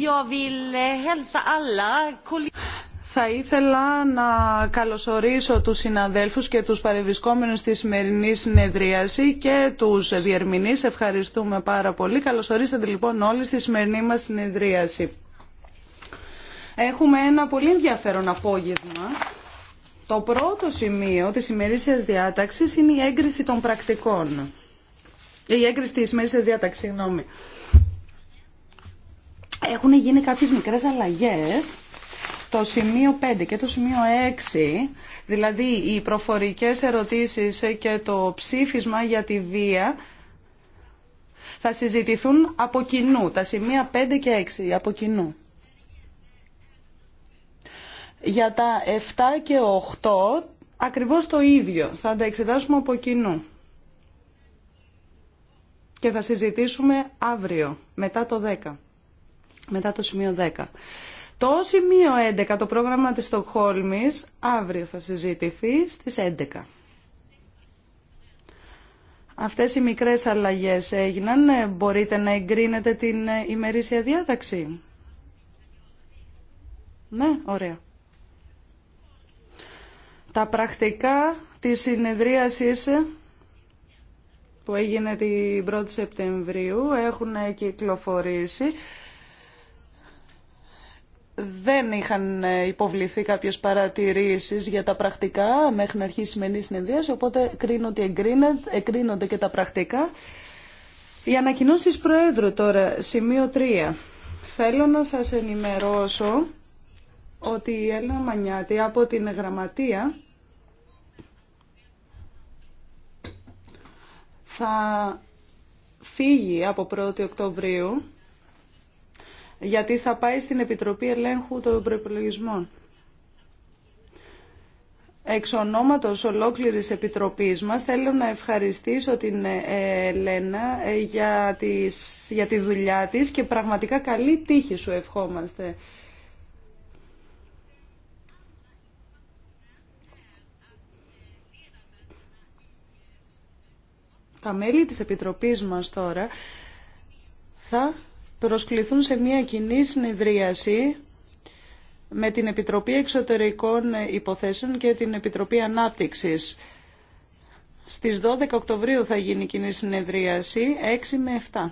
Eh, Θα ήθελα να καλωσορίσω τους συναδέλφους και τους παρευρισκόμενους στη σημερινή συνεδρίαση και τους διερμηνείς. Ευχαριστούμε πάρα πολύ. Καλωσορίσατε λοιπόν όλοι στη σημερινή μας συνεδρίαση. Έχουμε ένα πολύ ενδιαφέρον απόγευμα. Το πρώτο σημείο της ημερήσιας διάταξης είναι η έγκριση των πρακτικών. Η έγκριση της ημερήσιας διάταξης, συγγνώμη. Έχουν γίνει κάποιες μικρές αλλαγές το σημείο 5 και το σημείο 6, δηλαδή οι προφορικές ερωτήσεις και το ψήφισμα για τη βία, θα συζητηθούν από κοινού, τα σημεία 5 και 6 από κοινού. Για τα 7 και 8 ακριβώς το ίδιο, θα τα εξετάσουμε από κοινού. Και θα συζητήσουμε αύριο, μετά το 10 μετά το σημείο 10. Το σημείο 11, το πρόγραμμα της Στοκχόλμης, αύριο θα συζητηθεί στις 11. Αυτές οι μικρές αλλαγές έγιναν. Μπορείτε να εγκρίνετε την ημερήσια διάταξη. Ναι, ωραία. Τα πρακτικά της συνεδρίασης που έγινε την 1η Σεπτεμβρίου έχουν κυκλοφορήσει δεν είχαν ε, υποβληθεί κάποιες παρατηρήσεις για τα πρακτικά μέχρι να η σημερινή συνεδρίαση, οπότε κρίνω ότι εκρίνονται και τα πρακτικά. Οι ανακοινώσει Προέδρου τώρα, σημείο 3. Θέλω να σας ενημερώσω ότι η Έλληνα Μανιάτη από την Γραμματεία θα φύγει από 1η Οκτωβρίου γιατί θα πάει στην Επιτροπή Ελέγχου των Προπολογισμών. Εξ ονόματος ολόκληρης Επιτροπής μας θέλω να ευχαριστήσω την ε, Ελένα ε, για, τις, για τη δουλειά της και πραγματικά καλή τύχη σου ευχόμαστε. Τα μέλη της Επιτροπής μας τώρα θα προσκληθούν σε μια κοινή συνεδρίαση με την Επιτροπή Εξωτερικών Υποθέσεων και την Επιτροπή Ανάπτυξης. Στις 12 Οκτωβρίου θα γίνει κοινή συνεδρίαση, 6 με 7.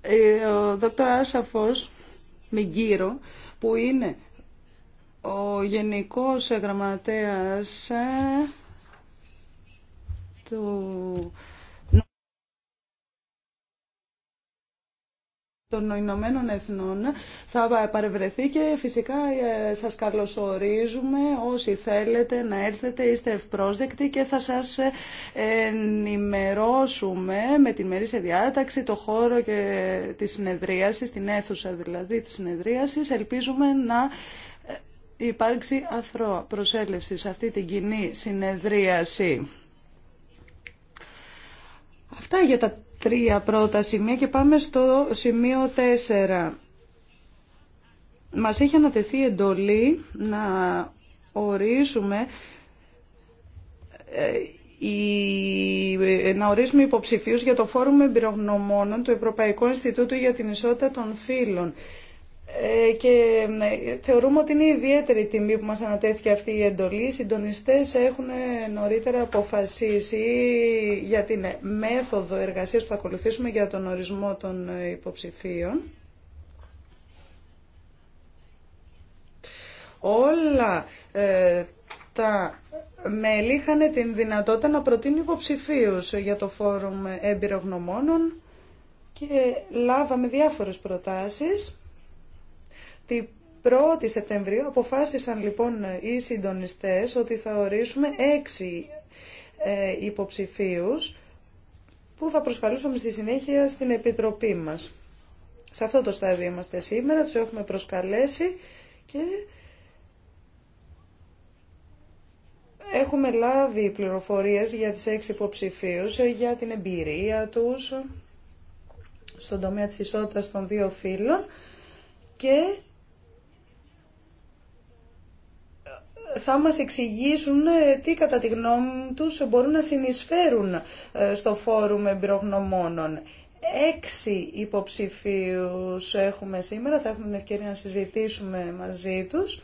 Ε, ο δόκτωρ Άσαφος Μιγκύρο, που είναι ο Γενικός Γραμματέας ε, του των Ηνωμένων Εθνών θα παρευρεθεί και φυσικά ε, σας καλωσορίζουμε όσοι θέλετε να έρθετε, είστε ευπρόσδεκτοι και θα σας ε, ενημερώσουμε με την μερίσια διάταξη, το χώρο και τη συνεδρίαση, την αίθουσα δηλαδή της συνεδρίασης. Ελπίζουμε να ε, υπάρξει αθρό προσέλευση σε αυτή την κοινή συνεδρίαση. Αυτά για τα τρία πρώτα σημεία και πάμε στο σημείο 4. Μας έχει ανατεθεί εντολή να ορίσουμε ε, να ορίσουμε υποψηφίους για το Φόρουμ Εμπειρογνωμόνων του Ευρωπαϊκού Ινστιτούτου για την Ισότητα των Φύλων. Ε, και ναι, θεωρούμε ότι είναι ιδιαίτερη τιμή που μας ανατέθηκε αυτή η εντολή. Οι συντονιστές έχουν ε, νωρίτερα αποφασίσει για την ε, μέθοδο εργασίας που θα ακολουθήσουμε για τον ορισμό των υποψηφίων. Όλα τα μέλη είχαν την δυνατότητα να προτείνουν υποψηφίους για το φόρουμ εμπειρογνωμόνων και λάβαμε διάφορες προτάσεις. Την 1η Σεπτεμβρίου αποφάσισαν λοιπόν οι συντονιστές ότι θα ορίσουμε έξι ε, υποψηφίους που θα προσκαλούσαμε στη συνέχεια στην Επιτροπή μας. Σε αυτό το στάδιο είμαστε σήμερα, τους έχουμε προσκαλέσει και έχουμε λάβει πληροφορίες για τις έξι υποψηφίους, για την εμπειρία τους στον τομέα της ισότητας των δύο φύλων και θα μας εξηγήσουν ε, τι κατά τη γνώμη τους μπορούν να συνεισφέρουν ε, στο φόρουμ εμπειρογνωμόνων. Έξι υποψηφίους έχουμε σήμερα, θα έχουμε την ευκαιρία να συζητήσουμε μαζί τους.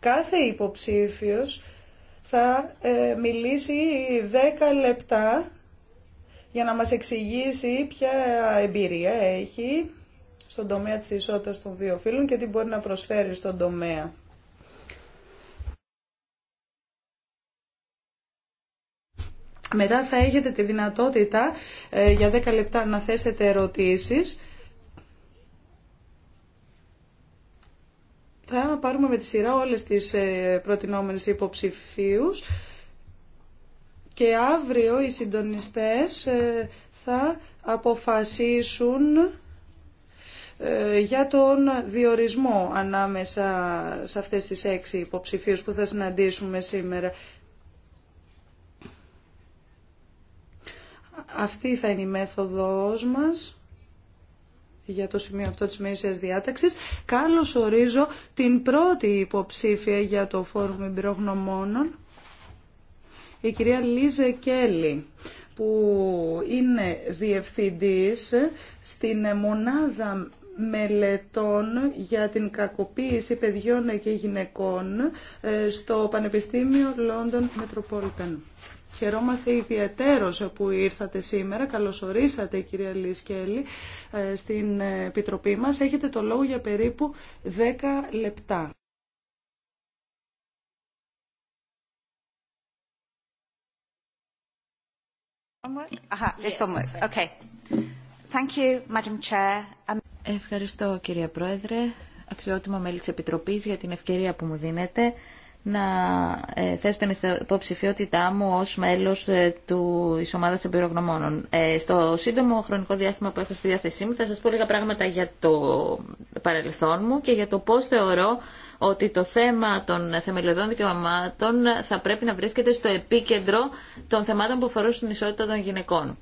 Κάθε υποψήφιος θα ε, μιλήσει 10 λεπτά για να μας εξηγήσει ποια εμπειρία έχει, στον τομέα της ισότητας των δύο φύλων και τι μπορεί να προσφέρει στον τομέα. Μετά θα έχετε τη δυνατότητα ε, για 10 λεπτά να θέσετε ερωτήσεις. Θα πάρουμε με τη σειρά όλες τις ε, προτινόμενες υποψηφίους και αύριο οι συντονιστές ε, θα αποφασίσουν ε, για τον διορισμό ανάμεσα σε αυτές τις έξι υποψηφίους που θα συναντήσουμε σήμερα. Αυτή θα είναι η μέθοδος μας για το σημείο αυτό της μέσης διάταξης. κάλος ορίζω την πρώτη υποψήφια για το Φόρουμ Εμπειρογνωμόνων, η κυρία Λίζε Κέλλη, που είναι διευθυντής στην μονάδα μελετών για την κακοποίηση παιδιών και γυναικών ε, στο Πανεπιστήμιο London Metropolitan. Χαιρόμαστε ιδιαίτερος που ήρθατε σήμερα. Καλωσορίσατε κυρία Λίσκελη ε, στην Επιτροπή μας. Έχετε το λόγο για περίπου 10 λεπτά. Aha, Okay. Thank you, Madam um, Ευχαριστώ κυρία Πρόεδρε, αξιότιμα μέλη της Επιτροπής για την ευκαιρία που μου δίνετε να ε, θέσω την υποψηφιότητά μου ως μέλος ε, του, της ομάδας εμπειρογνωμόνων. Ε, στο σύντομο χρονικό διάστημα που έχω στη διάθεσή μου θα σας πω λίγα πράγματα για το παρελθόν μου και για το πώς θεωρώ ότι το θέμα των θεμελιωδών δικαιωμάτων θα πρέπει να βρίσκεται στο επίκεντρο των θεμάτων που αφορούν στην ισότητα των γυναικών.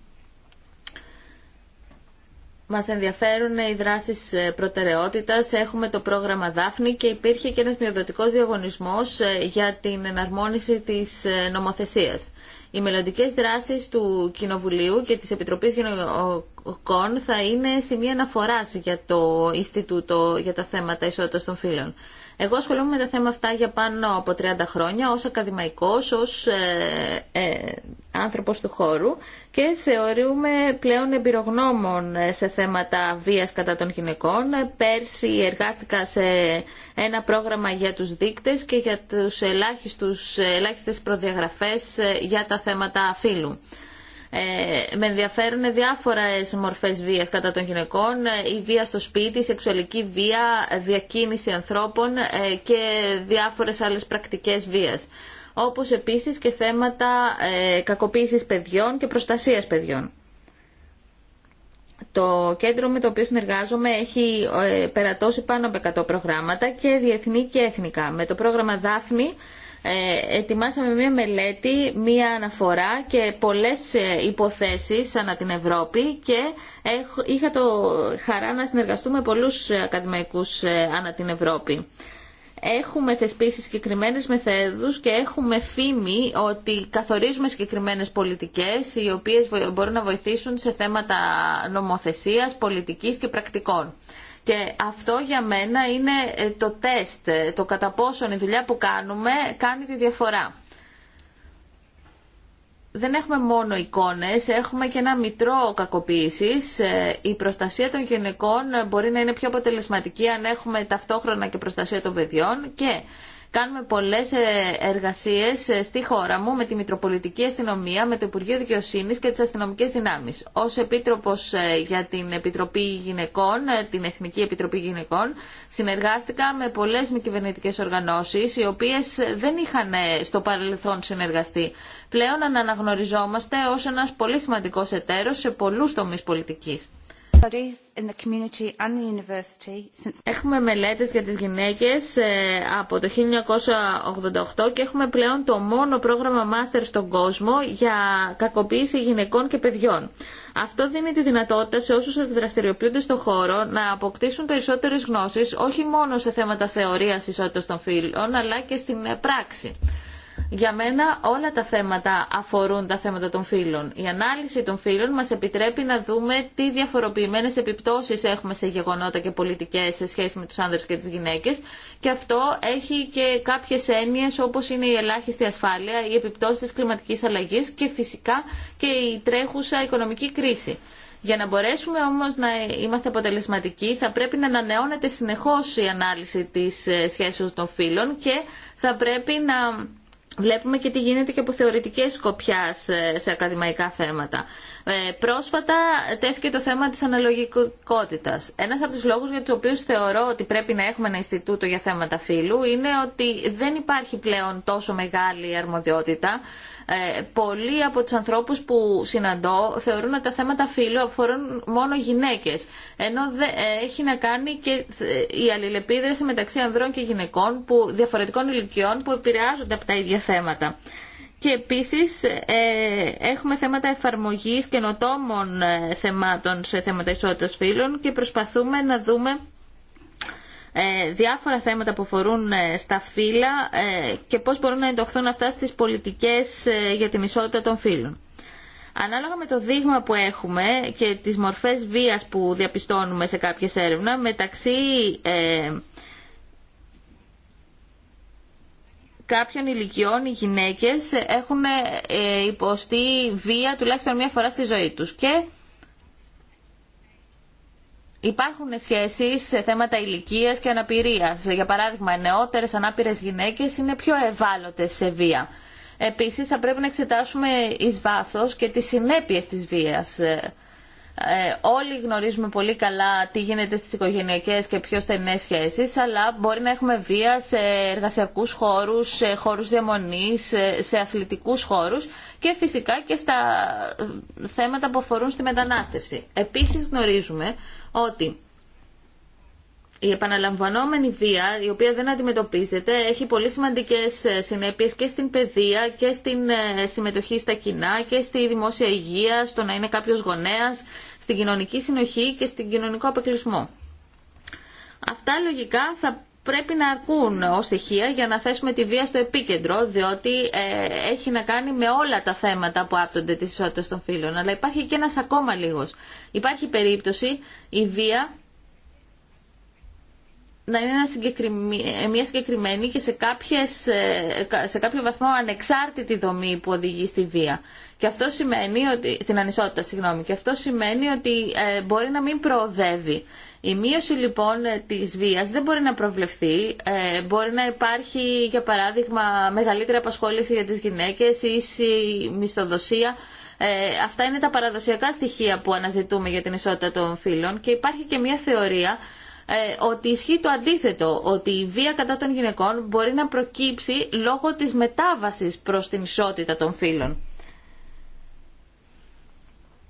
Μας ενδιαφέρουν οι δράσεις ε, προτεραιότητας, έχουμε το πρόγραμμα Δάφνη και υπήρχε και ένας μειοδοτικός διαγωνισμός ε, για την εναρμόνιση της ε, νομοθεσίας. Οι μελλοντικέ δράσεις του Κοινοβουλίου και της Επιτροπής Γενικών θα είναι σημεία αναφοράς για το Ινστιτούτο για τα θέματα ισότητας των φύλων. Εγώ ασχολούμαι με τα θέματα αυτά για πάνω από 30 χρόνια ως ακαδημαϊκός, ως ε, ε, άνθρωπος του χώρου και θεωρούμε πλέον εμπειρογνώμων ε, σε θέματα βίας κατά των γυναικών. Πέρσι εργάστηκα σε ένα πρόγραμμα για τους δείκτες και για τους ελάχιστους, ελάχιστες προδιαγραφές για τα θέματα φύλου. Ε, με ενδιαφέρουν διάφορες μορφές βίας κατά των γυναικών, ε, η βία στο σπίτι, η σεξουαλική βία, διακίνηση ανθρώπων ε, και διάφορες άλλες πρακτικές βίας. Όπως επίσης και θέματα κακοποίησης παιδιών και προστασίας παιδιών. Το κέντρο με το οποίο συνεργάζομαι έχει περατώσει πάνω από 100 προγράμματα και διεθνή και εθνικά. Με το πρόγραμμα Δάφνη ε, ετοιμάσαμε μία μελέτη, μία αναφορά και πολλές ε, υποθέσεις ανά την Ευρώπη και είχα το χαρά να συνεργαστούμε πολλούς ε, ακαδημαϊκούς ανά την Ευρώπη. Έχουμε θεσπίσει συγκεκριμένε μεθέδου και έχουμε φήμη ότι καθορίζουμε συγκεκριμένε πολιτικέ οι οποίε μπορούν να βοηθήσουν σε θέματα νομοθεσία, πολιτική και πρακτικών. Και αυτό για μένα είναι ε, το τεστ, ε, το κατά πόσον η δουλειά που κάνουμε κάνει τη διαφορά. Δεν έχουμε μόνο εικόνες, έχουμε και ένα μητρό κακοποίησης. Ε, η προστασία των γυναικών μπορεί να είναι πιο αποτελεσματική αν έχουμε ταυτόχρονα και προστασία των παιδιών και Κάνουμε πολλές ε, εργασίες ε, στη χώρα μου με τη Μητροπολιτική Αστυνομία, με το Υπουργείο Δικαιοσύνη και τις αστυνομικέ δυνάμεις. Ω Επίτροπος ε, για την Επιτροπή Γυναικών, την Εθνική Επιτροπή Γυναικών, συνεργάστηκα με πολλές μη κυβερνητικέ οργανώσεις, οι οποίες δεν είχαν στο παρελθόν συνεργαστεί. Πλέον αναγνωριζόμαστε ω ένα πολύ σημαντικό εταίρος σε πολλού τομεί πολιτική. Έχουμε μελέτες για τις γυναίκες ε, από το 1988 και έχουμε πλέον το μόνο πρόγραμμα μάστερ στον κόσμο για κακοποίηση γυναικών και παιδιών. Αυτό δίνει τη δυνατότητα σε όσους δραστηριοποιούνται στον χώρο να αποκτήσουν περισσότερες γνώσεις όχι μόνο σε θέματα θεωρίας ισότητας των φύλων αλλά και στην ε, πράξη. Για μένα όλα τα θέματα αφορούν τα θέματα των φύλων. Η ανάλυση των φύλων μας επιτρέπει να δούμε τι διαφοροποιημένες επιπτώσεις έχουμε σε γεγονότα και πολιτικές σε σχέση με τους άνδρες και τις γυναίκες και αυτό έχει και κάποιες έννοιες όπως είναι η ελάχιστη ασφάλεια, οι επιπτώσεις της κλιματικής αλλαγής και φυσικά και η τρέχουσα οικονομική κρίση. Για να μπορέσουμε όμως να είμαστε αποτελεσματικοί θα πρέπει να ανανεώνεται συνεχώς η ανάλυση της ε, σχέσης των φύλων και θα πρέπει να Βλέπουμε και τι γίνεται και από θεωρητικές σκοπιά ε, σε ακαδημαϊκά θέματα. Ε, πρόσφατα τέθηκε το θέμα της αναλογικότητας. Ένας από τους λόγους για του οποίου θεωρώ ότι πρέπει να έχουμε ένα Ινστιτούτο για θέματα φύλου είναι ότι δεν υπάρχει πλέον τόσο μεγάλη αρμοδιότητα ε, πολλοί από τους ανθρώπους που συναντώ θεωρούν ότι τα θέματα φύλου αφορούν μόνο γυναίκες, ενώ ε, έχει να κάνει και ε, η αλληλεπίδραση μεταξύ ανδρών και γυναικών που, διαφορετικών ηλικιών που επηρεάζονται από τα ίδια θέματα. Και επίσης έχουμε θέματα εφαρμογής καινοτόμων θεμάτων σε θέματα ισότητας φύλων και προσπαθούμε να δούμε ε, διάφορα θέματα που αφορούν ε, στα φύλλα ε, και πώς μπορούν να εντοχθούν αυτά στις πολιτικές για την ισότητα των φύλων. Ανάλογα με το δείγμα που έχουμε και τις μορφές βίας που διαπιστώνουμε σε κάποιες έρευνα, μεταξύ κάποιων ηλικιών οι γυναίκες έχουν υποστεί βία τουλάχιστον μία φορά στη ζωή τους. Και Υπάρχουν σχέσει σε θέματα ηλικία και αναπηρία. Για παράδειγμα, οι νεότερες γυναίκε γυναίκες είναι πιο ευάλωτε σε βία. Επίση, θα πρέπει να εξετάσουμε ει βάθο και τι συνέπειε τη βίας. Ε, όλοι γνωρίζουμε πολύ καλά τι γίνεται στις οικογενειακές και πιο στενές σχέσεις, αλλά μπορεί να έχουμε βία σε εργασιακούς χώρους, σε χώρους διαμονής, σε αθλητικούς χώρους και φυσικά και στα ε, θέματα που αφορούν στη μετανάστευση. Επίσης γνωρίζουμε ότι η επαναλαμβανόμενη βία, η οποία δεν αντιμετωπίζεται, έχει πολύ σημαντικές ε, συνέπειες και στην παιδεία και στην ε, συμμετοχή στα κοινά και στη δημόσια υγεία, στο να είναι κάποιος γονέας, στην κοινωνική συνοχή και στην κοινωνικό αποκλεισμό. Αυτά λογικά θα πρέπει να αρκούν ω στοιχεία για να θέσουμε τη βία στο επίκεντρο, διότι ε, έχει να κάνει με όλα τα θέματα που άπτονται τη ισότητα των φύλων. Αλλά υπάρχει και ένα ακόμα λίγο. Υπάρχει περίπτωση η βία να είναι ε, μια συγκεκριμένη και σε, κάποιες, ε, σε κάποιο βαθμό ανεξάρτητη δομή που οδηγεί στη βία. Και αυτό σημαίνει ότι, στην ανισότητα, συγγνώμη, και αυτό σημαίνει ότι ε, μπορεί να μην προοδεύει. Η μείωση λοιπόν ε, της βίας δεν μπορεί να προβλεφθεί. Ε, μπορεί να υπάρχει, για παράδειγμα, μεγαλύτερη απασχόληση για τις γυναίκες, ίση μισθοδοσία. αυτά είναι τα παραδοσιακά στοιχεία που αναζητούμε για την ισότητα των φύλων και υπάρχει και μια θεωρία ότι ισχύει το αντίθετο, ότι η βία κατά των γυναικών μπορεί να προκύψει λόγω της μετάβασης προς την ισότητα των φύλων.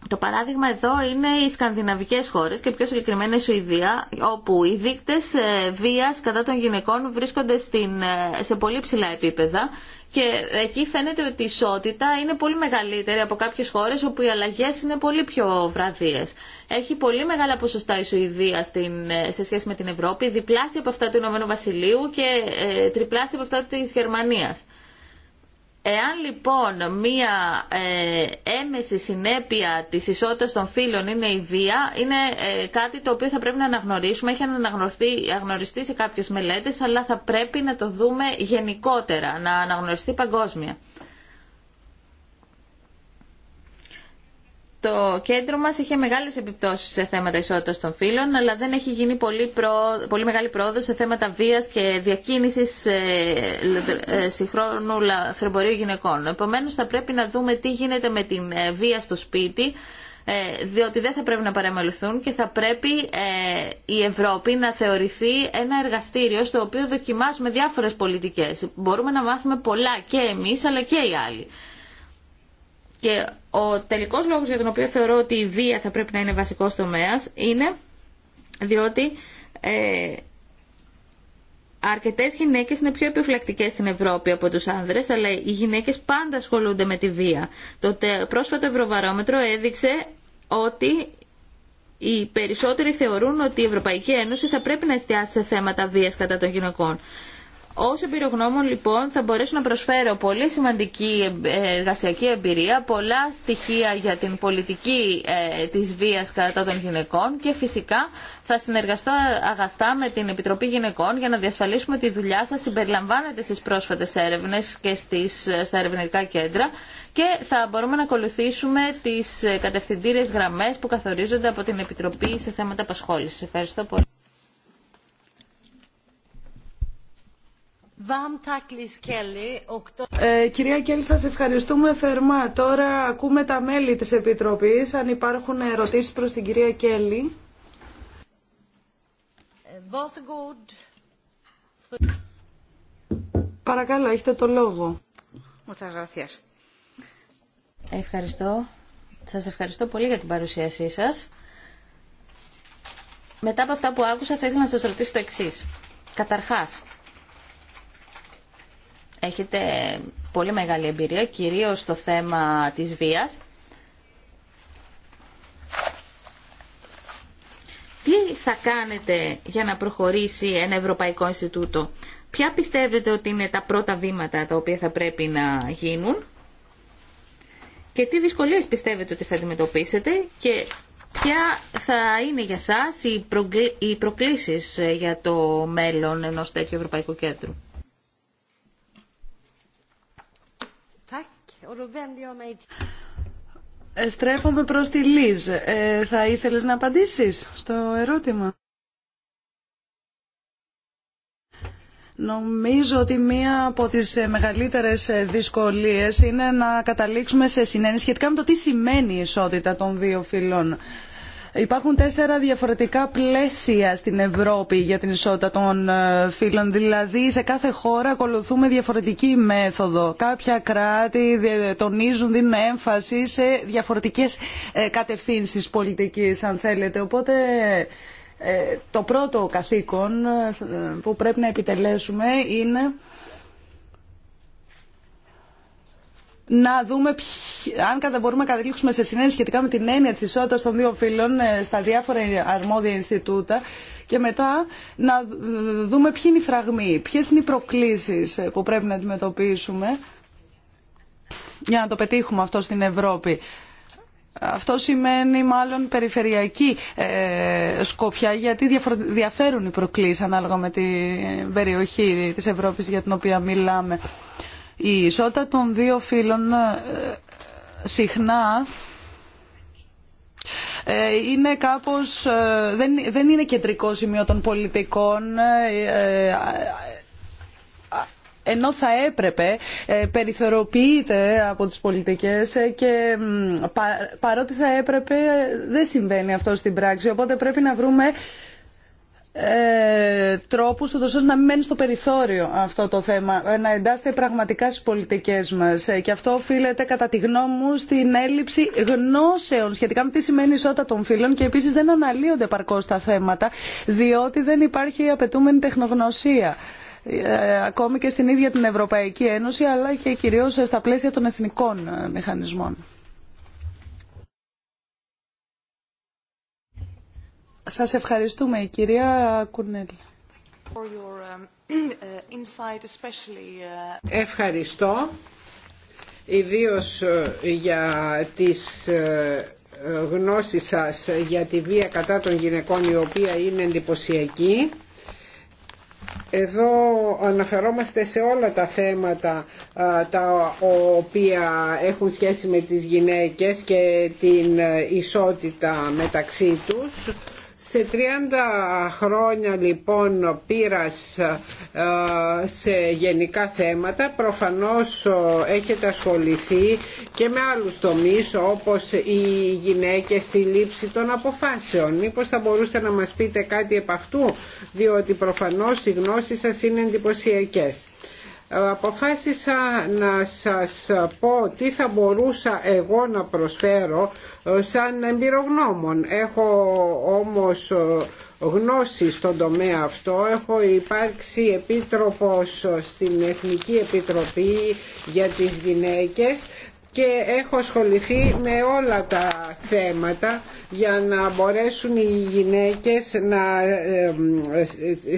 Το παράδειγμα εδώ είναι οι σκανδιναβικές χώρες και πιο συγκεκριμένα η Σουηδία, όπου οι δείκτες ε, βίας κατά των γυναικών βρίσκονται στην, ε, σε πολύ ψηλά επίπεδα και εκεί φαίνεται ότι η ισότητα είναι πολύ μεγαλύτερη από κάποιες χώρες όπου οι αλλαγές είναι πολύ πιο βραδίες. Έχει πολύ μεγάλα ποσοστά η Σουηδία στην, ε, σε σχέση με την Ευρώπη, διπλάσια από αυτά του Ηνωμένου Βασιλείου και ε, τριπλάσια από αυτά της Γερμανίας. Εάν λοιπόν μία ε, έμεση συνέπεια της ισότητας των φύλων είναι η βία, είναι ε, κάτι το οποίο θα πρέπει να αναγνωρίσουμε. Έχει αναγνωριστεί, αναγνωριστεί σε κάποιες μελέτες, αλλά θα πρέπει να το δούμε γενικότερα, να αναγνωριστεί παγκόσμια. Το κέντρο μας είχε μεγάλες επιπτώσεις σε θέματα ισότητας των φύλων, αλλά δεν έχει γίνει πολύ, πολύ μεγάλη πρόοδο σε θέματα βίας και διακίνησης ε, ε, συγχρόνου λαθρεμπορίου γυναικών. Επομένως θα πρέπει να δούμε τι γίνεται με την ε, βία στο σπίτι, ε, διότι δεν θα πρέπει να παραμεληθούν και θα πρέπει ε, η Ευρώπη να θεωρηθεί ένα εργαστήριο στο οποίο δοκιμάζουμε διάφορες πολιτικές. Μπορούμε να μάθουμε πολλά και εμείς αλλά και οι άλλοι. Και ο τελικός λόγος για τον οποίο θεωρώ ότι η βία θα πρέπει να είναι βασικός τομέας είναι διότι ε, αρκετές γυναίκες είναι πιο επιφυλακτικές στην Ευρώπη από τους άνδρες, αλλά οι γυναίκες πάντα ασχολούνται με τη βία. Το πρόσφατο Ευρωβαρόμετρο έδειξε ότι οι περισσότεροι θεωρούν ότι η Ευρωπαϊκή Ένωση θα πρέπει να εστιάσει σε θέματα βίας κατά των γυναικών. Ως εμπειρογνώμων λοιπόν θα μπορέσω να προσφέρω πολύ σημαντική εργασιακή εμπειρία, πολλά στοιχεία για την πολιτική ε, της βίας κατά των γυναικών και φυσικά θα συνεργαστώ αγαστά με την Επιτροπή Γυναικών για να διασφαλίσουμε ότι η δουλειά σας συμπεριλαμβάνεται στις πρόσφατες έρευνες και στις, στα ερευνητικά κέντρα και θα μπορούμε να ακολουθήσουμε τις κατευθυντήριες γραμμές που καθορίζονται από την Επιτροπή σε θέματα απασχόλησης. Ευχαριστώ πολύ. Ε, κυρία Κέλλη, σας ευχαριστούμε θερμά. Τώρα ακούμε τα μέλη της Επιτροπής, αν υπάρχουν ερωτήσεις προς την κυρία Κέλλη. Ε, Παρακαλώ, έχετε το λόγο. Ευχαριστώ. Σας ευχαριστώ πολύ για την παρουσίασή σας. Μετά από αυτά που άκουσα, θα ήθελα να σας ρωτήσω το εξής. Καταρχάς, έχετε πολύ μεγάλη εμπειρία, κυρίως στο θέμα της βίας. Τι θα κάνετε για να προχωρήσει ένα Ευρωπαϊκό Ινστιτούτο. Ποια πιστεύετε ότι είναι τα πρώτα βήματα τα οποία θα πρέπει να γίνουν και τι δυσκολίες πιστεύετε ότι θα αντιμετωπίσετε και ποια θα είναι για σας οι προκλήσεις ε, για το μέλλον ενός τέτοιου Ευρωπαϊκού Κέντρου. Ε, στρέφομαι προς τη Λίζ. Ε, θα ήθελες να απαντήσεις στο ερώτημα. Νομίζω ότι μία από τις ε, μεγαλύτερες δυσκολίες είναι να καταλήξουμε σε συνένεση σχετικά με το τι σημαίνει η ισότητα των δύο φυλών. Υπάρχουν τέσσερα διαφορετικά πλαίσια στην Ευρώπη για την ισότητα των ε, φύλων. Δηλαδή σε κάθε χώρα ακολουθούμε διαφορετική μέθοδο. Κάποια κράτη τονίζουν, δίνουν έμφαση σε διαφορετικές ε, κατευθύνσεις πολιτικής αν θέλετε. Οπότε ε, το πρώτο καθήκον που πρέπει να επιτελέσουμε είναι να δούμε αν μπορούμε να καταλήξουμε σε συνέντευξη σχετικά με την έννοια της ισότητας των δύο φίλων ε, στα διάφορα αρμόδια Ινστιτούτα και μετά να δούμε ποιοι είναι οι φραγμοί, ποιες είναι οι προκλήσεις ε, που πρέπει να αντιμετωπίσουμε για να το πετύχουμε αυτό στην Ευρώπη. Αυτό σημαίνει μάλλον περιφερειακή ε, σκοπιά γιατί διαφέρουν οι προκλήσεις ανάλογα με την περιοχή της Ευρώπης για την οποία μιλάμε. Η ισότητα των δύο φύλων ε, συχνά ε, είναι κάπως, ε, δεν, δεν είναι κεντρικό σημείο των πολιτικών ενώ θα έπρεπε περιθωροποιείται από τις πολιτικές και παρότι θα έπρεπε δεν συμβαίνει αυτό στην πράξη οπότε πρέπει να βρούμε ε, τρόπους ούτως ώστε να μην μένει στο περιθώριο αυτό το θέμα, ε, να εντάσσεται πραγματικά στις πολιτικές μας. Ε, και αυτό οφείλεται κατά τη γνώμη μου στην έλλειψη γνώσεων σχετικά με τι σημαίνει ισότητα των φύλων και επίσης δεν αναλύονται παρκώς τα θέματα διότι δεν υπάρχει η απαιτούμενη τεχνογνωσία ε, ακόμη και στην ίδια την Ευρωπαϊκή Ένωση αλλά και κυρίως στα πλαίσια των εθνικών μηχανισμών. Σας ευχαριστούμε, η κυρία Κουρνέλ. Ευχαριστώ, ιδίως ε, για τις ε, γνώσεις σας για τη βία κατά των γυναικών η οποία είναι εντυπωσιακή. Εδώ αναφερόμαστε σε όλα τα θέματα ε, τα οποία έχουν σχέση με τις γυναίκες και την ισότητα μεταξύ τους σε 30 χρόνια λοιπόν πήρας ε, σε γενικά θέματα προφανώς ε, έχετε ασχοληθεί και με άλλους τομείς όπως οι γυναίκες στη λήψη των αποφάσεων. Μήπως θα μπορούσατε να μας πείτε κάτι επ' αυτού διότι προφανώς οι γνώσεις σας είναι εντυπωσιακέ αποφάσισα να σας πω τι θα μπορούσα εγώ να προσφέρω ε, σαν εμπειρογνώμων. Έχω ε, όμως ε, γνώση στον τομέα αυτό. Έχω υπάρξει επίτροπος στην Εθνική Επιτροπή για τις Γυναίκες και έχω ασχοληθεί με όλα τα θέματα για να μπορέσουν οι γυναίκες να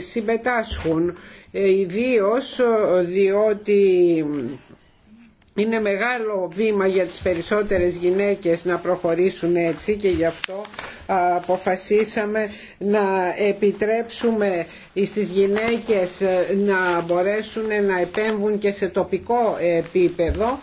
συμμετάσχουν ε, ιδίως ε, διότι είναι μεγάλο βήμα για τις περισσότερες γυναίκες να προχωρήσουν έτσι και γι' αυτό αποφασίσαμε να επιτρέψουμε στις γυναίκες ε, να μπορέσουν να επέμβουν και σε τοπικό επίπεδο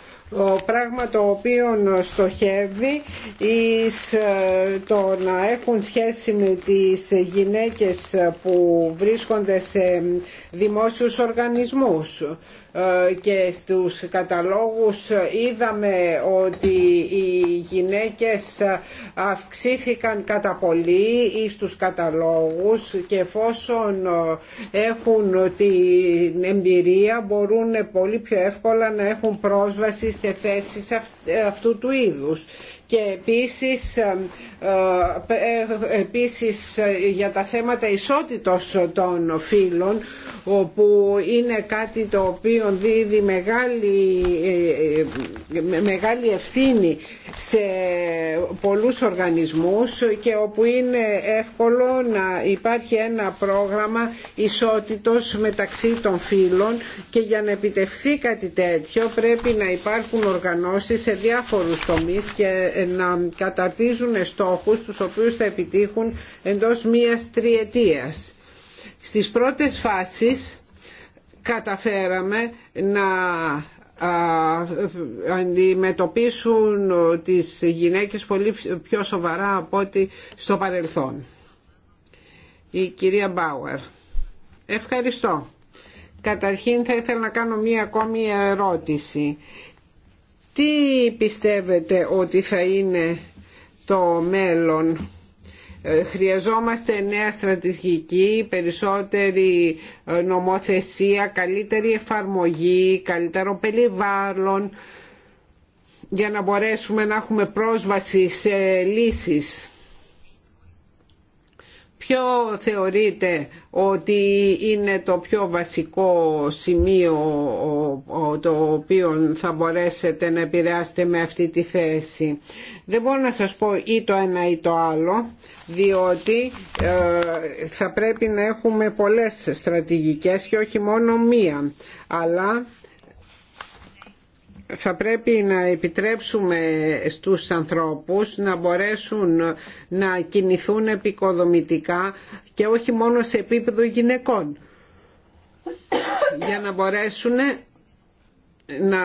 πράγμα το οποίο στοχεύει εις ε, το να έχουν σχέση με τις γυναίκες που βρίσκονται σε δημόσιους οργανισμούς. Ε, και στους καταλόγους είδαμε ότι οι γυναίκες αυξήθηκαν κατά πολύ στους καταλόγους και εφόσον ε, έχουν την εμπειρία μπορούν πολύ πιο εύκολα να έχουν πρόσβαση σε θέσεις αυτού του είδους και επίσης, ε, ε, επίσης ε, για τα θέματα ισότητος των φύλων όπου είναι κάτι το οποίο δίδει μεγάλη, μεγάλη ευθύνη σε πολλούς οργανισμούς και όπου είναι εύκολο να υπάρχει ένα πρόγραμμα ισότητος μεταξύ των φύλων και για να επιτευχθεί κάτι τέτοιο πρέπει να υπάρχουν οργανώσεις σε διάφορους τομείς και να καταρτίζουν στόχους τους οποίους θα επιτύχουν εντός μίας τριετίας. Στις πρώτες φάσεις καταφέραμε να αντιμετωπίσουν τις γυναίκες πολύ πιο σοβαρά από ό,τι στο παρελθόν. Η κυρία Μπάουερ. Ευχαριστώ. Καταρχήν θα ήθελα να κάνω μία ακόμη ερώτηση. Τι πιστεύετε ότι θα είναι το μέλλον ε, χρειαζόμαστε νέα στρατηγική, περισσότερη ε, νομοθεσία, καλύτερη εφαρμογή, καλύτερο περιβάλλον για να μπορέσουμε να έχουμε πρόσβαση σε λύσεις. Ποιο θεωρείτε ότι είναι το πιο βασικό σημείο το οποίο θα μπορέσετε να επηρεάσετε με αυτή τη θέση. Δεν μπορώ να σας πω ή το ένα ή το άλλο, διότι ε, θα πρέπει να έχουμε πολλές στρατηγικές και όχι μόνο μία. Αλλά θα πρέπει να επιτρέψουμε στους ανθρώπους να μπορέσουν να κινηθούν επικοδομητικά και όχι μόνο σε επίπεδο γυναικών για να μπορέσουν να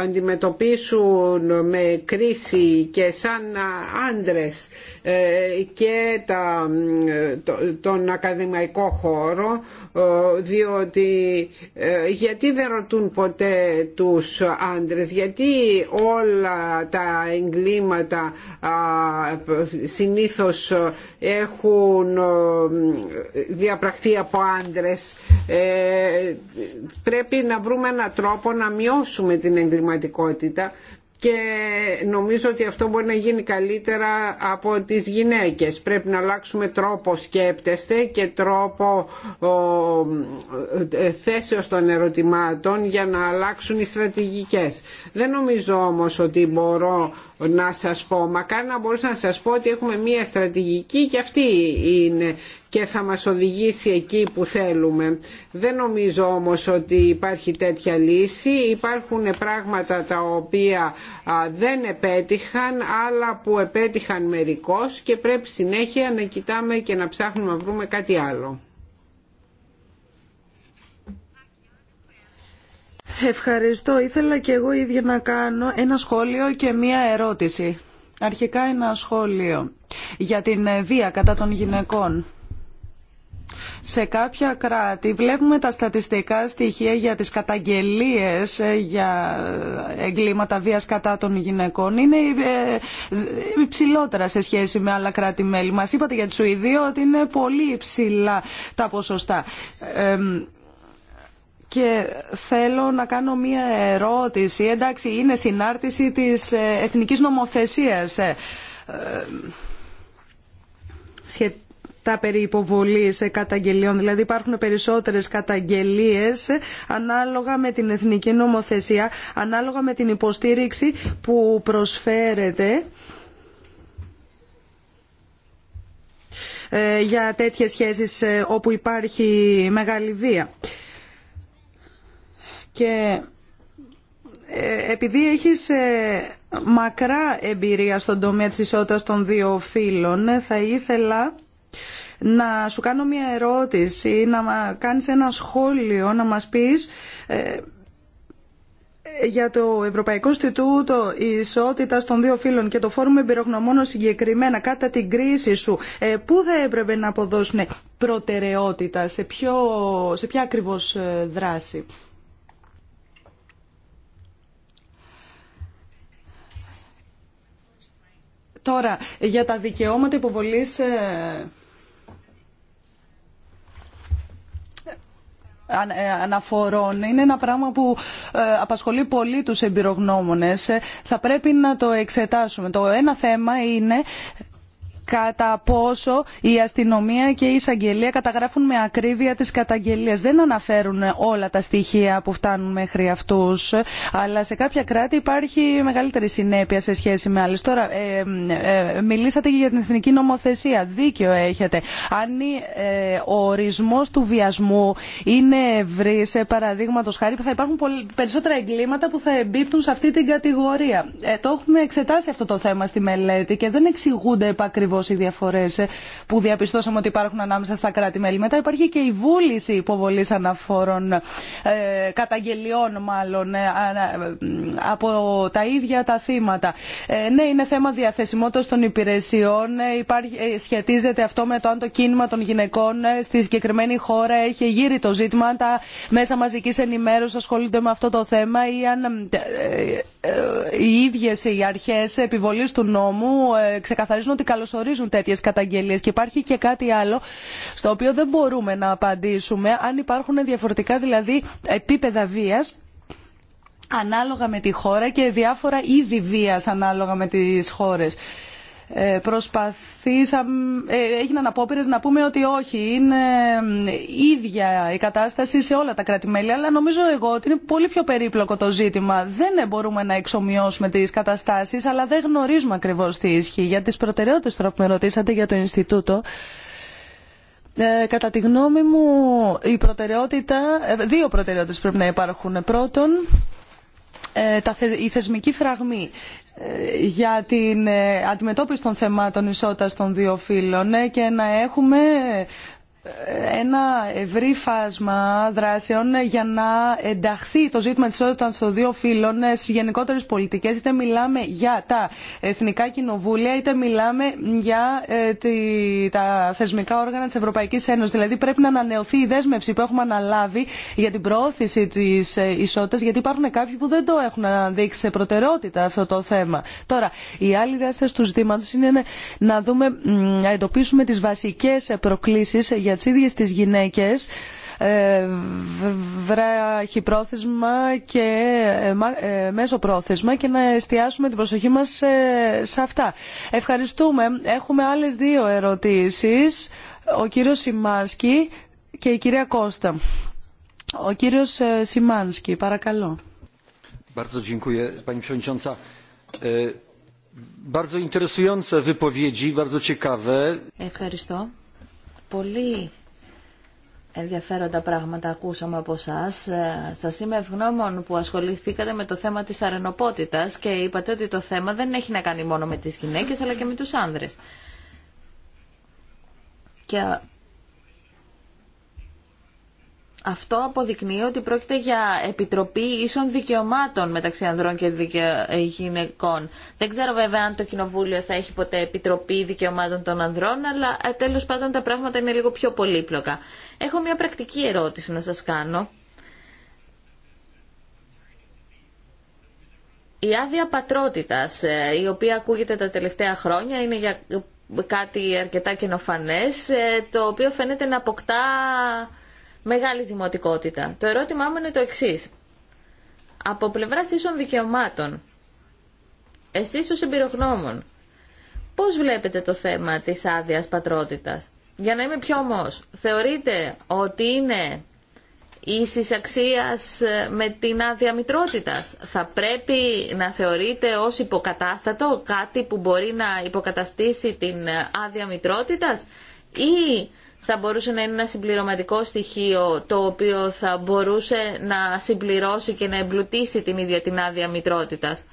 αντιμετωπίσουν με κρίση και σαν άντρες ε, και τα, τον ακαδημαϊκό χώρο ε, διότι ε, γιατί δεν ρωτούν ποτέ τους άντρες γιατί όλα τα εγκλήματα συνήθως έχουν διαπραχθεί από άντρες πρέπει να βρούμε έναν τρόπο να μειώσουμε την εγκληματικότητα και νομίζω ότι αυτό μπορεί να γίνει καλύτερα από τις γυναίκες. Πρέπει να αλλάξουμε τρόπο σκέπτεστε και τρόπο ε, θέσεως των ερωτημάτων για να αλλάξουν οι στρατηγικές. Δεν νομίζω όμως ότι μπορώ να σας πω, μακάρι να μπορούσα να σας πω ότι έχουμε μία στρατηγική και αυτή είναι και θα μας οδηγήσει εκεί που θέλουμε. Δεν νομίζω όμως ότι υπάρχει τέτοια λύση. Υπάρχουν πράγματα τα οποία δεν επέτυχαν αλλά που επέτυχαν μερικώς και πρέπει συνέχεια να κοιτάμε και να ψάχνουμε να βρούμε κάτι άλλο. Ευχαριστώ. Ήθελα και εγώ ίδια να κάνω ένα σχόλιο και μία ερώτηση. Αρχικά ένα σχόλιο για την βία κατά των γυναικών. Σε κάποια κράτη βλέπουμε τα στατιστικά στοιχεία για τις καταγγελίες ε, για εγκλήματα βίας κατά των γυναικών. Είναι ε, ε, υψηλότερα σε σχέση με άλλα κράτη-μέλη. Μας είπατε για τη Σουηδία ότι είναι πολύ υψηλά τα ποσοστά. Και θέλω να κάνω μία ερώτηση. Εντάξει, είναι συνάρτηση της εθνικής νομοθεσίας σχετικά περί υποβολής καταγγελιών. Δηλαδή υπάρχουν περισσότερες καταγγελίες ανάλογα με την εθνική νομοθεσία, ανάλογα με την υποστήριξη που προσφέρεται ε, για τέτοιες σχέσεις ε, όπου υπάρχει μεγάλη βία. Και ε, επειδή έχεις μακρά εμπειρία στον τομέα της ισότητας των δύο φύλων, θα ήθελα να σου κάνω μια ερώτηση, να κάνεις ένα σχόλιο, να μας πεις ε, για το Ευρωπαϊκό Ινστιτούτο Ισότητα των Δύο Φύλων και το Φόρουμ Εμπειρογνωμόνων συγκεκριμένα κατά την κρίση σου, ε, πού θα έπρεπε να αποδώσουν προτεραιότητα, σε, ποιο, σε ποια ακριβώς ε, δράση. Τώρα, για τα δικαιώματα υποβολής Ε, αναφορών. Είναι ένα πράγμα που ε, απασχολεί πολύ τους εμπειρογνώμονες. Ε, θα πρέπει να το εξετάσουμε. Το ένα θέμα είναι κατά πόσο η αστυνομία και η εισαγγελία καταγράφουν με ακρίβεια τις καταγγελίες. Δεν αναφέρουν όλα τα στοιχεία που φτάνουν μέχρι αυτούς, αλλά σε κάποια κράτη υπάρχει μεγαλύτερη συνέπεια σε σχέση με άλλες. Τώρα, ε, ε, μιλήσατε για την εθνική νομοθεσία. Δίκιο έχετε. Αν ε, ο ορισμός του βιασμού είναι ευρύ σε παραδείγματος χάρη, θα υπάρχουν περισσότερα εγκλήματα που θα εμπίπτουν σε αυτή την κατηγορία. Ε, το έχουμε εξετάσει αυτό το θέμα στη μελέτη και δεν εξηγούνται επακριβώς οι διαφορέ ε, που διαπιστώσαμε ότι υπάρχουν ανάμεσα στα κράτη-μέλη. Μετά υπάρχει και η βούληση υποβολή αναφόρων, ε, καταγγελιών μάλλον, ε, από τα ίδια τα θύματα. Ναι, είναι θέμα διαθεσιμότητα των υπηρεσιών. Υπάρχει, σχετίζεται αυτό με το αν το κίνημα των γυναικών στη συγκεκριμένη χώρα έχει γύρει το ζήτημα, αν τα μέσα μαζικής ενημέρωσης ασχολούνται με αυτό το θέμα ή αν οι ίδιες οι αρχές επιβολής του νόμου ξεκαθαρίζουν ότι καλωσορίζουν γνωρίζουν τέτοιε καταγγελίε. Και υπάρχει και κάτι άλλο στο οποίο δεν μπορούμε να απαντήσουμε αν υπάρχουν διαφορετικά δηλαδή επίπεδα βία ανάλογα με τη χώρα και διάφορα είδη βία ανάλογα με τις χώρες. Ε, προσπαθήσαμε, ε, έγιναν απόπειρες να πούμε ότι όχι, είναι ε, ίδια η κατάσταση σε όλα τα κράτη-μέλη, αλλά νομίζω εγώ ότι είναι πολύ πιο περίπλοκο το ζήτημα. Δεν μπορούμε να εξομοιώσουμε τις καταστάσεις, αλλά δεν γνωρίζουμε ακριβώς τι ισχύει. Για τις προτεραιότητες τώρα που με ρωτήσατε για το Ινστιτούτο, ε, κατά τη γνώμη μου, η προτεραιότητα, δύο προτεραιότητες πρέπει να υπάρχουν. Πρώτον, η θεσμική φραγμή για την ε, αντιμετώπιση των θεμάτων ισότητας των δύο φύλων ε, και να έχουμε ένα ευρύ φάσμα δράσεων για να ενταχθεί το ζήτημα της ισότητας των δύο φύλων στι γενικότερες πολιτικές, είτε μιλάμε για τα εθνικά κοινοβούλια, είτε μιλάμε για ε, τα θεσμικά όργανα της Ευρωπαϊκής Ένωσης. Δηλαδή πρέπει να ανανεωθεί η δέσμευση που έχουμε αναλάβει για την προώθηση της ε, ισότητας, γιατί υπάρχουν κάποιοι που δεν το έχουν αναδείξει σε προτεραιότητα αυτό το θέμα. Τώρα, η άλλη διάσταση του ζητήματος είναι να δούμε, να εντοπίσουμε τις βασικές προκλήσεις για τις ίδιες τις γυναίκες ε, βράχει πρόθεσμα και ε, ε, μέσο πρόθεσμα και να εστιάσουμε την προσοχή μας σε αυτά. Ευχαριστούμε. Έχουμε άλλες δύο ερωτήσεις. Ο κύριος Σιμάνσκι και η κυρία Κώστα. Ο κύριος Σιμάνσκι, παρακαλώ. Ευχαριστώ. Πολύ ενδιαφέροντα πράγματα ακούσαμε από εσά. Σας είμαι ευγνώμων που ασχοληθήκατε με το θέμα της αρενοπότητας και είπατε ότι το θέμα δεν έχει να κάνει μόνο με τις γυναίκες αλλά και με τους άνδρες. Και αυτό αποδεικνύει ότι πρόκειται για επιτροπή ίσων δικαιωμάτων μεταξύ ανδρών και ε, γυναικών. Δεν ξέρω βέβαια αν το Κοινοβούλιο θα έχει ποτέ επιτροπή δικαιωμάτων των ανδρών, αλλά ε, τέλος πάντων τα πράγματα είναι λίγο πιο πολύπλοκα. Έχω μια πρακτική ερώτηση να σας κάνω. Η άδεια πατρότητας, ε, η οποία ακούγεται τα τελευταία χρόνια, είναι για κάτι αρκετά καινοφανέ, το οποίο φαίνεται να αποκτά μεγάλη δημοτικότητα. Το ερώτημά μου είναι το εξή. Από πλευρά ίσων δικαιωμάτων, εσείς ω εμπειρογνώμων, πώς βλέπετε το θέμα της άδεια πατρότητας. Για να είμαι πιο όμω, θεωρείτε ότι είναι ίση αξία ε, με την άδεια μητρότητας. Θα πρέπει να θεωρείτε ω υποκατάστατο κάτι που μπορεί να υποκαταστήσει την ε, άδεια μητρότητα ή θα μπορούσε να είναι ένα συμπληρωματικό στοιχείο το οποίο θα μπορούσε να συμπληρώσει και να εμπλουτίσει την ίδια την άδεια μητρότητας.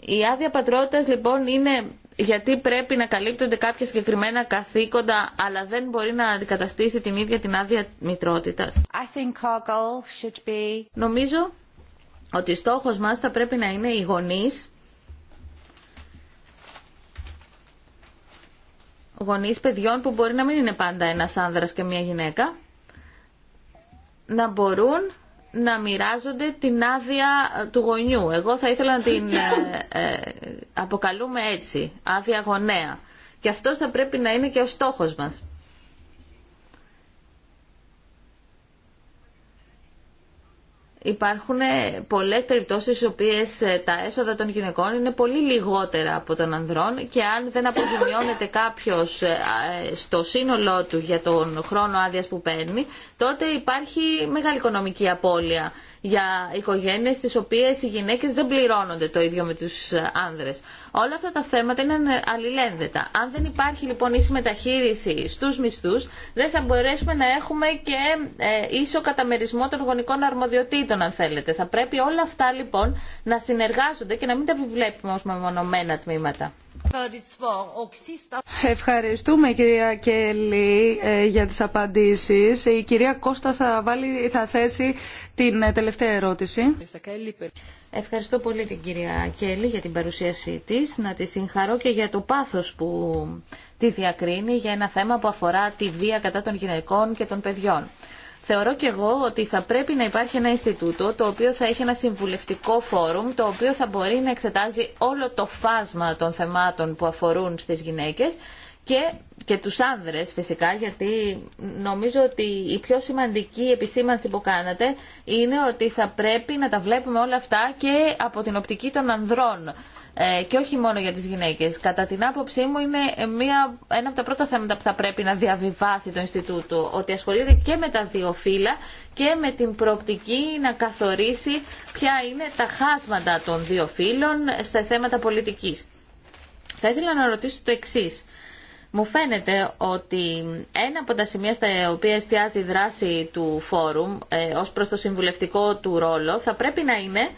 Η άδεια πατρότητας λοιπόν είναι γιατί πρέπει να καλύπτονται κάποια συγκεκριμένα καθήκοντα αλλά δεν μπορεί να αντικαταστήσει την ίδια την άδεια μητρότητας. be... Νομίζω ότι στόχος μας θα πρέπει να είναι οι γονείς γονείς παιδιών που μπορεί να μην είναι πάντα ένα άνδρας και μια γυναίκα να μπορούν να μοιράζονται την άδεια του γονιού. Εγώ θα ήθελα να την ε, ε, αποκαλούμε έτσι, άδεια γονέα. Και αυτό θα πρέπει να είναι και ο στόχος μας. υπάρχουν ε, πολλές περιπτώσεις στις οποίες ε, τα έσοδα των γυναικών είναι πολύ λιγότερα από των ανδρών και αν δεν αποζημιώνεται κάποιος ε, στο σύνολό του για τον χρόνο άδεια που παίρνει, τότε υπάρχει μεγάλη οικονομική απώλεια για οικογένειες τις οποίες οι γυναίκες δεν πληρώνονται το ίδιο με τους άνδρες. Όλα αυτά τα θέματα είναι αλληλένδετα. Αν δεν υπάρχει λοιπόν ίση μεταχείριση στους μισθού, δεν θα μπορέσουμε να έχουμε και ε, ίσο καταμερισμό των γονικών αρμοδιοτήτων, αν θέλετε. Θα πρέπει όλα αυτά λοιπόν να συνεργάζονται και να μην τα επιβλέπουμε ως μεμονωμένα τμήματα. Ευχαριστούμε κυρία Κέλλη ε, για τις απαντήσεις. Η κυρία Κώστα θα, βάλει, θα θέσει την ε, τελευταία ερώτηση. Ευχαριστώ πολύ την κυρία Κέλλη για την παρουσίασή της. Να τη συγχαρώ και για το πάθος που τη διακρίνει για ένα θέμα που αφορά τη βία κατά των γυναικών και των παιδιών. Θεωρώ και εγώ ότι θα πρέπει να υπάρχει ένα Ινστιτούτο το οποίο θα έχει ένα συμβουλευτικό φόρουμ το οποίο θα μπορεί να εξετάζει όλο το φάσμα των θεμάτων που αφορούν στις γυναίκες και, και τους άνδρες φυσικά, γιατί νομίζω ότι η πιο σημαντική επισήμανση που κάνατε είναι ότι θα πρέπει να τα βλέπουμε όλα αυτά και από την οπτική των ανδρών ε, και όχι μόνο για τις γυναίκες. Κατά την άποψή μου είναι μια, ένα από τα πρώτα θέματα που θα πρέπει να διαβιβάσει το Ινστιτούτο, ότι ασχολείται και με τα δύο φύλλα και με την προοπτική να καθορίσει ποια είναι τα χάσματα των δύο φύλων στα θέματα πολιτικής. Θα ήθελα να ρωτήσω το εξής. Μου φαίνεται ότι ένα από τα σημεία στα οποία εστιάζει η δράση του φόρουμ ε, ως προς το συμβουλευτικό του ρόλο θα πρέπει να είναι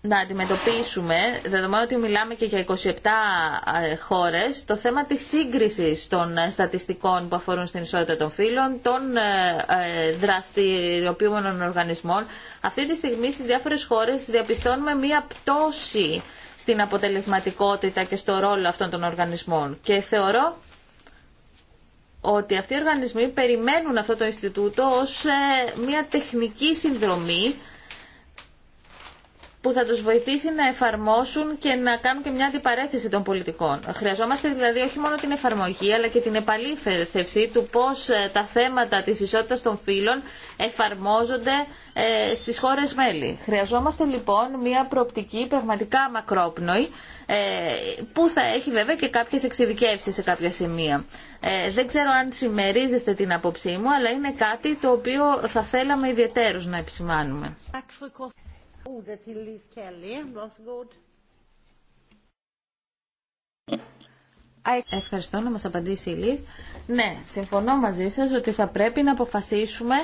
να αντιμετωπίσουμε, δεδομένου ότι μιλάμε και για 27 ε, χώρες, το θέμα της σύγκρισης των ε, στατιστικών που αφορούν στην ισότητα των φύλων, των ε, δραστηριοποιούμενων οργανισμών. Αυτή τη στιγμή στις διάφορες χώρες διαπιστώνουμε μία πτώση στην αποτελεσματικότητα και στο ρόλο αυτών των οργανισμών. Και θεωρώ ότι αυτοί οι οργανισμοί περιμένουν αυτό το Ινστιτούτο ως ε, μια τεχνική συνδρομή που θα τους βοηθήσει να εφαρμόσουν και να κάνουν και μια αντιπαρέθεση των πολιτικών. Χρειαζόμαστε δηλαδή όχι μόνο την εφαρμογή αλλά και την επαλήθευση του πώς ε, τα θέματα της ισότητας των φύλων εφαρμόζονται ε, στις χώρες μέλη. Χρειαζόμαστε λοιπόν μια προοπτική πραγματικά μακρόπνοη ε, που θα έχει βέβαια και κάποιες εξειδικεύσεις σε κάποια σημεία. Δεν ξέρω αν συμμερίζεστε την απόψή μου, αλλά είναι κάτι το οποίο θα θέλαμε ιδιαίτερως να επισημάνουμε. Ευχαριστώ να μας απαντήσει η Λίζ. Ναι, συμφωνώ μαζί σας ότι θα πρέπει να αποφασίσουμε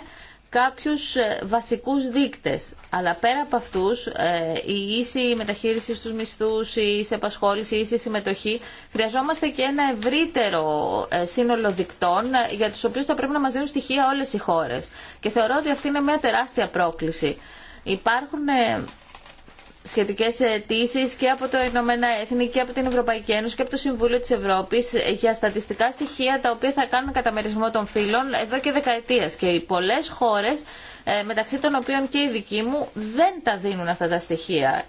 κάποιους ε, βασικούς δείκτες. Αλλά πέρα από αυτούς, ε, η ίση μεταχείριση στους μισθούς, η ίση επασχόληση, η ίση συμμετοχή, χρειαζόμαστε και ένα ευρύτερο ε, σύνολο δικτών για τους οποίους θα πρέπει να μας δίνουν στοιχεία όλες οι χώρες. Και θεωρώ ότι αυτή είναι μια τεράστια πρόκληση. Υπάρχουν ε, σχετικές αιτήσει και από το Ηνωμένα Έθνη και από την Ευρωπαϊκή Ένωση και από το Συμβούλιο της Ευρώπης για στατιστικά στοιχεία τα οποία θα κάνουν καταμερισμό των φύλων εδώ και δεκαετίες και οι πολλές χώρες ε, μεταξύ των οποίων και η δική μου δεν τα δίνουν αυτά τα στοιχεία.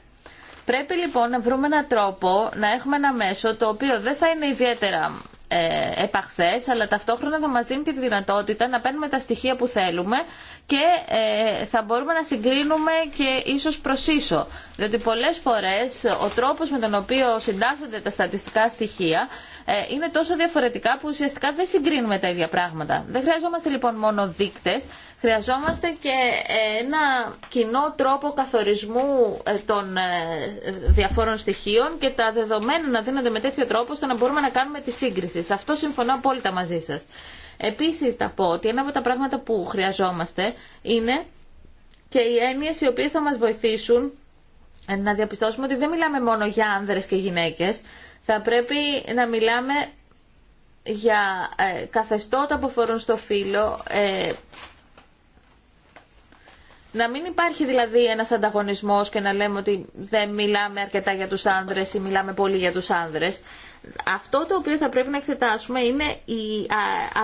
Πρέπει λοιπόν να βρούμε έναν τρόπο να έχουμε ένα μέσο το οποίο δεν θα είναι ιδιαίτερα ε, Επαχθέ, αλλά ταυτόχρονα θα μας δίνει τη δυνατότητα να παίρνουμε τα στοιχεία που θέλουμε και ε, θα μπορούμε να συγκρίνουμε και ίσως προς ίσω. Διότι πολλές φορές ο τρόπος με τον οποίο συντάσσονται τα στατιστικά στοιχεία ε, είναι τόσο διαφορετικά που ουσιαστικά δεν συγκρίνουμε τα ίδια πράγματα. Δεν χρειαζόμαστε λοιπόν μόνο δείκτε, χρειαζόμαστε και ε, ένα κοινό τρόπο καθορισμού ε, των διαφόρων στοιχείων και τα δεδομένα να δίνονται με τέτοιο τρόπο ώστε να μπορούμε να κάνουμε τη σύγκριση. Σε αυτό συμφωνώ απόλυτα μαζί σα. Επίση θα πω ότι ένα από τα πράγματα που χρειαζόμαστε είναι και οι έννοιε οι οποίε θα μα βοηθήσουν να διαπιστώσουμε ότι δεν μιλάμε μόνο για άνδρες και γυναίκε. Θα πρέπει να μιλάμε για ε, καθεστώτα που φορούν στο φύλλο, ε, να μην υπάρχει δηλαδή ένας ανταγωνισμός και να λέμε ότι δεν μιλάμε αρκετά για τους άνδρες ή μιλάμε πολύ για τους άνδρες. Αυτό το οποίο θα πρέπει να εξετάσουμε είναι η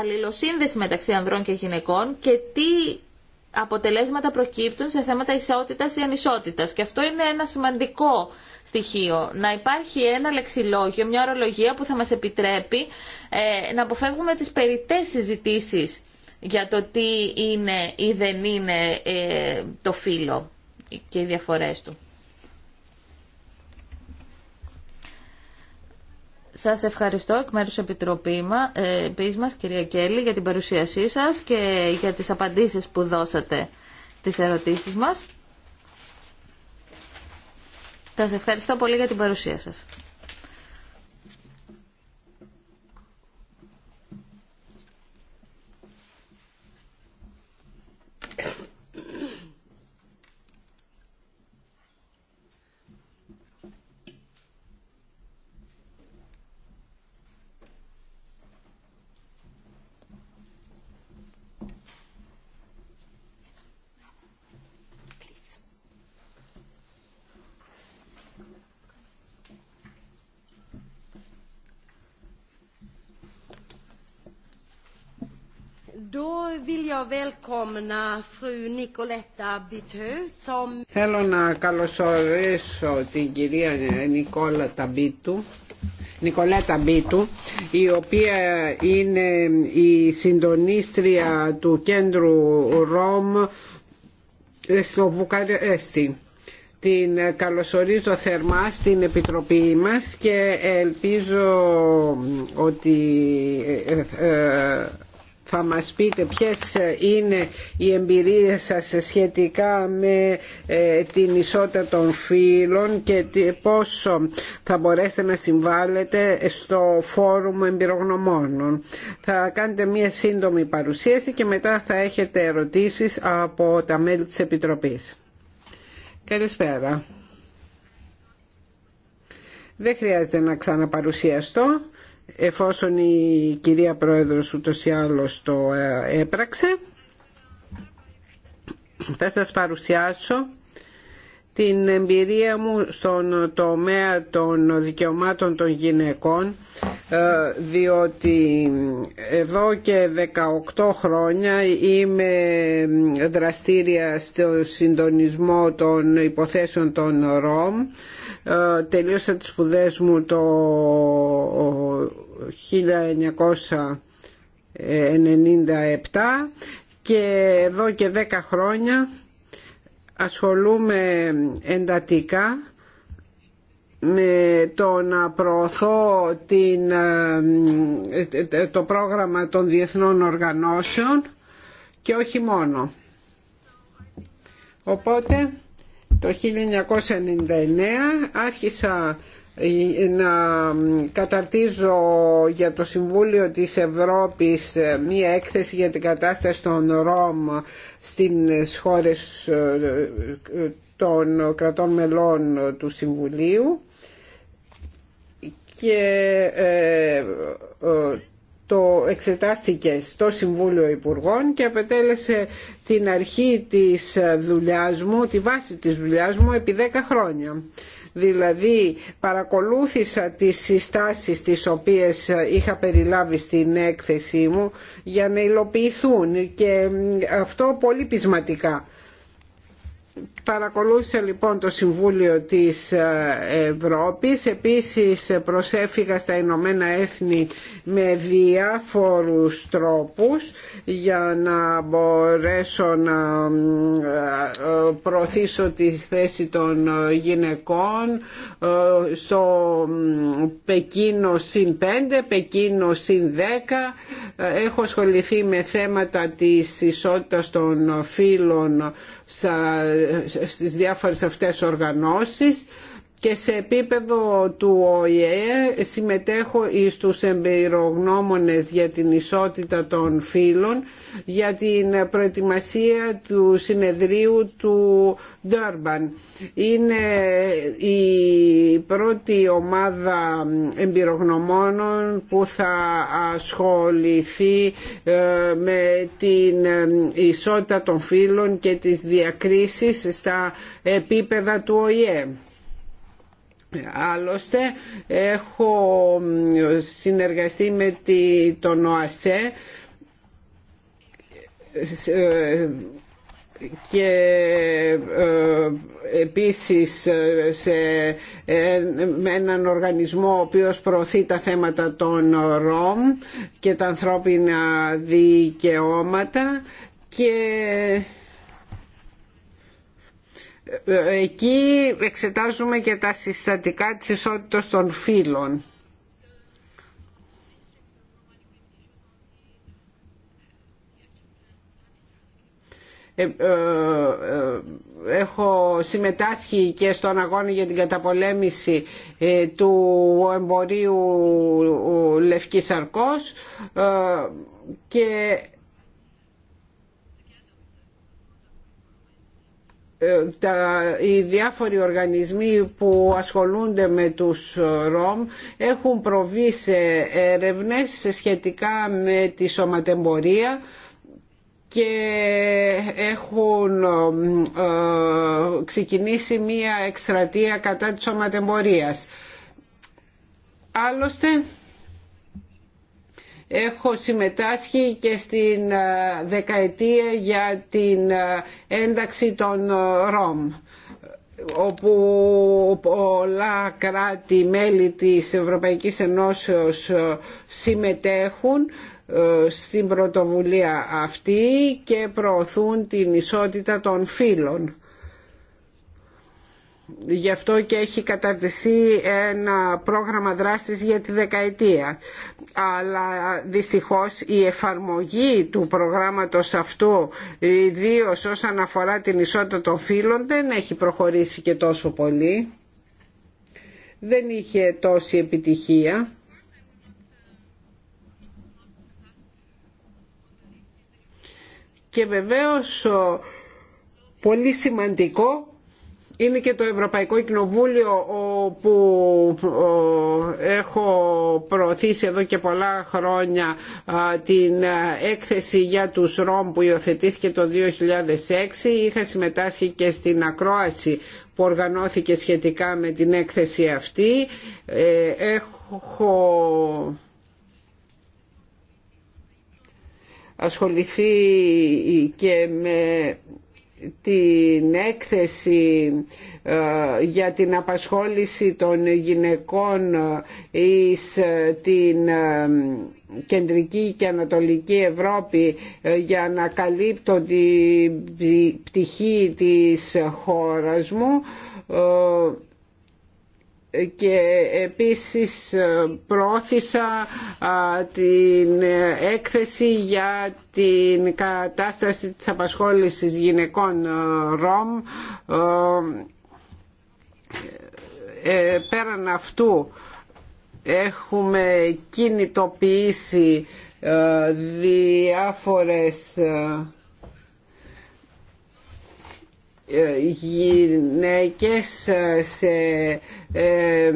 αλληλοσύνδεση μεταξύ ανδρών και γυναικών και τι αποτελέσματα προκύπτουν σε θέματα ισότητας ή ανισότητας. Και αυτό είναι ένα σημαντικό στοιχείο. Να υπάρχει ένα λεξιλόγιο, μια ορολογία που θα μας επιτρέπει ε, να αποφεύγουμε τις περιττές συζητήσει για το τι είναι ή δεν είναι ε, το φύλλο και οι διαφορές του. Σας ευχαριστώ εκ μέρους ε, Επιτροπής μας, κυρία Κέλλη, για την παρουσίασή σας και για τις απαντήσεις που δώσατε στις ερωτήσεις μας. Σας ευχαριστώ πολύ για την παρουσία σας. Θέλω να καλωσορίσω την κυρία Νικόλα Ταμπίτου, Νικολέτα Μπίτου, η οποία είναι η συντονίστρια του κέντρου ΡΟΜ στο Την καλωσορίζω θερμά στην Επιτροπή μας και ελπίζω ότι ε, ε, θα μας πείτε ποιες είναι οι εμπειρίες σας σχετικά με ε, την ισότητα των φύλων και πόσο θα μπορέσετε να συμβάλλετε στο φόρουμ εμπειρογνωμόνων. Θα κάνετε μία σύντομη παρουσίαση και μετά θα έχετε ερωτήσεις από τα μέλη της Επιτροπής. Καλησπέρα. Δεν χρειάζεται να ξαναπαρουσιαστώ εφόσον η κυρία Πρόεδρος ούτως ή άλλως το ε, έπραξε θα σας παρουσιάσω την εμπειρία μου στον τομέα των δικαιωμάτων των γυναικών ε, διότι εδώ και 18 χρόνια είμαι δραστήρια στο συντονισμό των υποθέσεων των ΡΟΜ ε, τελείωσα τις σπουδέ μου το 1997 και εδώ και 10 χρόνια ασχολούμαι εντατικά με το να προωθώ την, ε, το πρόγραμμα των διεθνών οργανώσεων και όχι μόνο. Οπότε το 1999 άρχισα να καταρτίζω για το Συμβούλιο της Ευρώπης ε, μία έκθεση για την κατάσταση των ΡΟΜ ε, στις χώρες ε, των κρατών μελών του Συμβουλίου και το εξετάστηκε στο Συμβούλιο Υπουργών και απετέλεσε την αρχή της δουλειάς μου, τη βάση της δουλειάς μου επί 10 χρόνια. Δηλαδή παρακολούθησα τις συστάσεις τις οποίες είχα περιλάβει στην έκθεσή μου για να υλοποιηθούν και αυτό πολύ πεισματικά. Παρακολούθησα λοιπόν το Συμβούλιο της ε, Ευρώπης, επίσης προσέφυγα στα Ηνωμένα Έθνη με διάφορους τρόπους για να μπορέσω να ε, προωθήσω τη θέση των γυναικών ε, στο Πεκίνο συν 5, Πεκίνο συν 10. Έχω ασχοληθεί με θέματα της ισότητας των φύλων στις διάφορες αυτές οργανώσεις και σε επίπεδο του ΟΗΕ συμμετέχω στους εμπειρογνώμονες για την ισότητα των φύλων για την προετοιμασία του συνεδρίου του Ντόρμπαν Είναι η πρώτη ομάδα εμπειρογνωμόνων που θα ασχοληθεί ε, με την ε, ισότητα των φύλων και τις διακρίσεις στα επίπεδα του ΟΗΕ ε, άλλωστε έχω συνεργαστεί με τον ΟΑΣΕ ε, και ε, επίσης σε με έναν οργανισμό ο οποίος προωθεί τα θέματα των ΡΟΜ και τα ανθρώπινα δικαιώματα και εκεί εξετάζουμε και τα συστατικά της ισότητας των φύλων. Ε, ε, ε, έχω συμμετάσχει και στον αγώνα για την καταπολέμηση του εμπορίου λευκής αρκός και Ε, τα, οι διάφοροι οργανισμοί που ασχολούνται με τους ε, ΡΟΜ έχουν προβεί σε έρευνες σχετικά με τη σωματεμπορία και έχουν ε, ξεκινήσει μία εκστρατεία κατά της σωματεμπορίας. Άλλωστε Έχω συμμετάσχει και στην ε, δεκαετία για την ε, ένταξη των ε, ΡΟΜ όπου πολλά κράτη-μέλη της Ευρωπαϊκής Ενώσεως συμμετέχουν στην πρωτοβουλία αυτή και προωθούν την ισότητα των φύλων. Γι' αυτό και έχει καταρτιστεί ένα πρόγραμμα δράσης για τη δεκαετία. Αλλά δυστυχώς η εφαρμογή του προγράμματος αυτού, ιδίω όσον αφορά την ισότητα των φύλων, δεν έχει προχωρήσει και τόσο πολύ. Δεν είχε τόση επιτυχία. Και βεβαίως πολύ σημαντικό είναι και το Ευρωπαϊκό Κοινοβούλιο που έχω προωθήσει εδώ και πολλά χρόνια την έκθεση για τους ΡΟΜ που υιοθετήθηκε το 2006. Είχα συμμετάσχει και στην ακρόαση που οργανώθηκε σχετικά με την έκθεση αυτή. Ε, έχω ασχοληθεί και με την έκθεση ε, για την απασχόληση των γυναικών εις ε, την ε, κεντρική και ανατολική Ευρώπη για να καλύπτω την πτυχή της χώρας μου και επίσης ε, προώθησα την έκθεση για την κατάσταση της απασχόλησης γυναικών ε, ΡΟΜ. Ε, πέραν αυτού έχουμε κινητοποιήσει διάφορες ε, γυναίκες ε, σε ε,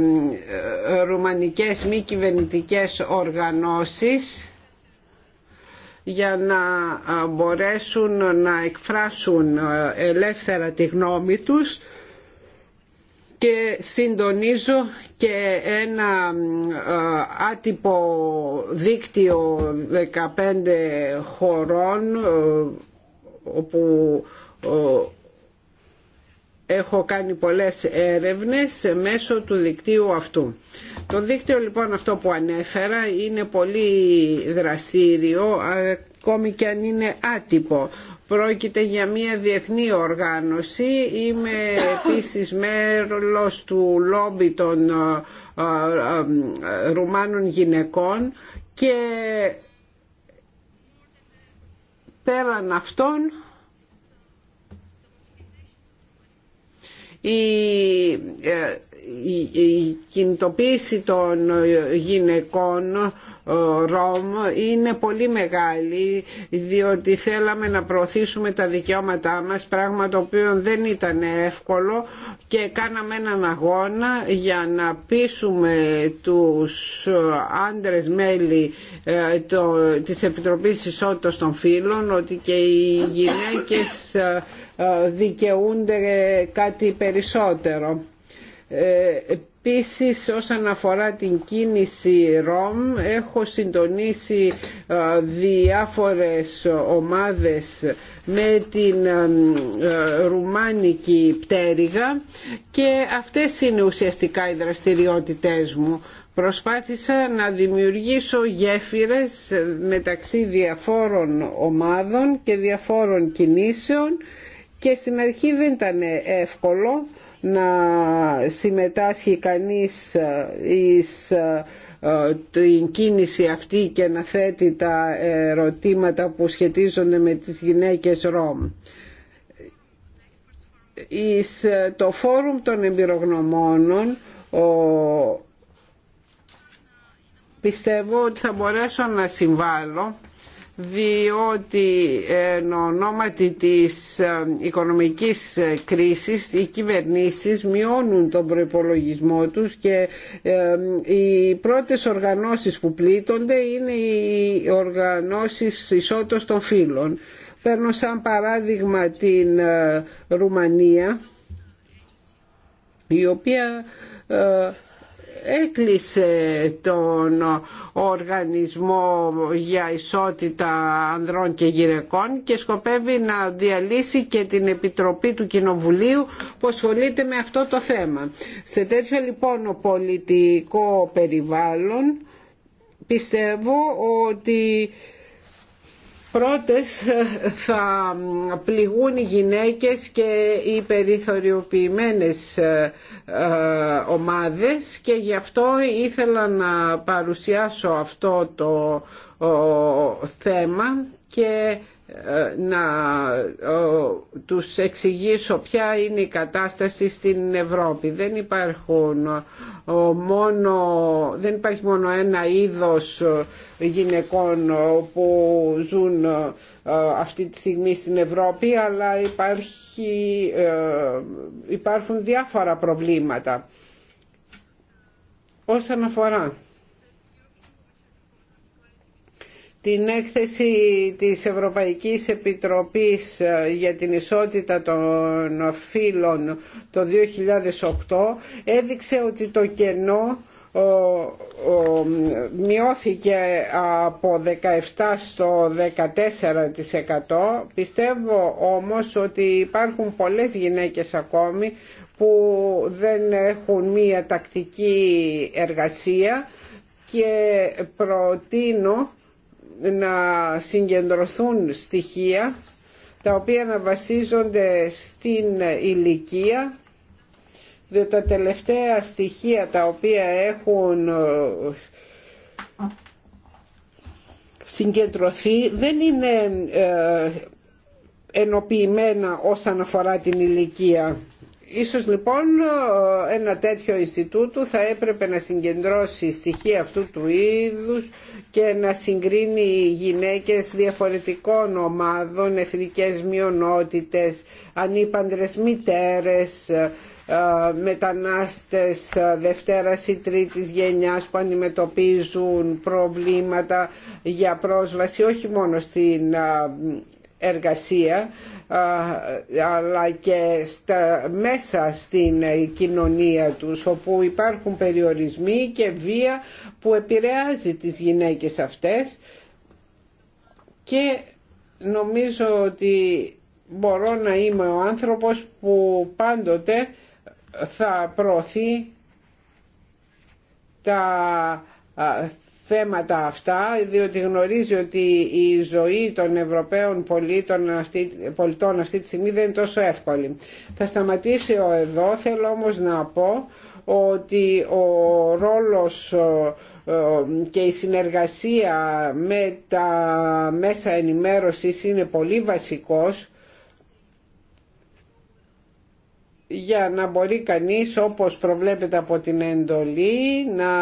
ρουμανικές μη κυβερνητικέ οργανώσεις για να μπορέσουν να εκφράσουν ελεύθερα τη γνώμη τους και συντονίζω και ένα άτυπο δίκτυο 15 χωρών όπου έχω κάνει πολλές έρευνες μέσω του δικτύου αυτού. Το δίκτυο λοιπόν αυτό που ανέφερα είναι πολύ δραστήριο ακόμη και αν είναι άτυπο. Πρόκειται για μια διεθνή οργάνωση. Είμαι επίσης μέλος του λόμπι των ε, ε, Ρουμάνων γυναικών και πέραν αυτών Ε, η κινητοποίηση των γυναικών ΡΟΜ είναι πολύ μεγάλη διότι θέλαμε να προωθήσουμε τα δικαιώματά μας πράγμα το οποίο δεν ήταν εύκολο και κάναμε έναν αγώνα για να πείσουμε τους άντρες μέλη ε, της Επιτροπής Ισότητας των φίλων ότι και οι γυναίκες ε, ε, δικαιούνται κάτι περισσότερο Επίσης όσον αφορά την κίνηση ΡΟΜ έχω συντονίσει διάφορες ομάδες με την ρουμάνικη πτέρυγα και αυτές είναι ουσιαστικά οι δραστηριότητές μου. Προσπάθησα να δημιουργήσω γέφυρες μεταξύ διαφόρων ομάδων και διαφόρων κινήσεων και στην αρχή δεν ήταν εύκολο να συμμετάσχει κανείς ε, εις ε, την κίνηση αυτή και να θέτει τα ερωτήματα που σχετίζονται με τις γυναίκες ΡΟΜ. Εις ε, το φόρουμ των εμπειρογνωμόνων πιστεύω ότι θα μπορέσω να συμβάλλω διότι εν ονόματι της ε, οικονομικής ε, κρίσης οι κυβερνήσεις μειώνουν τον προϋπολογισμό τους και ε, οι πρώτες οργανώσεις που πλήττονται είναι οι οργανώσεις ισότητας των φύλων. Παίρνω σαν παράδειγμα την Ρουμανία η οποία έκλεισε τον οργανισμό για ισότητα ανδρών και γυναικών και σκοπεύει να διαλύσει και την Επιτροπή του Κοινοβουλίου που ασχολείται με αυτό το θέμα. Σε τέτοιο λοιπόν πολιτικό περιβάλλον πιστεύω ότι πρώτες θα πληγούν οι γυναίκες και οι περιθωριοποιημένες ε, ε, ομάδες και γι' αυτό ήθελα να παρουσιάσω αυτό το θέμα και ε, να τους εξηγήσω ποια είναι η κατάσταση στην Ευρώπη. Δεν, υπάρχουν, μόνο, δεν υπάρχει μόνο ένα είδος ε, γυναικών ε, που ζουν αυτή τη στιγμή στην Ευρώπη αλλά υπάρχει, υπάρχουν διάφορα προβλήματα. Όσον αφορά την έκθεση της Ευρωπαϊκής Επιτροπής ε, για την Ισότητα των Φύλων το 2008 έδειξε ότι το κενό μειώθηκε από 17% στο 14%. Πιστεύω όμως ότι υπάρχουν πολλές γυναίκες ακόμη που δεν έχουν μία τακτική εργασία και προτείνω να συγκεντρωθούν στοιχεία τα οποία να βασίζονται στην ηλικία διότι τα τελευταία στοιχεία τα οποία έχουν ε, συγκεντρωθεί δεν είναι ε, ενοποιημένα όσον αφορά την ηλικία Ίσως λοιπόν ένα τέτοιο Ινστιτούτο θα έπρεπε να συγκεντρώσει στοιχεία αυτού του είδους και να συγκρίνει γυναίκες διαφορετικών ομάδων, εθνικές μειονότητες, ανήπαντρες μητέρες, ε, μετανάστες ε, δευτέρας ή τρίτης γενιάς που αντιμετωπίζουν προβλήματα για πρόσβαση όχι μόνο στην ε, εργασία αλλά και στα, μέσα στην ε, κοινωνία τους όπου υπάρχουν περιορισμοί και βία που επηρεάζει τις γυναίκες αυτές και νομίζω ότι μπορώ να είμαι ο άνθρωπος που πάντοτε θα προωθεί τα θέματα αυτά διότι γνωρίζει ότι η ζωή των Ευρωπαίων πολιτών αυτή, αυτή τη στιγμή δεν είναι τόσο εύκολη. Θα σταματήσω εδώ, θέλω όμως να πω ότι ο ρόλος και η συνεργασία με τα μέσα ενημέρωσης είναι πολύ βασικός για να μπορεί κανείς όπως προβλέπεται από την εντολή να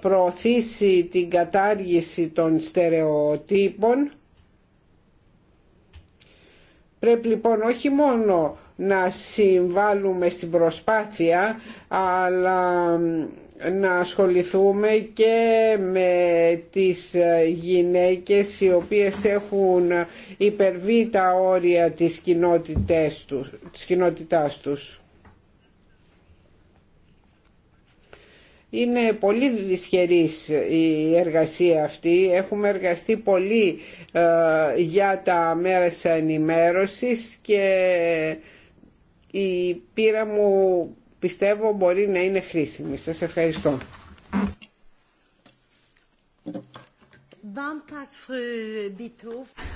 προωθήσει την κατάργηση των στερεοτύπων. Πρέπει λοιπόν όχι μόνο να συμβάλλουμε στην προσπάθεια, αλλά να ασχοληθούμε και με τις ε, γυναίκες οι οποίες έχουν υπερβεί τα όρια της, τους, της κοινότητάς τους. Είναι πολύ δυσχερής η εργασία αυτή. Έχουμε εργαστεί πολύ ε, για τα μέρα της ενημέρωσης και η πείρα μου πιστεύω μπορεί να είναι χρήσιμη. Σας ευχαριστώ.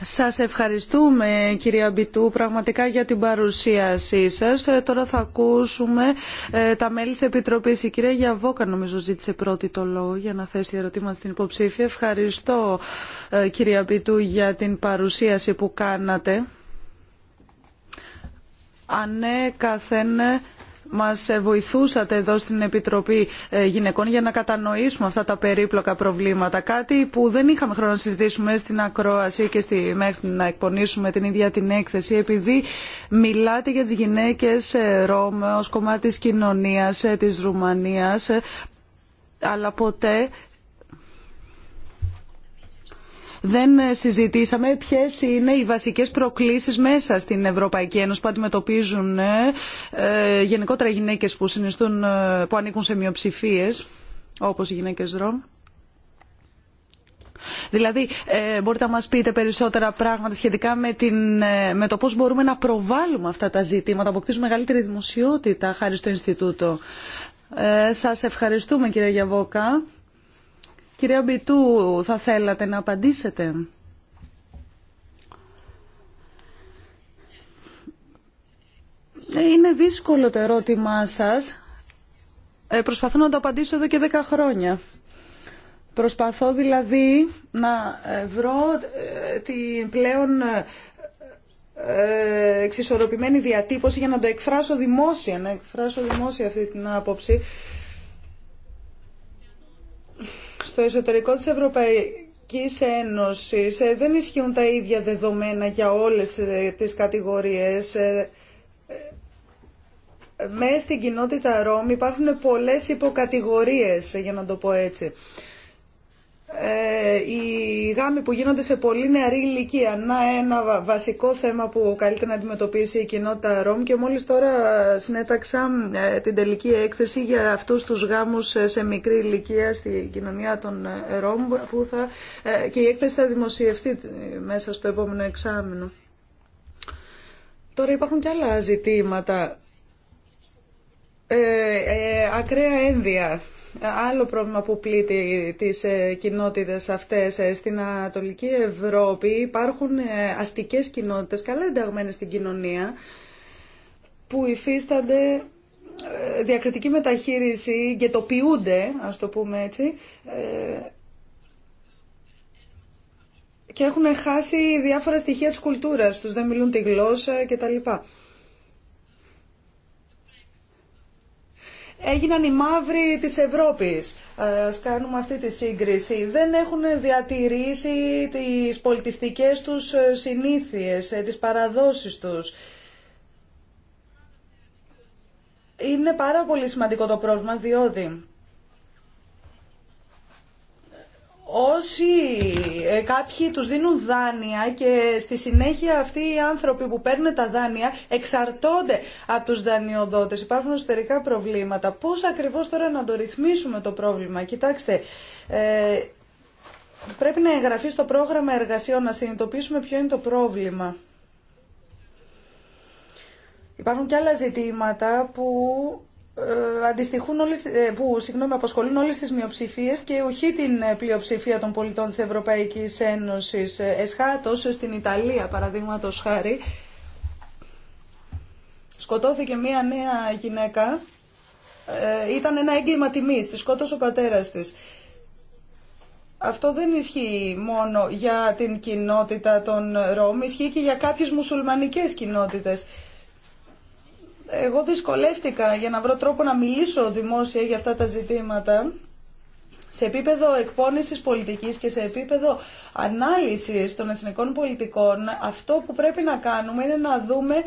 Σας ευχαριστούμε κυρία Μπιτού πραγματικά για την παρουσίασή σας. Ε, τώρα θα ακούσουμε ε, τα μέλη της Επιτροπής. Η κυρία Γιαβόκα νομίζω ζήτησε πρώτη το λόγο για να θέσει ερωτήματα στην υποψήφια. Ευχαριστώ ε, κυρία Μπιτού για την παρουσίαση που κάνατε. Ανέκαθεν μας ε, βοηθούσατε εδώ στην Επιτροπή ε, Γυναικών για να κατανοήσουμε αυτά τα περίπλοκα προβλήματα. Κάτι που δεν είχαμε χρόνο να συζητήσουμε στην ακρόαση και στη, μέχρι να εκπονήσουμε την ίδια την έκθεση επειδή μιλάτε για τις γυναίκες ε, Ρώμα ως κομμάτι της κοινωνίας της Ρουμανίας αλλά ποτέ δεν συζητήσαμε ποιε είναι οι βασικές προκλήσεις μέσα στην Ευρωπαϊκή Ένωση που αντιμετωπίζουν ε, ε, γενικότερα γυναίκε που, ε, που ανήκουν σε μειοψηφίε, όπως οι γυναίκε ΡΟΜ. Δηλαδή, μπορείτε να μας πείτε περισσότερα πράγματα σχετικά με, την, με το πώς μπορούμε να προβάλλουμε αυτά τα ζητήματα, αποκτήσουμε μεγαλύτερη δημοσιότητα χάρη στο Ινστιτούτο. Ε, σας ευχαριστούμε κύριε Γιαβόκα. Κυρία Μπιτού, θα θέλατε να απαντήσετε. Είναι δύσκολο το ερώτημά σας. Ε, προσπαθώ να το απαντήσω εδώ και 10 χρόνια. Προσπαθώ δηλαδή να ε, βρω ε, την πλέον εξισορροπημένη διατύπωση για να το εκφράσω δημόσια, να εκφράσω δημόσια αυτή την άποψη στο εσωτερικό της Ευρωπαϊκής Ένωσης ε, δεν ισχύουν τα ίδια δεδομένα για όλες ε, τις κατηγορίες. Ε, Μέσα στην κοινότητα Ρώμη υπάρχουν πολλές υποκατηγορίες, για να το πω έτσι. Ε, οι γάμοι που γίνονται σε πολύ νεαρή ηλικία. Να ένα βασικό θέμα που καλείται να αντιμετωπίσει η κοινότητα Ρώμ και μόλις τώρα συνέταξα ε, την τελική έκθεση για αυτούς τους γάμους σε μικρή ηλικία στη κοινωνία των ε, ΡΟΜ που θα, και η έκθεση θα δημοσιευτεί μέσα στο επόμενο εξάμεινο. Τώρα υπάρχουν και άλλα ζητήματα. Ε, ακραία ένδια άλλο πρόβλημα που πλήττει τις ε, κοινότητες αυτές ε, στην Ανατολική Ευρώπη υπάρχουν ε, αστικές κοινότητες καλά ενταγμένες στην κοινωνία που υφίστανται διακριτική μεταχείριση και ας το πούμε έτσι, και έχουν χάσει διάφορα στοιχεία της κουλτούρας τους, δεν μιλούν τη γλώσσα κτλ. έγιναν οι μαύροι της Ευρώπης. Ε, ας κάνουμε αυτή τη σύγκριση. Δεν έχουν διατηρήσει τις πολιτιστικές τους ε, συνήθειες, ε, τις παραδόσεις τους. Είναι πάρα πολύ σημαντικό το πρόβλημα διότι όσοι ε, κάποιοι τους δίνουν δάνεια και στη συνέχεια αυτοί οι άνθρωποι που παίρνουν τα δάνεια εξαρτώνται από τους δανειοδότες. Υπάρχουν εσωτερικά προβλήματα. Πώς ακριβώς τώρα να το ρυθμίσουμε το πρόβλημα. Κοιτάξτε, ε, πρέπει να εγγραφεί στο πρόγραμμα εργασιών, να συνειδητοποιήσουμε ποιο είναι το πρόβλημα. Υπάρχουν και άλλα ζητήματα που ε, αντιστοιχούν όλες, ε, που συγγνώμη, απασχολούν όλες τις μειοψηφίες και όχι την ε, πλειοψηφία των πολιτών της Ευρωπαϊκής Ένωσης. Εσχάτως στην Ιταλία, παραδείγματο χάρη, σκοτώθηκε μία νέα γυναίκα. ήταν ένα έγκλημα τιμής, τη σκότωσε ο πατέρας της. Αυτό δεν ισχύει μόνο για την κοινότητα των Ρώμ, ισχύει και για κάποιες μουσουλμανικές κοινότητες. Εγώ δυσκολεύτηκα για να βρω τρόπο να μιλήσω δημόσια για αυτά τα ζητήματα σε επίπεδο εκπόνησης πολιτικής και σε επίπεδο ανάλυσης των εθνικών πολιτικών, αυτό που πρέπει να κάνουμε είναι να δούμε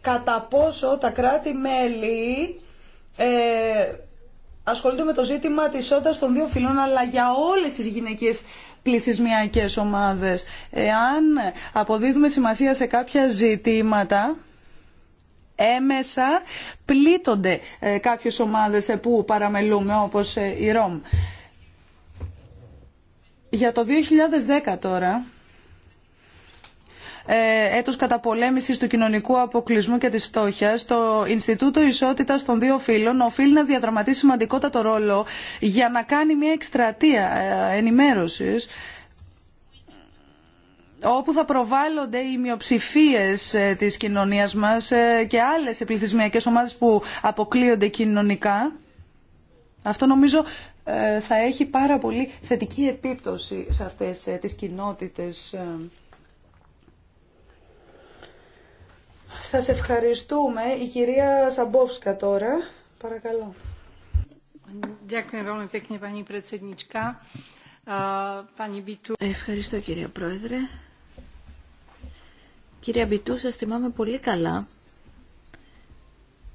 κατά πόσο τα κράτη-μέλη ε, ασχολούνται με το ζήτημα της ισότητας των δύο φυλών, αλλά για όλες τις γυναικείες πληθυσμιακές ομάδες. Εάν αποδίδουμε σημασία σε κάποια ζητήματα, έμεσα πλήττονται ε, κάποιες ομάδες ε, που παραμελούμε όπως ε, η ΡΟΜ. Για το 2010 τώρα, έτος καταπολέμησης του κοινωνικού αποκλεισμού και της φτώχειας, το Ινστιτούτο Ισότητας των Δύο Φύλων οφείλει να διαδραματίσει σημαντικότατο ρόλο για να κάνει μια εκστρατεία ενημέρωσης όπου θα προβάλλονται οι μειοψηφίε ε, της κοινωνίας μας ε, και άλλες πληθυσμιακές ομάδες που αποκλείονται κοινωνικά. Αυτό νομίζω ε, θα έχει πάρα πολύ θετική επίπτωση σε αυτές τις κοινότητες. Σας ευχαριστούμε. Η κυρία Σαμπόφσκα τώρα. Παρακαλώ. Ευχαριστώ κυρία Πρόεδρε. Κύριε Αμπιτού, σας θυμάμαι πολύ καλά.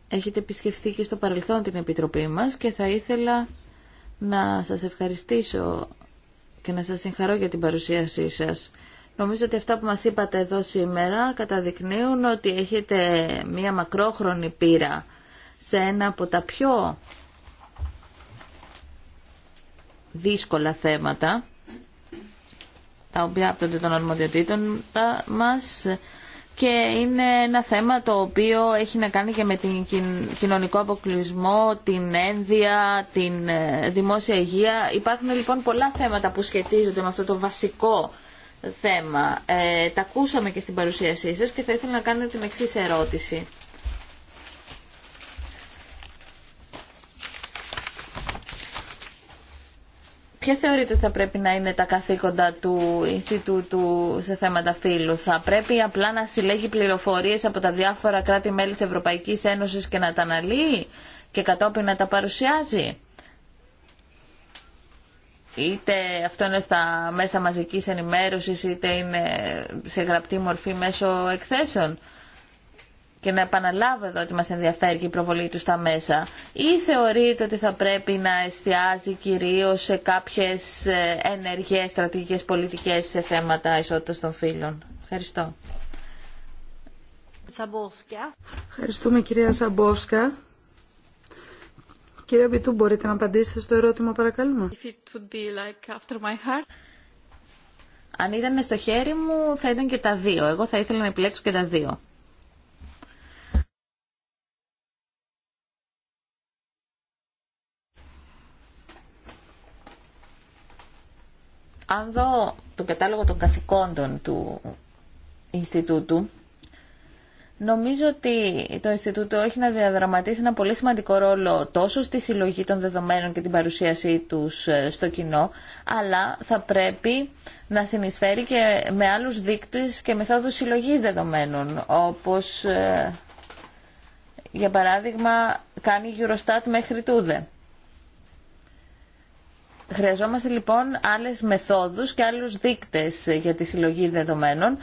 Έχετε επισκεφθεί και στο παρελθόν την Επιτροπή μας και θα ήθελα να σας ευχαριστήσω και να σας συγχαρώ για την παρουσίασή σας. Νομίζω ότι αυτά που μας είπατε εδώ σήμερα καταδεικνύουν ότι έχετε μία μακρόχρονη πείρα σε ένα από τα πιο δύσκολα θέματα τα οποία άπτονται των αρμοδιοτήτων μας και είναι ένα θέμα το οποίο έχει να κάνει και με την κοινωνικό αποκλεισμό, την ένδια, την ε, δημόσια υγεία. Υπάρχουν λοιπόν πολλά θέματα που σχετίζονται με αυτό το βασικό θέμα. Ε, τα ακούσαμε και στην παρουσίασή σας και θα ήθελα να κάνω την εξής ερώτηση. Ποια θεωρείτε ότι θα πρέπει να είναι τα καθήκοντα του Ινστιτούτου σε θέματα φύλου. Θα πρέπει απλά να συλλέγει πληροφορίες από τα διάφορα κράτη-μέλη της Ευρωπαϊκής Ένωσης και να τα αναλύει και κατόπιν να τα παρουσιάζει. Είτε αυτό είναι στα μέσα μαζικής ενημέρωσης, είτε είναι σε γραπτή μορφή μέσω εκθέσεων και να επαναλάβω εδώ ότι μας ενδιαφέρει και η προβολή του στα μέσα ή θεωρείτε ότι θα πρέπει να εστιάζει κυρίως σε κάποιες ε, ενεργές στρατηγικές πολιτικές σε θέματα ισότητας των φύλων. Ευχαριστώ. Ευχαριστούμε κυρία Σαμπόσκα. Κύριε Μπιτού, μπορείτε να απαντήσετε στο ερώτημα, παρακαλούμε. Αν ήταν στο χέρι μου, θα ήταν και τα δύο. Εγώ θα ήθελα να επιλέξω και τα δύο. Αν δω το κατάλογο των καθηκόντων του Ινστιτούτου, Νομίζω ότι το Ινστιτούτο έχει να διαδραματίσει ένα πολύ σημαντικό ρόλο τόσο στη συλλογή των δεδομένων και την παρουσίασή τους ε, στο κοινό, αλλά θα πρέπει να συνεισφέρει και με άλλους δείκτες και μεθόδους συλλογής δεδομένων, όπως ε, για παράδειγμα κάνει Eurostat μέχρι τούδε. Χρειαζόμαστε λοιπόν άλλες μεθόδους και άλλους δείκτες για τη συλλογή δεδομένων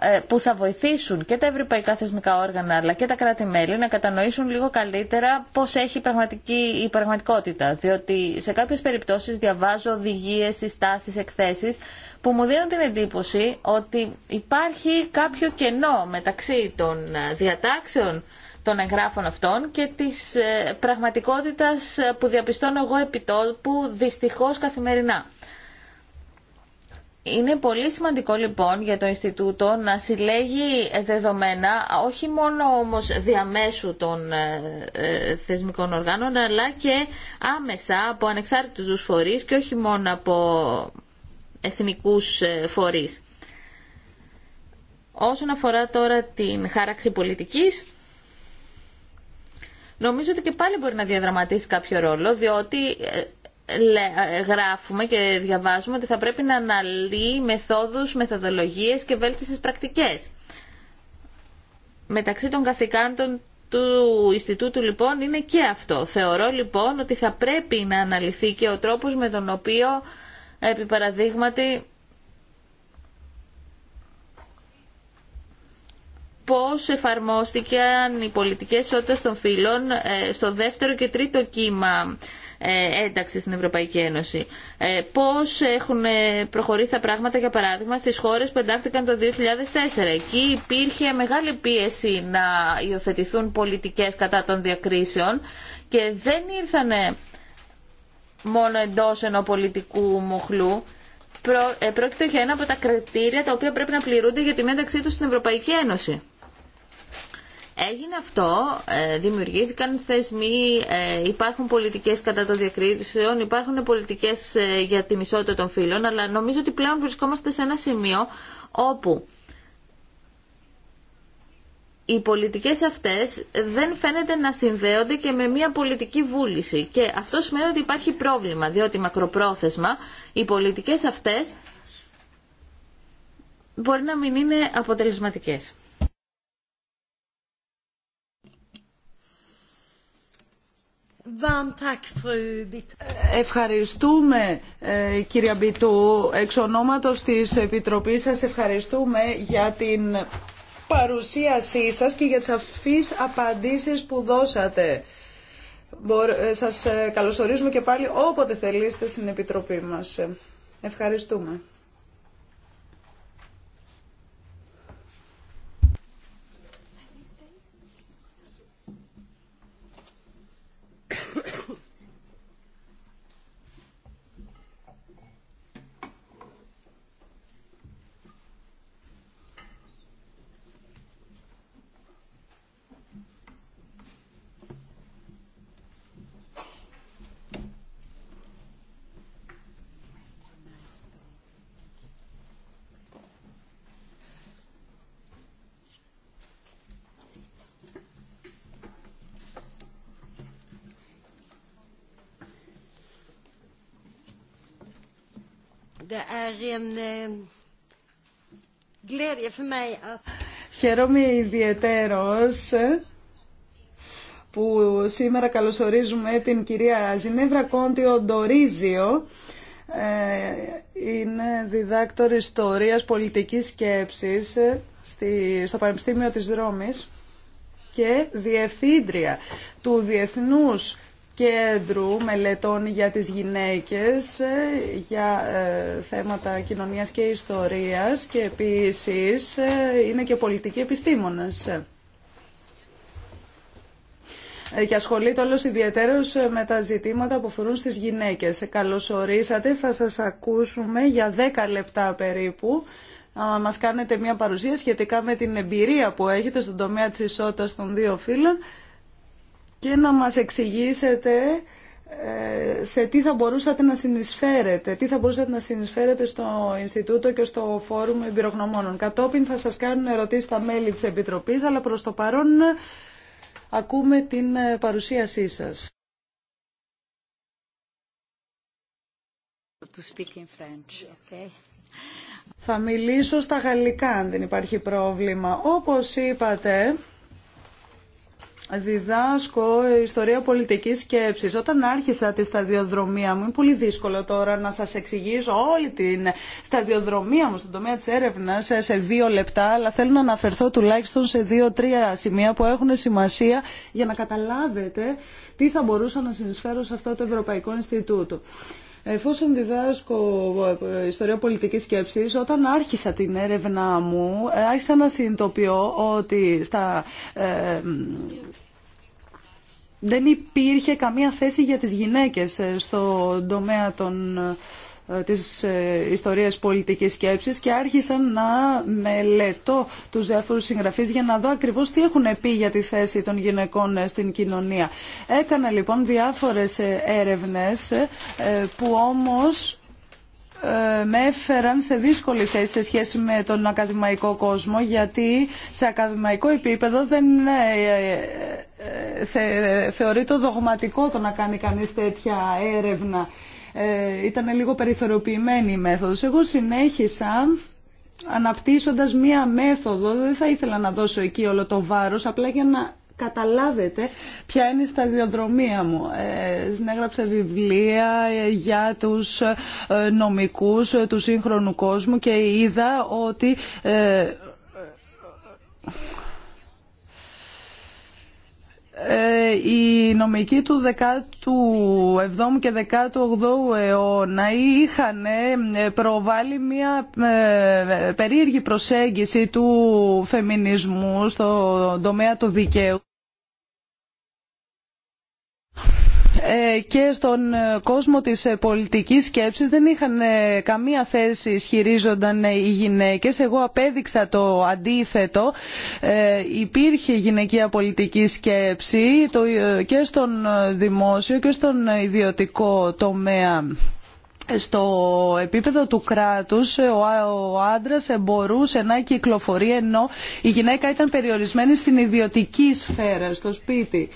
ε, που θα βοηθήσουν και τα ευρωπαϊκά θεσμικά όργανα αλλά και τα κράτη-μέλη να κατανοήσουν λίγο καλύτερα πώς έχει η, πραγματική, η πραγματικότητα. Διότι σε κάποιες περιπτώσεις διαβάζω οδηγίες, συστάσεις, εκθέσεις που μου δίνουν την εντύπωση ότι υπάρχει κάποιο κενό μεταξύ των ε, διατάξεων των εγγράφων αυτών και της ε, πραγματικότητας ε, που διαπιστώνω εγώ επιτόπου δυστυχώς καθημερινά. Είναι πολύ σημαντικό λοιπόν για το Ινστιτούτο να συλλέγει ε, δεδομένα όχι μόνο όμως διαμέσου των θεσμικών οργάνων αλλά και άμεσα από ανεξάρτητους φορείς και όχι μόνο από εθνικούς φορείς. Όσον αφορά τώρα την χάραξη πολιτικής, νομίζω ότι και πάλι μπορεί να διαδραματίσει κάποιο ρόλο, διότι ε, ε, γράφουμε και διαβάζουμε ότι θα πρέπει να αναλύει μεθόδους, μεθοδολογίες και βέλτιστες πρακτικές. Μεταξύ των καθηκάντων του Ινστιτούτου λοιπόν είναι και αυτό. Θεωρώ λοιπόν ότι θα πρέπει να αναλυθεί και ο τρόπος με τον οποίο επί παραδείγματι πώς εφαρμόστηκαν οι πολιτικές ισότητας των φύλων ε, στο δεύτερο και τρίτο κύμα ε, ένταξη στην Ευρωπαϊκή Ένωση. Ε, πώς έχουν προχωρήσει τα πράγματα, για παράδειγμα, στις χώρες που εντάχθηκαν το 2004. Εκεί υπήρχε μεγάλη πίεση να υιοθετηθούν πολιτικές κατά των διακρίσεων και δεν ήρθανε μόνο εντός ενό πολιτικού μοχλού, πρόκειται για ένα από τα κριτήρια τα οποία πρέπει να πληρούνται για την ένταξή του στην Ευρωπαϊκή Ένωση. Έγινε αυτό, ε, δημιουργήθηκαν θεσμοί, ε, υπάρχουν πολιτικές κατά των διακρίσεων, υπάρχουν πολιτικές ε, για την ισότητα των φύλων, αλλά νομίζω ότι πλέον βρισκόμαστε σε ένα σημείο όπου οι πολιτικές αυτές δεν φαίνεται να συνδέονται και με μια πολιτική βούληση. Και αυτό σημαίνει ότι υπάρχει πρόβλημα, διότι μακροπρόθεσμα οι πολιτικές αυτές μπορεί να μην είναι αποτελεσματικές. Ευχαριστούμε ε, κυρία Μπιτού. Εξ ονόματος της Επιτροπής σας ευχαριστούμε για την παρουσίασή σας και για τις αφείς απαντήσεις που δώσατε. Ε, σας ε, καλωσορίζουμε και πάλι όποτε θελήσετε στην Επιτροπή μας. Ευχαριστούμε. Det är er en eh, glädje för Χαίρομαι που σήμερα καλωσορίζουμε την κυρία Ζινέβρα Κόντιο Ντορίζιο. Ε, είναι διδάκτορ ιστορίας πολιτικής σκέψης στη, στο Πανεπιστήμιο της Ρώμης και διευθύντρια του Διεθνούς κέντρου μελετών για τις γυναίκες, για ε, θέματα κοινωνίας και ιστορίας και επίσης ε, είναι και πολιτική επιστήμονας. Ε, και ασχολείται όλος ιδιαίτερος με τα ζητήματα που αφορούν στις γυναίκες. Καλωσορίσατε, θα σας ακούσουμε για 10 λεπτά περίπου μας κάνετε μια παρουσία σχετικά με την εμπειρία που έχετε στον τομέα της ισότητας των δύο φίλων και να μας εξηγήσετε ε, σε τι θα μπορούσατε να συνεισφέρετε, τι θα μπορούσατε να συνεισφέρετε στο Ινστιτούτο και στο Φόρουμ Εμπειρογνωμόνων. Κατόπιν θα σας κάνουν ερωτήσεις τα μέλη της Επιτροπής, αλλά προς το παρόν ακούμε την ε, παρουσίασή σας. To speak in French, okay. Θα μιλήσω στα γαλλικά αν δεν υπάρχει πρόβλημα. Όπως είπατε, διδάσκω ιστορία πολιτικής σκέψης. Όταν άρχισα τη σταδιοδρομία μου, είναι πολύ δύσκολο τώρα να σας εξηγήσω όλη την σταδιοδρομία μου στον τομέα της έρευνας σε δύο λεπτά, αλλά θέλω να αναφερθώ τουλάχιστον σε δύο-τρία σημεία που έχουν σημασία για να καταλάβετε τι θα μπορούσα να συνεισφέρω σε αυτό το Ευρωπαϊκό Ινστιτούτο. Εφόσον διδάσκω ε, ιστορία πολιτικής σκέψης, όταν άρχισα την έρευνα μου, ε, άρχισα να συνειδητοποιώ ότι στα ε, δεν υπήρχε καμία θέση για τις γυναίκες ε, στον τομέα των, ε, της ε, ιστορίας πολιτικής σκέψης και άρχισαν να μελετώ τους διάφορους συγγραφείς για να δω ακριβώς τι έχουν πει για τη θέση των γυναικών στην κοινωνία. Έκανα λοιπόν διάφορες έρευνες που όμως ε, με έφεραν σε δύσκολη θέση σε σχέση με τον ακαδημαϊκό κόσμο γιατί σε ακαδημαϊκό επίπεδο δεν ε, ε, θεωρεί το δογματικό το να κάνει κανείς τέτοια έρευνα. Ήταν λίγο περιθωριοποιημένη η μέθοδος. Εγώ συνέχισα αναπτύσσοντας μία μέθοδο, δεν θα ήθελα να δώσω εκεί όλο το βάρος, απλά για να καταλάβετε ποια είναι η σταδιοδρομία μου. Ε, Συνέγραψα βιβλία ε, για τους ε, νομικούς του σύγχρονου κόσμου και είδα ότι οι νομική του 17ου και 18ου αιώνα είχαν προβάλει μια περίεργη προσέγγιση του φεμινισμού στον τομέα του δικαίου. Ε, και στον ε, κόσμο της ε, πολιτικής σκέψης δεν είχαν καμία θέση ισχυρίζονταν οι γυναίκες. Εγώ απέδειξα το αντίθετο. Υπήρχε γυναικεία πολιτική σκέψη και στον δημόσιο και στον ιδιωτικό τομέα στο επίπεδο του κράτους ο άντρας μπορούσε να κυκλοφορεί ενώ η γυναίκα ήταν περιορισμένη στην ιδιωτική σφαίρα, στο σπίτι.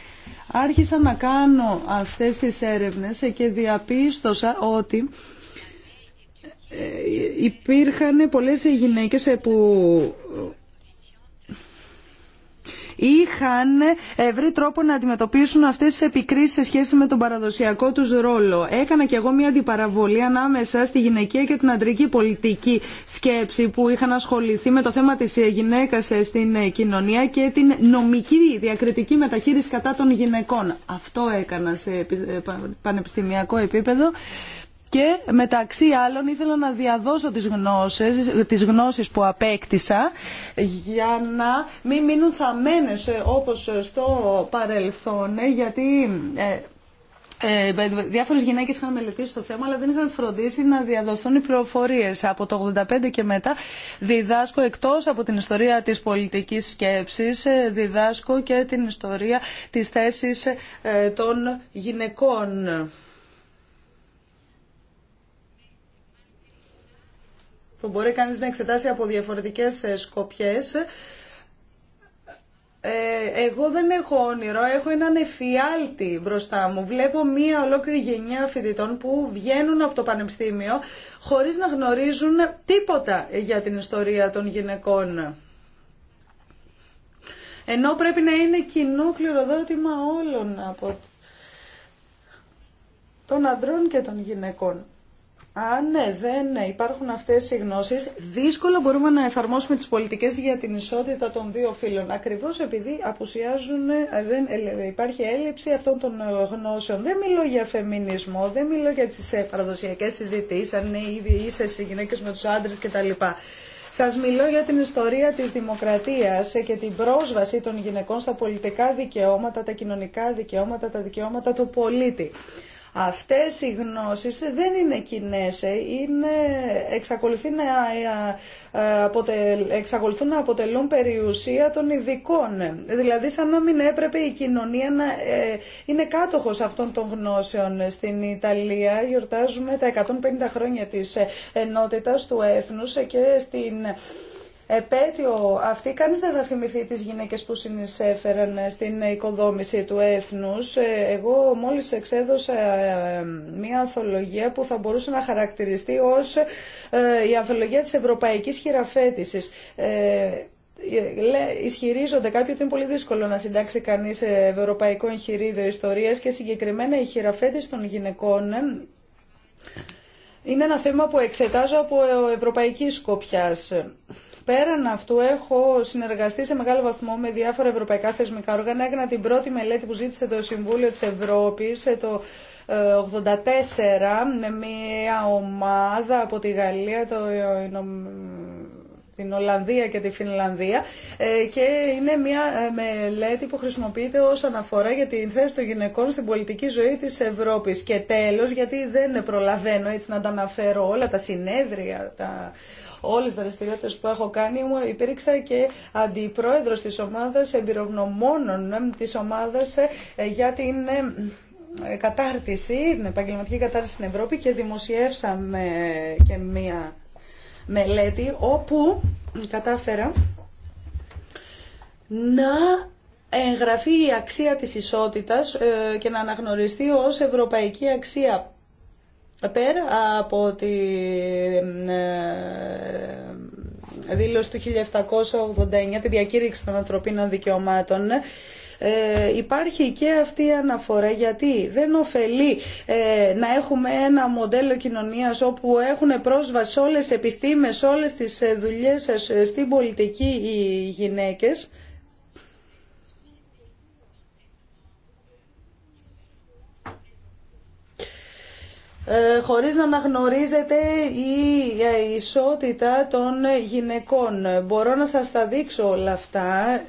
Άρχισα να κάνω αυτές τις έρευνες και διαπίστωσα ότι ε, υπήρχαν πολλές γυναίκες που είχαν βρει τρόπο να αντιμετωπίσουν αυτές τις επικρίσεις σε σχέση με τον παραδοσιακό τους ρόλο. Έκανα και εγώ μια αντιπαραβολή ανάμεσα στη γυναικεία και την αντρική πολιτική σκέψη που είχαν ασχοληθεί με το θέμα της γυναίκας στην κοινωνία και την νομική διακριτική μεταχείριση κατά των γυναικών. Αυτό έκανα σε πανεπιστημιακό επίπεδο και μεταξύ άλλων ήθελα να διαδώσω τις γνώσεις, τις γνώσεις που απέκτησα για να μην μείνουν θαμμένες όπως στο παρελθόν γιατί ε, ε διάφορες γυναίκες είχαν μελετήσει το θέμα αλλά δεν είχαν φροντίσει να διαδοθούν οι πληροφορίες. Από το 85 και μετά διδάσκω εκτός από την ιστορία της πολιτικής σκέψης ε, διδάσκω και την ιστορία της θέσης ε, των γυναικών. που μπορεί κανείς να εξετάσει από διαφορετικές ε, σκοπιές. Ε, εγώ δεν έχω όνειρο, έχω έναν εφιάλτη μπροστά μου. Βλέπω μία ολόκληρη γενιά φοιτητών που βγαίνουν από το πανεπιστήμιο χωρίς να γνωρίζουν τίποτα για την ιστορία των γυναικών. Ενώ πρέπει να είναι κοινό κληροδότημα όλων από των αντρών και των γυναικών. Αν ναι, δεν υπάρχουν αυτές οι γνώσεις, δύσκολα μπορούμε να εφαρμόσουμε τις πολιτικές για την ισότητα των δύο φύλων. Ακριβώς επειδή απουσιάζουν, ε, δεν, ε, υπάρχει έλλειψη αυτών των ε, γνώσεων. Δεν μιλώ για φεμινισμό, δεν μιλώ για τις παραδοσιακές συζητήσεις, αν είναι είσαι οι γυναίκες με τους άντρες κτλ. Σας μιλώ για την ιστορία της δημοκρατίας και την πρόσβαση των γυναικών στα πολιτικά δικαιώματα, τα κοινωνικά δικαιώματα, τα δικαιώματα του πολίτη. Αυτές οι γνώσεις δεν είναι κοινέ, ε. είναι, ε, ε, εξακολουθούν, να, αποτελούν περιουσία των ειδικών. Δηλαδή σαν να μην έπρεπε η κοινωνία να είναι κάτοχος αυτών των γνώσεων. Στην Ιταλία γιορτάζουμε τα 150 χρόνια της ενότητας του έθνους και στην επέτειο αυτή κανείς δεν θα θυμηθεί τις γυναίκες που συνεισέφεραν ε, στην οικοδόμηση του έθνους. Ε, εγώ μόλις εξέδωσα ε, μια ανθολογία που θα μπορούσε να χαρακτηριστεί ως η ανθολογία της ευρωπαϊκής χειραφέτησης. Ισχυρίζονται κάποιοι ότι είναι πολύ δύσκολο να συντάξει κανείς ευρωπαϊκό εγχειρίδιο ιστορίας και συγκεκριμένα η χειραφέτηση των γυναικών είναι ένα θέμα που εξετάζω από ευρωπαϊκή σκοπιάς. Πέραν αυτού, έχω συνεργαστεί σε μεγάλο βαθμό με διάφορα ευρωπαϊκά θεσμικά όργανα. Έκανα την πρώτη μελέτη που ζήτησε το Συμβούλιο της Ευρώπης ε, το 84 ε, με μια ομάδα από τη Γαλλία, ε, την Ολλανδία και τη Φινλανδία και είναι μια μελέτη που χρησιμοποιείται ως αναφορά για την θέση των γυναικών στην πολιτική ζωή της Ευρώπης. Και τέλος, γιατί δεν προλαβαίνω έτσι να τα αναφέρω όλα τα συνέδρια, όλες τις δραστηριότητε που έχω κάνει μου υπήρξα και αντιπρόεδρος της ομάδας εμπειρογνωμόνων της ομάδας ε, για την ε, ε, κατάρτιση, την επαγγελματική κατάρτιση στην Ευρώπη και δημοσιεύσαμε και μία μελέτη όπου κατάφερα να εγγραφεί η αξία της ισότητας και να αναγνωριστεί ως ευρωπαϊκή αξία πέρα από τη ε, δήλωση του 1789, τη διακήρυξη των ανθρωπίνων δικαιωμάτων, ε, υπάρχει και αυτή η αναφορά γιατί δεν ωφελεί ε, να έχουμε ένα μοντέλο κοινωνίας όπου έχουν πρόσβαση σε όλες τις επιστήμες, σε όλες τις ε, δουλειές στην πολιτική οι γυναίκες Ε, χωρίς να αναγνωρίζεται ε, η ισότητα των γυναικών. Μπορώ να σας τα δείξω όλα αυτά.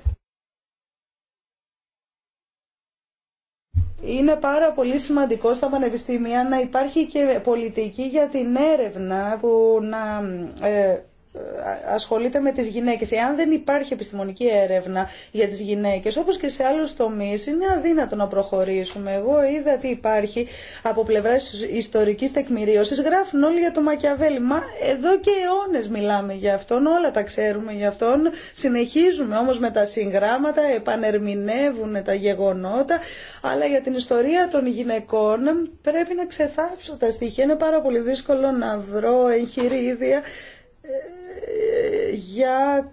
Είναι πάρα πολύ σημαντικό στα πανεπιστήμια να υπάρχει και πολιτική για την έρευνα που να ε, ε, ασχολείται με τις γυναίκες. Εάν δεν υπάρχει επιστημονική έρευνα για τις γυναίκες, όπως και σε άλλους τομείς, είναι αδύνατο να προχωρήσουμε. Εγώ είδα τι υπάρχει από πλευράς ιστορικής τεκμηρίωσης. Γράφουν όλοι για το Μακιαβέλη. Μα εδώ και αιώνε μιλάμε για αυτόν, όλα τα ξέρουμε για αυτόν. Συνεχίζουμε όμως με τα συγγράμματα, επανερμηνεύουν τα γεγονότα, αλλά για την ιστορία των γυναικών πρέπει να ξεθάψω τα στοιχεία. Είναι πάρα πολύ δύσκολο να βρω εγχειρίδια για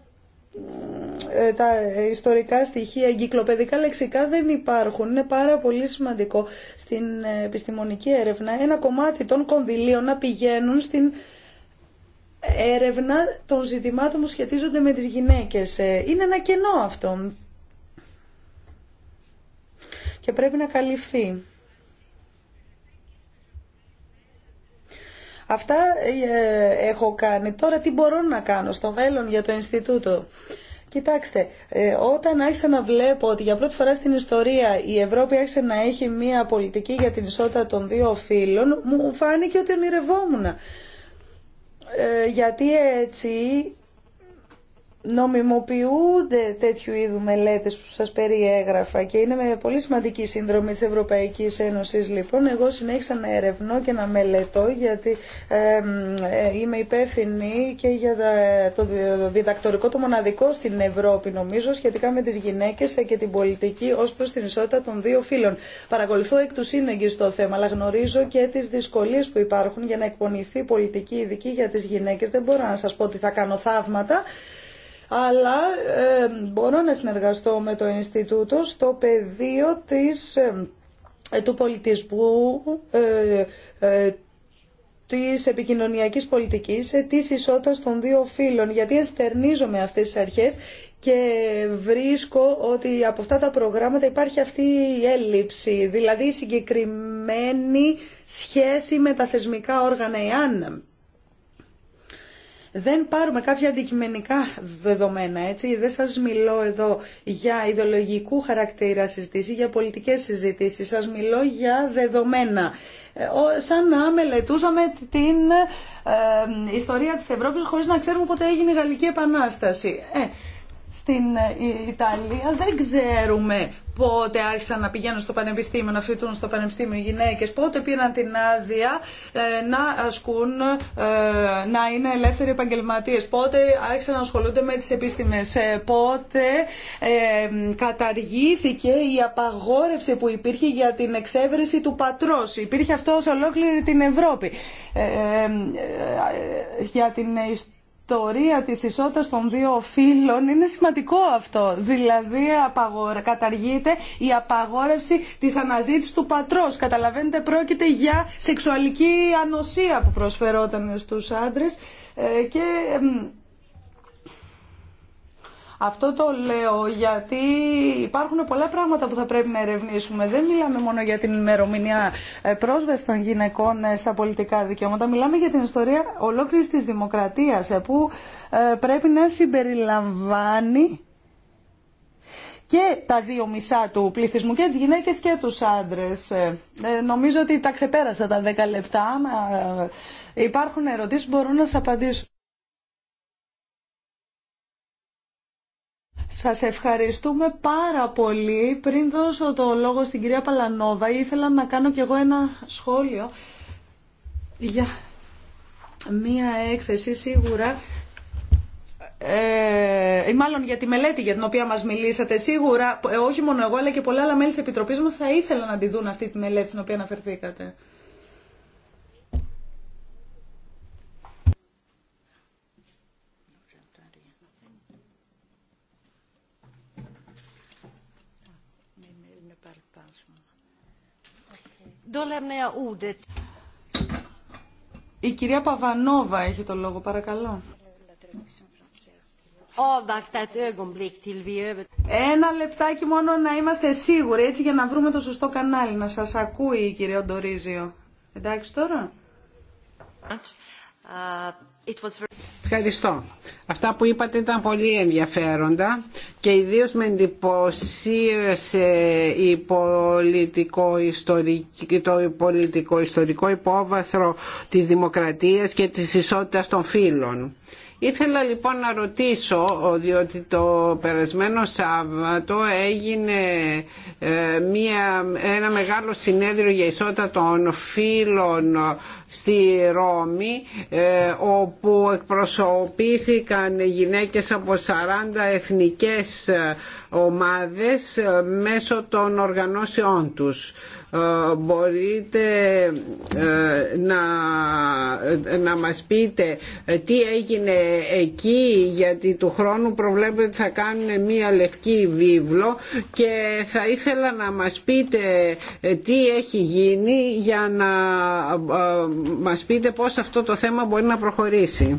ε, τα ιστορικά στοιχεία, εγκυκλοπαιδικά λεξικά δεν υπάρχουν. Είναι πάρα πολύ σημαντικό στην επιστημονική έρευνα ένα κομμάτι των κονδυλίων να πηγαίνουν στην έρευνα των ζητημάτων που σχετίζονται με τις γυναίκες. Ε, είναι ένα κενό αυτό και πρέπει να καλυφθεί. Αυτά ε, έχω κάνει. Τώρα τι μπορώ να κάνω στο μέλλον για το Ινστιτούτο. Κοιτάξτε, ε, όταν άρχισα να βλέπω ότι για πρώτη φορά στην ιστορία η Ευρώπη άρχισε να έχει μία πολιτική για την ισότητα των δύο φύλων, μου φάνηκε ότι ονειρευόμουν. Ε, γιατί έτσι νομιμοποιούνται τέτοιου είδου μελέτες που σας περιέγραφα και είναι με πολύ σημαντική σύνδρομη της Ευρωπαϊκής Ένωσης λοιπόν. Εγώ συνέχισα να ερευνώ και να μελετώ γιατί ε, ε, είμαι υπεύθυνη και για το διδακτορικό το μοναδικό στην Ευρώπη νομίζω σχετικά με τις γυναίκες και την πολιτική ως προς την ισότητα των δύο φίλων. Παρακολουθώ εκ του σύνεγγυ το θέμα αλλά γνωρίζω και τις δυσκολίες που υπάρχουν για να εκπονηθεί πολιτική ειδική για τις γυναίκες. Δεν μπορώ να σας πω ότι θα κάνω θαύματα αλλά μπορώ να συνεργαστώ με το Ινστιτούτο στο πεδίο της, ε, του πολιτισμού, ε, ε, της επικοινωνιακής πολιτικής, της ισότητας των δύο φύλων, γιατί εστερνίζομαι αυτές τις αρχές και βρίσκω ότι από αυτά τα προγράμματα υπάρχει αυτή η έλλειψη, δηλαδή η συγκεκριμένη σχέση με τα θεσμικά όργανα, εάν δεν πάρουμε κάποια αντικειμενικά δεδομένα, έτσι, δεν σας μιλώ εδώ για ιδεολογικού χαρακτήρα συζήτηση, για πολιτικές συζητήσεις, σας μιλώ για δεδομένα. Ε, σαν να μελετούσαμε την ε, ε, ιστορία της Ευρώπης χωρίς να ξέρουμε πότε έγινε η Γαλλική Επανάσταση. Ε, στην ε, Ιταλία δεν ξέρουμε πότε άρχισαν να πηγαίνουν στο πανεπιστήμιο, να φοιτούν στο πανεπιστήμιο οι γυναίκες, πότε πήραν την άδεια ε, να ασκούν, ε, να είναι ελεύθεροι επαγγελματίε, πότε άρχισαν να ασχολούνται με τις επίστημες, πότε καταργήθηκε η απαγόρευση που υπήρχε για την εξέβρεση του πατρός. Υπήρχε αυτό σε ολόκληρη την Ευρώπη. για την ιστορία της ισότητας των δύο φίλων είναι σημαντικό αυτό. Δηλαδή καταργείται η απαγόρευση της αναζήτησης του πατρός. Καταλαβαίνετε πρόκειται για σεξουαλική ανοσία που προσφερόταν στους άντρες ε, και αυτό το λέω γιατί υπάρχουν πολλά πράγματα που θα πρέπει να ερευνήσουμε. Δεν μιλάμε μόνο για την ημερομηνία ε, πρόσβαση των γυναικών ε, στα πολιτικά δικαιώματα. Μιλάμε για την ιστορία ολόκληρη τη δημοκρατίας ε, που πρέπει να συμπεριλαμβάνει και τα δύο μισά του πληθυσμού, και τις γυναίκες και τους άντρες. νομίζω ότι τα ξεπέρασα τα 10 λεπτά. Υπάρχουν ερωτήσεις που μπορούν να σας απαντήσω. Σας ευχαριστούμε πάρα πολύ. Πριν δώσω το λόγο στην κυρία Παλανόβα, ήθελα να κάνω κι εγώ ένα σχόλιο για μία έκθεση σίγουρα ε, μάλλον για τη μελέτη για την οποία μας μιλήσατε σίγουρα, ε, όχι μόνο εγώ αλλά και πολλά άλλα μέλη της Επιτροπής μας θα ήθελα να τη δουν αυτή τη μελέτη στην οποία αναφερθήκατε. Η κυρία Παβανόβα έχει το λόγο, παρακαλώ. Ένα λεπτάκι μόνο να είμαστε σίγουροι, έτσι για να βρούμε το σωστό κανάλι, να σας ακούει η κυρία Ντορίζιο. Εντάξει τώρα. Ευχαριστώ. Αυτά που είπατε ήταν πολύ ενδιαφέροντα και ιδίως με εντυπωσίασε ιστορική, το πολιτικό ιστορικό υπόβαθρο της δημοκρατίας και της ισότητας των φύλων. Ήθελα λοιπόν να ρωτήσω, διότι το περασμένο Σάββατο έγινε ε, μια, ένα μεγάλο συνέδριο για ισότητα των φύλων στη Ρώμη ε, όπου εκπροσωπήθηκαν γυναίκες από 40 εθνικές ομάδες ε, μέσω των οργανώσεών τους. Ε, μπορείτε ε, να, να μας πείτε ε, τι έγινε εκεί γιατί του χρόνου προβλέπετε ότι θα κάνουν μία λευκή βίβλο και θα ήθελα να μας πείτε τι έχει γίνει για να μας πείτε πώς αυτό το θέμα μπορεί να προχωρήσει.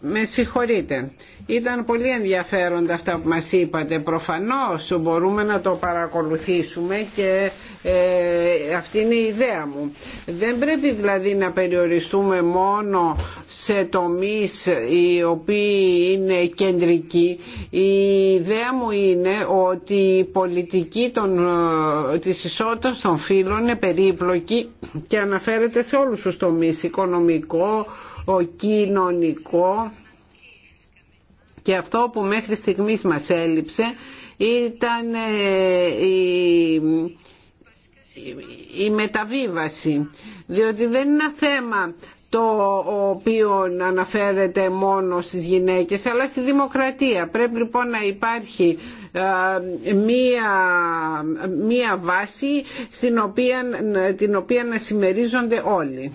με συγχωρείτε. Ήταν πολύ ενδιαφέροντα αυτά που μας είπατε. Προφανώς μπορούμε να το παρακολουθήσουμε και ε, αυτή είναι η ιδέα μου. Δεν πρέπει δηλαδή να περιοριστούμε μόνο σε τομείς οι οποίοι είναι κεντρικοί. Η ιδέα μου είναι ότι η πολιτική των, ε, της ισότητας των φύλων είναι περίπλοκη και αναφέρεται σε όλους τους τομείς. Οικονομικό, ο κοινωνικό και αυτό που μέχρι στιγμής μας έλειψε ήταν ε, η η μεταβίβαση διότι δεν είναι ένα θέμα το οποίο αναφέρεται μόνο στις γυναίκες αλλά στη δημοκρατία. Πρέπει λοιπόν να υπάρχει ε, μία, μία βάση στην οποία, την οποία να συμμερίζονται όλοι.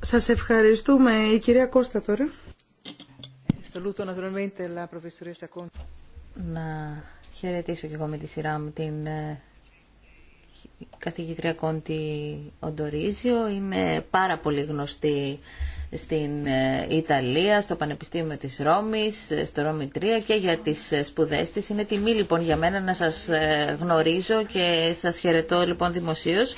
Σας ευχαριστούμε. Η κυρία Κώστα τώρα. Να χαιρετήσω και εγώ με τη σειρά μου την ε, καθηγήτρια Κόντι Οντορίζιο. Είναι πάρα πολύ γνωστή στην ε, Ιταλία, στο Πανεπιστήμιο της Ρώμης, ε, στο Ρώμη 3 και για τις σπουδές της. Είναι τιμή λοιπόν για μένα να σας γνωρίζω και σας χαιρετώ λοιπόν δημοσίως.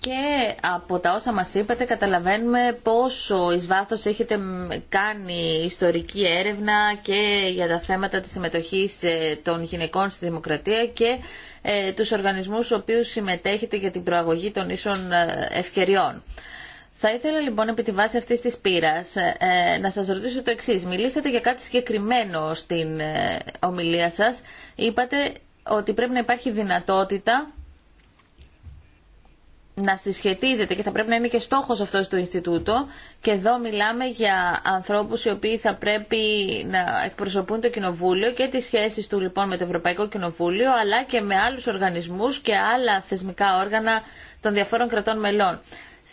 Και από τα όσα μας είπατε καταλαβαίνουμε πόσο εις βάθος έχετε κάνει ιστορική έρευνα και για τα θέματα της συμμετοχής ε, των γυναικών στη δημοκρατία και ε, τους οργανισμούς στους οποίους συμμετέχετε για την προαγωγή των ίσων ε, ευκαιριών. Θα ήθελα λοιπόν επί τη βάση αυτής της πείρας ε, να σας ρωτήσω το εξής. Μιλήσατε για κάτι συγκεκριμένο στην ομιλία σας. Είπατε ότι πρέπει να υπάρχει δυνατότητα να συσχετίζεται και θα πρέπει να είναι και στόχος αυτός του ινστιτούτου και εδώ μιλάμε για ανθρώπους οι οποίοι θα πρέπει να εκπροσωπούν το Κοινοβούλιο και τις σχέσεις του λοιπόν με το Ευρωπαϊκό Κοινοβούλιο αλλά και με άλλους οργανισμούς και άλλα θεσμικά όργανα των διαφόρων κρατών μελών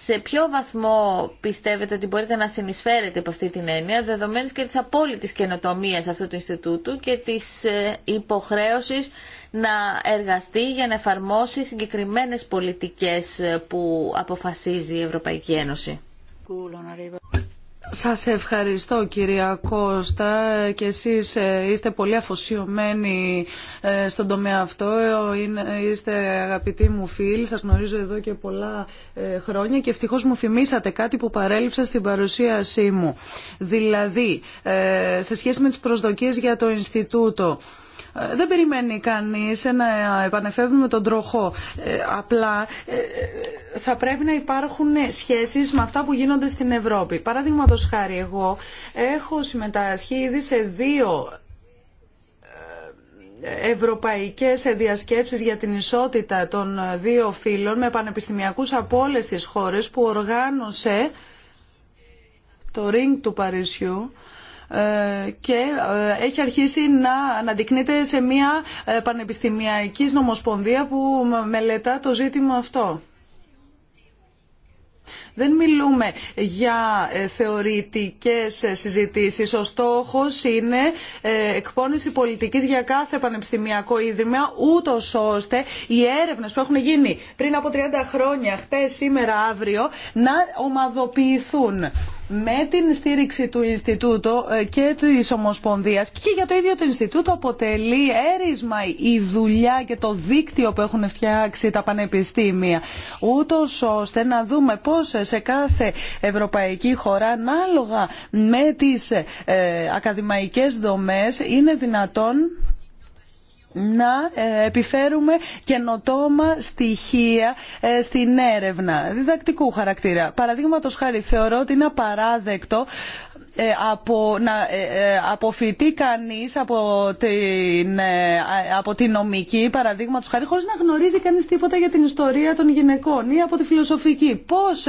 σε ποιο βαθμό πιστεύετε ότι μπορείτε να συνεισφέρετε από αυτή την έννοια, δεδομένης και της απόλυτης καινοτομίας αυτού του Ινστιτούτου και της ε, υποχρέωσης να εργαστεί για να εφαρμόσει συγκεκριμένες πολιτικές ε, που αποφασίζει η Ευρωπαϊκή Ένωση. Σας ευχαριστώ κυρία Κώστα και εσείς ε, είστε πολύ αφοσιωμένοι ε, στον τομέα αυτό. Είστε αγαπητοί μου φίλοι, σας γνωρίζω εδώ και πολλά ε, χρόνια και ευτυχώς μου θυμήσατε κάτι που παρέλειψα στην παρουσίασή μου. Δηλαδή, σε σχέση με τις προσδοκίες για το Ινστιτούτο, δεν περιμένει κανείς να επανεφεύγουμε τον τροχό. Ε, απλά ε, θα πρέπει να υπάρχουν σχέσεις με αυτά που γίνονται στην Ευρώπη. Παραδείγματο χάρη εγώ έχω συμμετάσχει ήδη σε δύο ε, ευρωπαϊκές διασκέψεις για την ισότητα των δύο φύλων με πανεπιστημιακούς από όλες τις χώρες που οργάνωσε το ring του Παρισιού ε, και ε, έχει αρχίσει να αναδεικνύεται σε μια ε, πανεπιστημιακή νομοσπονδία που μελετά το ζήτημα αυτό. Δεν μιλούμε για θεωρητικές συζητήσεις. Ο στόχος είναι εκπόνηση πολιτικής για κάθε πανεπιστημιακό ίδρυμα, ούτω ώστε οι έρευνες που έχουν γίνει πριν από 30 χρόνια, χτες, σήμερα, αύριο, να ομαδοποιηθούν με την στήριξη του Ινστιτούτου ε, και τη Ομοσπονδία και για το ίδιο το Ινστιτούτο αποτελεί έρισμα η δουλειά και το δίκτυο που έχουν φτιάξει τα πανεπιστήμια ούτω ώστε να δούμε πώς σε κάθε ευρωπαϊκή χώρα ανάλογα με τις ε, ε, ακαδημαϊκές δομές είναι δυνατόν να ε, επιφέρουμε καινοτόμα στοιχεία ε, στην έρευνα διδακτικού χαρακτήρα. Παραδείγματος χάρη θεωρώ ότι είναι απαράδεκτο ε, απο, να ε, ε, αποφυτεί κανείς από την, από νομική παραδείγματος χάρη χωρίς να γνωρίζει κανείς τίποτα για την ιστορία των γυναικών ή από τη φιλοσοφική. Πώς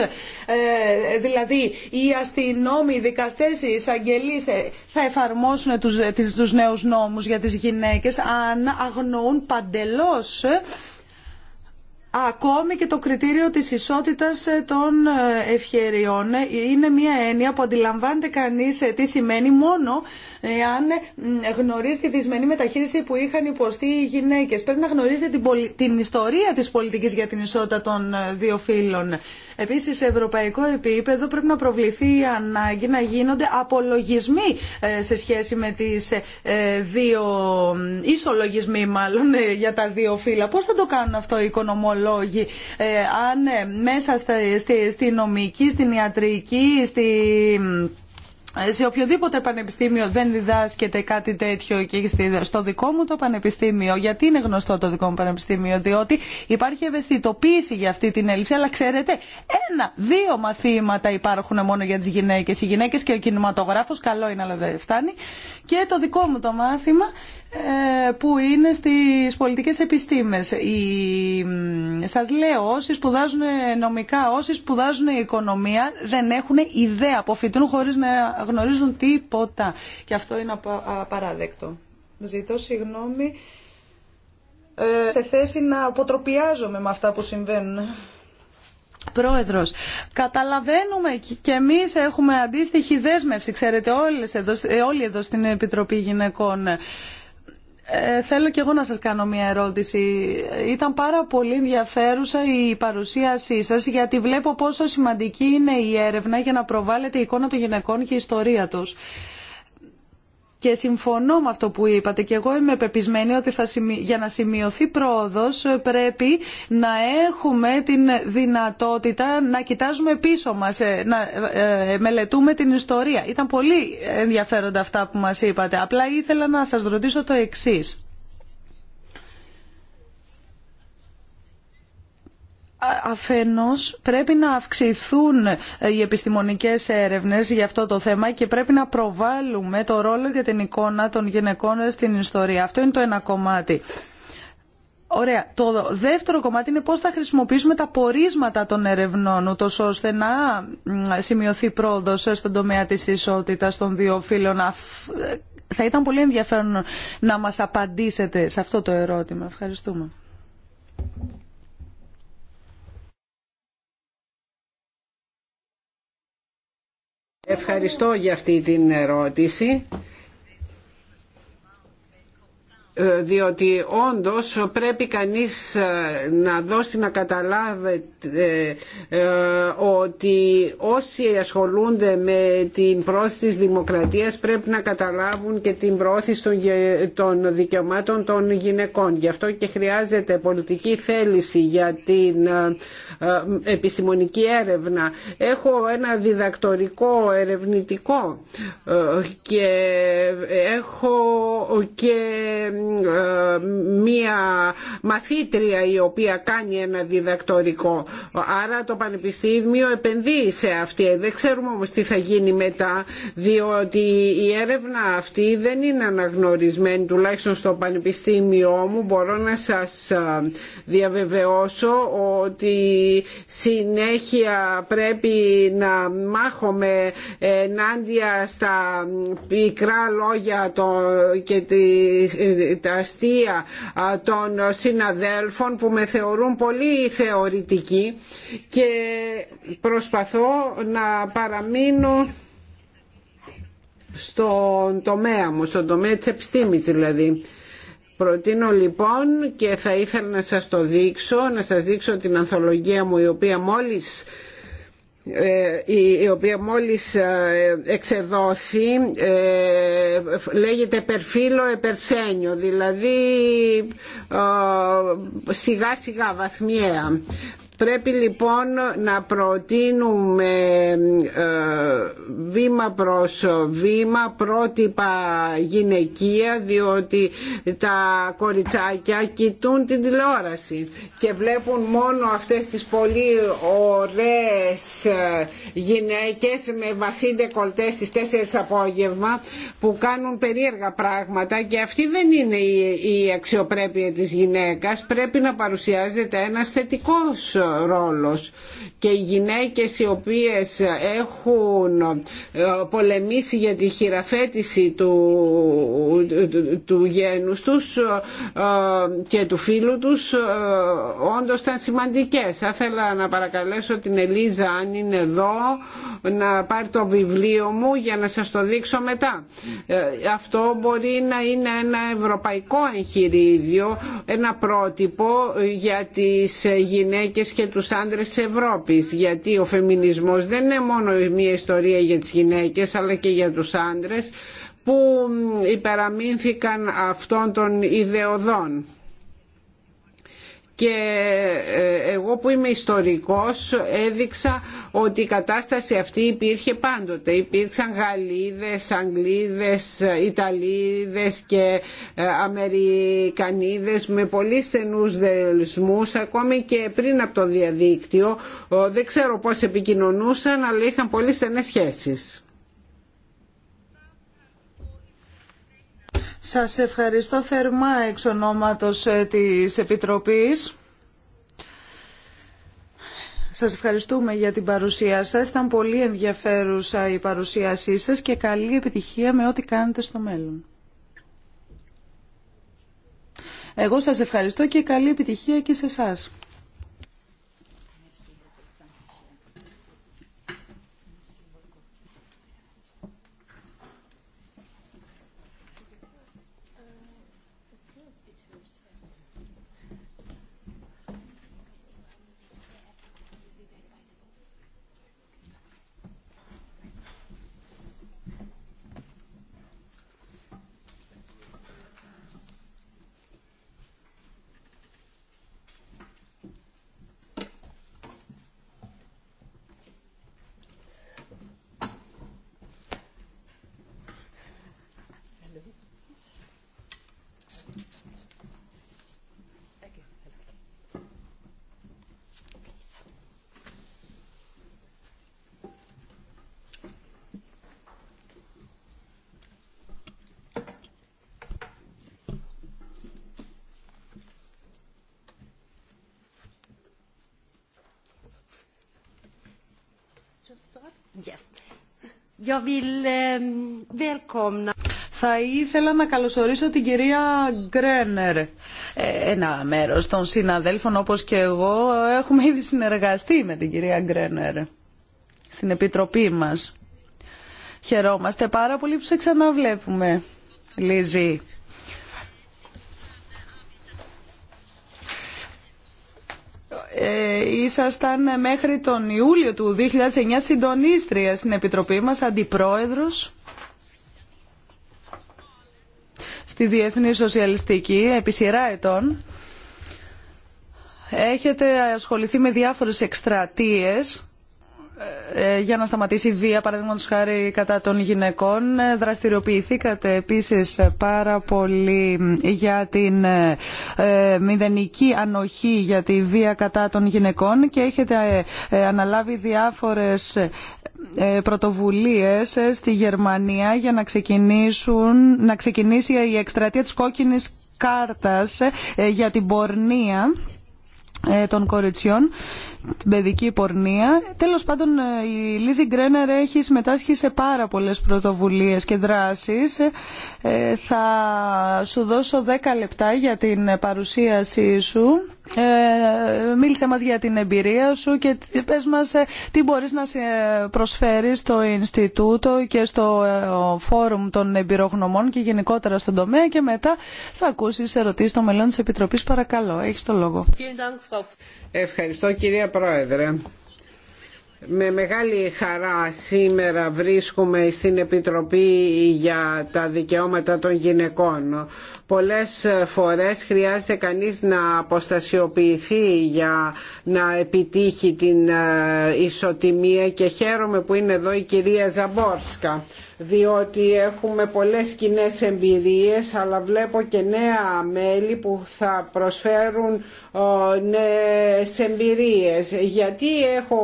δηλαδή οι αστυνόμοι, οι δικαστές, οι εισαγγελείς θα εφαρμόσουν τους, τους νέους νόμους για τις γυναίκες αν αγνοούν παντελώς Ακόμη και το κριτήριο της ισότητας ε, των ε, ευχαιριών ε, είναι μια έννοια που αντιλαμβάνεται κανείς τι σημαίνει μόνο αν γνωρίζει τη δυσμενή μεταχείριση που είχαν υποστεί οι γυναίκες. Πρέπει να γνωρίζετε την, την ιστορία της πολιτικής για την ισότητα των δύο φύλων. Επίση, σε ευρωπαϊκό επίπεδο πρέπει να προβληθεί η ανάγκη να γίνονται απολογισμοί ε, σε σχέση με τι ε, δύο. ισολογισμοί μάλλον ε, για τα δύο φύλλα. Πώ θα το κάνουν αυτό οι οικονομολόγοι, αν μέσα στη νομική, στην ιατρική, στη σε οποιοδήποτε πανεπιστήμιο δεν διδάσκεται κάτι τέτοιο και στο δικό μου το πανεπιστήμιο. Γιατί είναι γνωστό το δικό μου πανεπιστήμιο, διότι υπάρχει ευαισθητοποίηση για αυτή την έλλειψη, αλλά ξέρετε, ένα, δύο μαθήματα υπάρχουν μόνο για τις γυναίκες. Οι γυναίκες και ο κινηματογράφος, καλό είναι αλλά δεν φτάνει και το δικό μου το μάθημα ε, που είναι στις πολιτικές επιστήμες. Οι... Σας λέω, όσοι σπουδάζουν νομικά, όσοι σπουδάζουν οικονομία, δεν έχουν ιδέα, αποφυτούν χωρίς να γνωρίζουν τίποτα. Και αυτό είναι απαράδεκτο. Ζητώ συγγνώμη ε, σε θέση να αποτροπιάζομαι με αυτά που συμβαίνουν. Πρόεδρος, καταλαβαίνουμε και εμείς έχουμε αντίστοιχη δέσμευση, ξέρετε όλες εδώ, ε, όλοι εδώ στην Επιτροπή Γυναικών. Ε, θέλω και εγώ να σας κάνω μια ερώτηση. Ήταν πάρα πολύ ενδιαφέρουσα η παρουσίασή σας γιατί βλέπω πόσο σημαντική είναι η έρευνα για να προβάλλεται η εικόνα των γυναικών και η ιστορία τους. Και συμφωνώ με αυτό που είπατε και εγώ είμαι πεπισμένη ότι θα, για να σημειωθεί πρόοδος ε, πρέπει να έχουμε την δυνατότητα να κοιτάζουμε πίσω μας, ε, να ε, μελετούμε την ιστορία. Ήταν πολύ ενδιαφέροντα αυτά που μας είπατε. Απλά ήθελα να σας ρωτήσω το εξής. Αφενός πρέπει να αυξηθούν ε, οι επιστημονικές έρευνες για αυτό το θέμα και πρέπει να προβάλλουμε το ρόλο και την εικόνα των γυναικών στην ιστορία. Αυτό είναι το ένα κομμάτι. Ωραία. Το δεύτερο κομμάτι είναι πώς θα χρησιμοποιήσουμε τα πορίσματα των ερευνών, ούτως ώστε να σημειωθεί πρόοδος στον τομέα της ισότητας των δύο φύλων. Ε, θα ήταν πολύ ενδιαφέρον να μας απαντήσετε σε αυτό το ερώτημα. Ευχαριστούμε. Ευχαριστώ για αυτή την ερώτηση. Ε, διότι όντως πρέπει κανείς ε, να δώσει να καταλάβετε ε, ότι όσοι ασχολούνται με την πρόθεση της δημοκρατίας πρέπει να καταλάβουν και την πρόθεση των δικαιωμάτων των γυναικών. Γι' αυτό και χρειάζεται πολιτική θέληση για την επιστημονική έρευνα. Έχω ένα διδακτορικό ερευνητικό και έχω και μία μαθήτρια η οποία κάνει ένα διδακτορικό. Άρα το Πανεπιστήμιο επενδύει σε αυτή. Δεν ξέρουμε όμως τι θα γίνει μετά, διότι η έρευνα αυτή δεν είναι αναγνωρισμένη, τουλάχιστον στο Πανεπιστήμιό μου. Μπορώ να σας διαβεβαιώσω ότι συνέχεια πρέπει να μάχομαι ενάντια στα πικρά λόγια και τα αστεία των συναδέλφων που με θεωρούν πολύ θεωρητική και προσπαθώ να παραμείνω στον τομέα μου, στον τομέα της επιστήμης δηλαδή. Προτείνω λοιπόν και θα ήθελα να σας το δείξω, να σας δείξω την ανθολογία μου η οποία μόλις ε, η οποία μόλις ε, εξεδόθη ε, λέγεται περφύλο επερσένιο», δηλαδή σιγά σιγά βαθμιαία. Πρέπει λοιπόν να προτείνουμε ε, βήμα προς βήμα πρότυπα γυναικεία διότι τα κοριτσάκια κοιτούν την τηλεόραση και βλέπουν μόνο αυτές τις πολύ ωραίες ε, γυναίκες με βαθύ ντεκολτέ στις 4 απόγευμα που κάνουν περίεργα πράγματα και αυτή δεν είναι η αξιοπρέπεια της γυναίκας πρέπει να παρουσιάζεται ένα θετικός ρόλος και οι γυναίκες οι οποίες έχουν ε, πολεμήσει για τη χειραφέτηση του, του γένους τους ε, και του φίλου τους ε, όντως ήταν σημαντικές. Θα ήθελα να παρακαλέσω την Ελίζα αν είναι εδώ να πάρει το βιβλίο μου για να σας το δείξω μετά. Αυτό μπορεί να είναι ένα ευρωπαϊκό εγχειρίδιο, ένα πρότυπο για τις γυναίκες και τους άντρες της Ευρώπης γιατί ο φεμινισμός δεν είναι μόνο μια ιστορία για τις γυναίκες αλλά και για τους άντρες που υπεραμείνθηκαν αυτών των ιδεωδών και ε, εγώ που είμαι ιστορικός έδειξα ότι η κατάσταση αυτή υπήρχε πάντοτε. Υπήρξαν Γαλλίδες, Αγγλίδες, Ιταλίδες και ε, Αμερικανίδες με πολύ στενούς δελσμούς ακόμη και πριν από το διαδίκτυο. Ε, δεν ξέρω πώς επικοινωνούσαν αλλά είχαν πολύ στενές σχέσεις. Σας ευχαριστώ θερμά εξ ονόματος ε, της Επιτροπής. Σας ευχαριστούμε για την παρουσία σας. Ήταν πολύ ενδιαφέρουσα η παρουσίασή σας και καλή επιτυχία με ό,τι κάνετε στο μέλλον. Εγώ σας ευχαριστώ και καλή επιτυχία και σε εσάς. Ehm, Θα ήθελα να καλωσορίσω την κυρία Γκρένερ. Ε, ένα μέρος των συναδέλφων όπως και εγώ έχουμε ήδη συνεργαστεί με την κυρία Γκρένερ στην Επιτροπή μας. Χαιρόμαστε πάρα πολύ που σε ξαναβλέπουμε, Λίζη. Ε, ήσασταν μέχρι τον Ιούλιο του 2009 συντονίστρια στην Επιτροπή μας, αντιπρόεδρος στη Διεθνή Σοσιαλιστική επί σειρά ετών. Έχετε ασχοληθεί με διάφορες εκστρατείες ε, για να σταματήσει η βία, παραδείγματο χάρη κατά των γυναικών. Ε, δραστηριοποιηθήκατε επίσης πάρα πολύ ε, για την μηδενική ανοχή για τη βία κατά των γυναικών και έχετε αναλάβει διάφορες πρωτοβουλίες στη Γερμανία για να, ξεκινήσουν, να ξεκινήσει η εκστρατεία της κόκκινης κάρτας για την πορνεία των κοριτσιών την παιδική πορνεία. Τέλος πάντων ε, η Λίζη Γκρένερ έχει συμμετάσχει σε πάρα πολλές πρωτοβουλίες και δράσεις. Ε, θα σου δώσω 10 λεπτά για την παρουσίασή σου. Ε, μίλησε μας για την εμπειρία σου και πες μας τι μπορείς να προσφέρεις στο Ινστιτούτο και στο Φόρουμ των Εμπειρογνωμών και γενικότερα στον τομέα και μετά θα ακούσεις ερωτήσεις των μελών της Επιτροπής. Παρακαλώ, έχεις το λόγο. Ευχαριστώ κυρία Πρόεδρε. Με μεγάλη χαρά σήμερα βρίσκουμε στην Επιτροπή για τα Δικαιώματα των Γυναικών. Πολλές φορές χρειάζεται κανείς να αποστασιοποιηθεί για να επιτύχει την ε, ισοτιμία και χαίρομαι που είναι εδώ η κυρία Ζαμπόρσκα διότι έχουμε πολλές κοινέ εμπειρίες αλλά βλέπω και νέα μέλη που θα προσφέρουν ε, νέες εμπειρίες. Γιατί έχω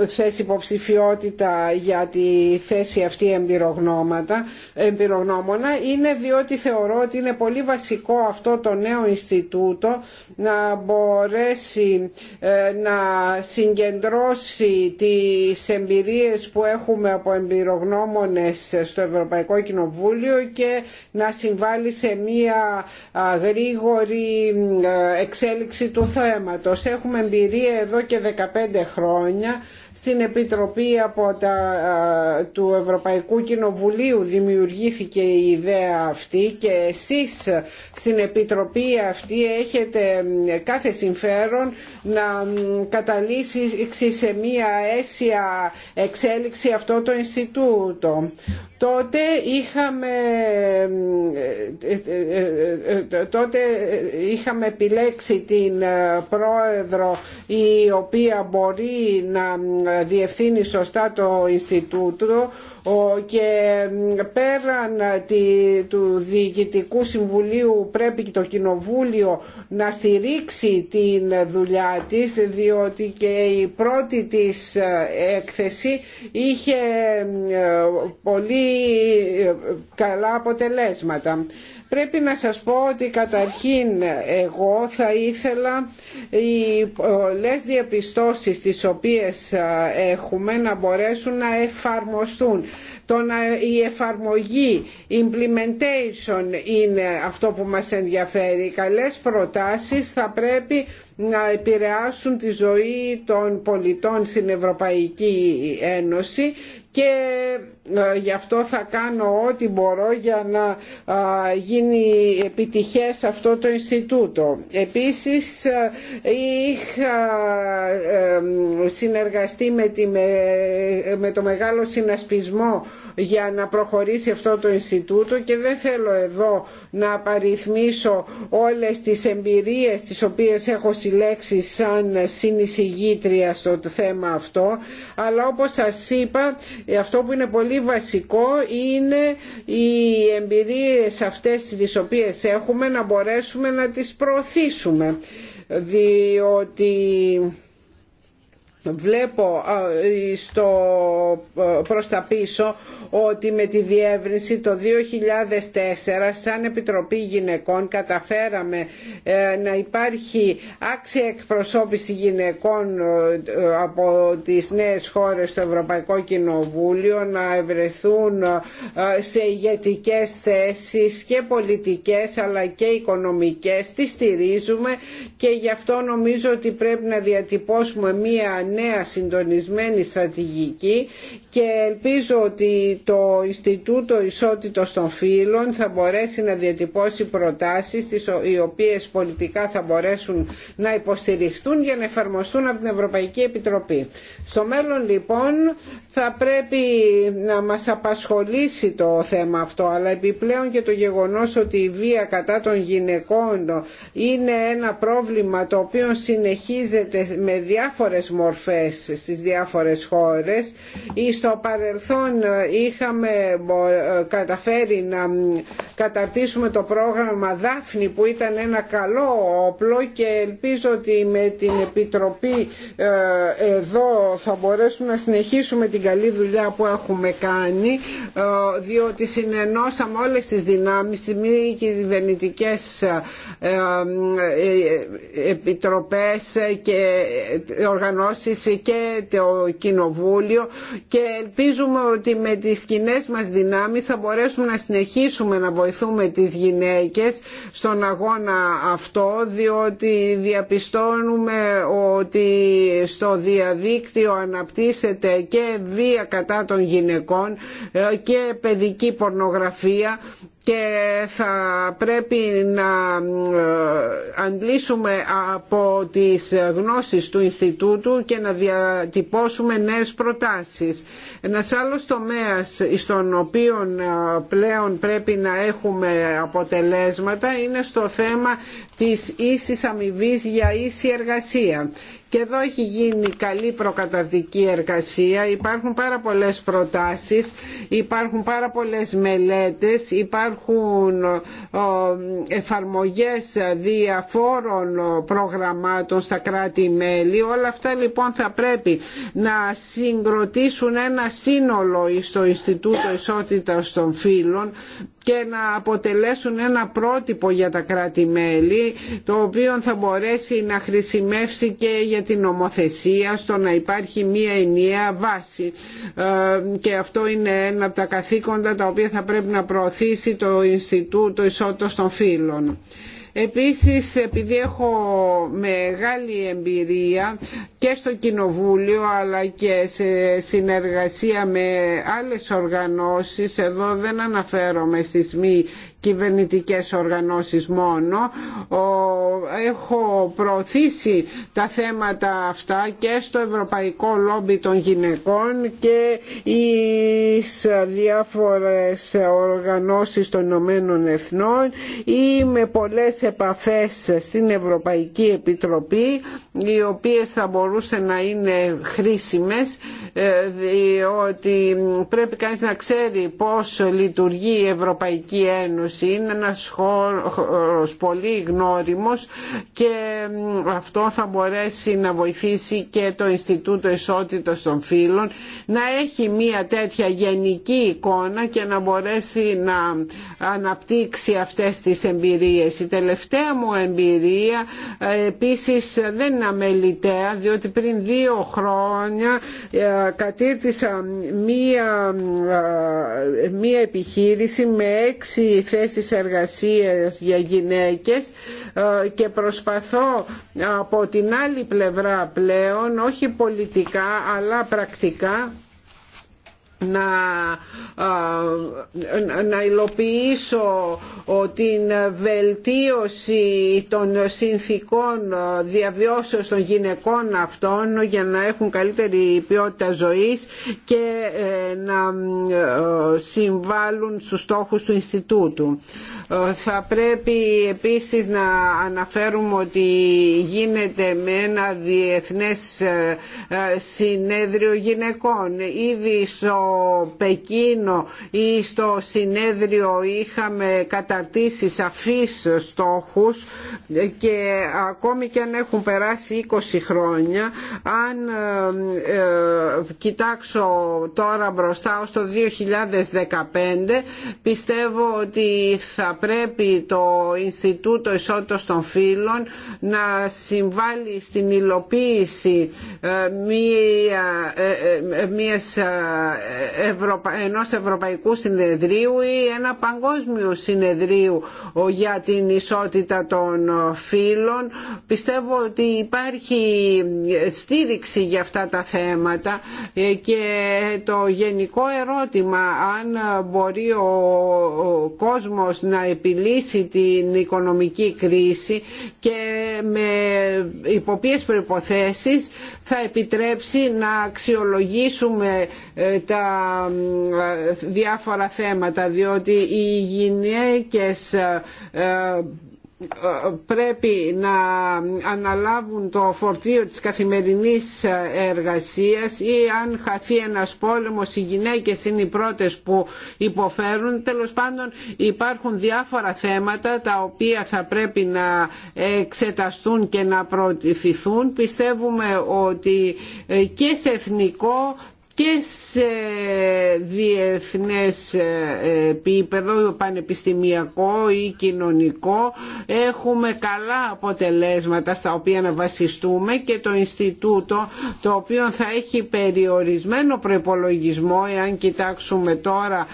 ε, θέση υποψηφιότητα για τη θέση αυτή εμπειρογνώμωνα εμπειρογνώμονα είναι διότι θεωρώ ότι είναι πολύ βασικό αυτό το νέο Ινστιτούτο να μπορέσει ε, να συγκεντρώσει τις εμπειρίες που έχουμε από εμπειρογνώμονες στο Ευρωπαϊκό Κοινοβούλιο και να συμβάλλει σε μία γρήγορη ε, εξέλιξη του θέματος. Έχουμε εμπειρία εδώ και 15 χρόνια στην Επιτροπή από του Ευρωπαϊκού Κοινοβουλίου δημιουργήθηκε η ιδέα αυτή και εσείς στην Επιτροπή αυτή έχετε κάθε συμφέρον να καταλήξει σε μία αίσια εξέλιξη αυτό το Ινστιτούτο τότε είχαμε, ε, ε, ε, τότε είχαμε επιλέξει την πρόεδρο η οποία μπορεί να διευθύνει σωστά το Ινστιτούτο και πέραν ε, του Διοικητικού Συμβουλίου πρέπει και το Κοινοβούλιο να στηρίξει την δουλειά της διότι και η πρώτη της ε, έκθεση είχε ε, πολύ καλά αποτελέσματα. Πρέπει να σας πω ότι καταρχήν εγώ θα ήθελα οι πολλές διαπιστώσεις τις οποίες ε, έχουμε να μπορέσουν να εφαρμοστούν. Το η εφαρμογή, implementation είναι αυτό που μας ενδιαφέρει. Οι καλές προτάσεις θα πρέπει να επηρεάσουν τη ζωή των πολιτών στην Ευρωπαϊκή Ένωση και ε, γι' αυτό θα κάνω ό,τι μπορώ για να ε, γίνει επιτυχές αυτό το Ινστιτούτο. Επίσης ε, είχα συνεργαστεί με, το μεγάλο συνασπισμό για να προχωρήσει αυτό το Ινστιτούτο και δεν θέλω εδώ να απαριθμίσω όλες τις εμπειρίες τις οποίες έχω συλλέξει σαν συνεισηγήτρια στο θέμα αυτό αλλά όπως σας είπα αυτό που είναι πολύ βασικό είναι οι εμπειρίες αυτές τις οποίες έχουμε να μπορέσουμε να τις προωθήσουμε διότι βλέπω ε, στο, ε, προς τα πίσω ότι με τη διεύρυνση το 2004 σαν Επιτροπή Γυναικών καταφέραμε ε, να υπάρχει άξια εκπροσώπηση γυναικών από τις νέες χώρες στο Ευρωπαϊκό Κοινοβούλιο να ευρεθούν σε ηγετικές θέσεις και πολιτικές αλλά και οικονομικές τις στηρίζουμε και γι' αυτό νομίζω ότι πρέπει να διατυπώσουμε μία νέα συντονισμένη στρατηγική και ελπίζω ότι το Ινστιτούτο Ισότητος των Φύλων θα μπορέσει να διατυπώσει προτάσεις οι οποίες πολιτικά θα μπορέσουν να υποστηριχθούν για να εφαρμοστούν από την Ευρωπαϊκή Επιτροπή. Στο μέλλον λοιπόν θα πρέπει να μας απασχολήσει το θέμα αυτό αλλά επιπλέον και το γεγονός ότι η βία κατά των γυναικών είναι ένα πρόβλημα το οποίο συνεχίζεται με διάφορες μορφές στις διάφορες χώρες στο παρελθόν είχαμε ε, καταφέρει να καταρτήσουμε το πρόγραμμα Δάφνη που ήταν ένα καλό όπλο και ελπίζω ότι με την Επιτροπή ε, εδώ θα μπορέσουμε να συνεχίσουμε την την καλή δουλειά που έχουμε κάνει ε, διότι συνενώσαμε όλες τις δυνάμεις, τις μη κυβερνητικέ ε, ε, επιτροπές και οργανώσεις και το Κοινοβούλιο και ελπίζουμε ότι με τις κοινέ μας δυνάμεις θα μπορέσουμε να συνεχίσουμε να βοηθούμε τις γυναίκες στον αγώνα αυτό διότι διαπιστώνουμε ότι στο διαδίκτυο αναπτύσσεται και βία κατά των γυναικών ε, και παιδική πορνογραφία και θα πρέπει να ε, αντλήσουμε από τις γνώσεις του Ινστιτούτου και να διατυπώσουμε νέες προτάσεις. Ένας άλλος τομέας στον οποίο ε, πλέον πρέπει να έχουμε αποτελέσματα είναι στο θέμα της ίσης αμοιβή για ίση εργασία. Και εδώ έχει γίνει καλή προκαταρτική εργασία, υπάρχουν πάρα πολλές προτάσεις, υπάρχουν πάρα πολλές μελέτες, υπάρχουν υπάρχουν εφαρμογές διαφόρων προγραμμάτων στα κράτη-μέλη. Όλα αυτά λοιπόν θα πρέπει να συγκροτήσουν ένα σύνολο στο Ινστιτούτο Ισότητας των Φύλων και να αποτελέσουν ένα πρότυπο για τα κράτη-μέλη το οποίο θα μπορέσει να χρησιμεύσει και για την νομοθεσία στο να υπάρχει μία ενιαία βάση ε, και αυτό είναι ένα από τα καθήκοντα τα οποία θα πρέπει να προωθήσει το Ινστιτούτο Ισότητας των Φύλων. Επίσης επειδή έχω μεγάλη εμπειρία και στο Κοινοβούλιο αλλά και σε συνεργασία με άλλες οργανώσεις, εδώ δεν αναφέρομαι στις μη κυβερνητικές οργανώσεις μόνο. Έχω προωθήσει τα θέματα αυτά και στο Ευρωπαϊκό Λόμπι των Γυναικών και εις διάφορες οργανώσεις των Ηνωμένων Εθνών ή με πολλές επαφές στην Ευρωπαϊκή Επιτροπή οι οποίες θα μπορούσε να είναι χρήσιμες ε, διότι πρέπει κανείς να ξέρει πώς λειτουργεί η Ευρωπαϊκή Ένωση είναι ένας χώρος πολύ γνώριμος και αυτό θα μπορέσει να βοηθήσει και το Ινστιτούτο Ισότητας των φίλων να έχει μια τέτοια γενική εικόνα και να μπορέσει να αναπτύξει αυτές τις εμπειρίες. Η τελευταία μου εμπειρία ε, επίσης δεν είναι αμεληταία διότι πριν δύο χρόνια ε, κατήρτισα μία, ε, μία επιχείρηση με έξι θέσεις θέσεις εργασίας για γυναίκες ε, και προσπαθώ από την άλλη πλευρά πλέον όχι πολιτικά αλλά πρακτικά να, να υλοποιήσω την βελτίωση των συνθήκων διαβιώσεως των γυναικών αυτών για να έχουν καλύτερη ποιότητα ζωής και ε, να ε, συμβάλλουν στους στόχους του Ινστιτούτου. Ε, θα πρέπει επίσης να αναφέρουμε ότι γίνεται με ένα διεθνές συνέδριο γυναικών. Ήδη στο Πεκίνο ή στο συνέδριο είχαμε καταρτήσει σαφείς στόχους και ακόμη και αν έχουν περάσει 20 χρόνια αν ε, ε, κοιτάξω τώρα μπροστά ως το 2015 πιστεύω ότι θα πρέπει το Ινστιτούτο Ισότητας των Φύλων να συμβάλλει στην υλοποίηση ε, μίας ενός Ευρωπαϊκού Συνεδρίου ή ένα παγκόσμιο συνεδρίου για την ισότητα των φύλων. Πιστεύω ότι υπάρχει στήριξη για αυτά τα θέματα και το γενικό ερώτημα αν μπορεί ο κόσμος να επιλύσει την οικονομική κρίση και με υποπίες προϋποθέσεις θα επιτρέψει να αξιολογήσουμε ε, τα ε, διάφορα θέματα διότι οι γυναίκες ε, πρέπει να αναλάβουν το φορτίο της καθημερινής εργασίας ή αν χαθεί ένας πόλεμος οι γυναίκες είναι οι πρώτες που υποφέρουν τέλος πάντων υπάρχουν διάφορα θέματα τα οποία θα πρέπει να εξεταστούν και να προωθηθούν πιστεύουμε ότι και σε εθνικό και σε διεθνές ε, επίπεδο, πανεπιστημιακό ή κοινωνικό έχουμε καλά αποτελέσματα στα οποία να βασιστούμε και το Ινστιτούτο το οποίο θα έχει περιορισμένο προϋπολογισμό εάν κοιτάξουμε τώρα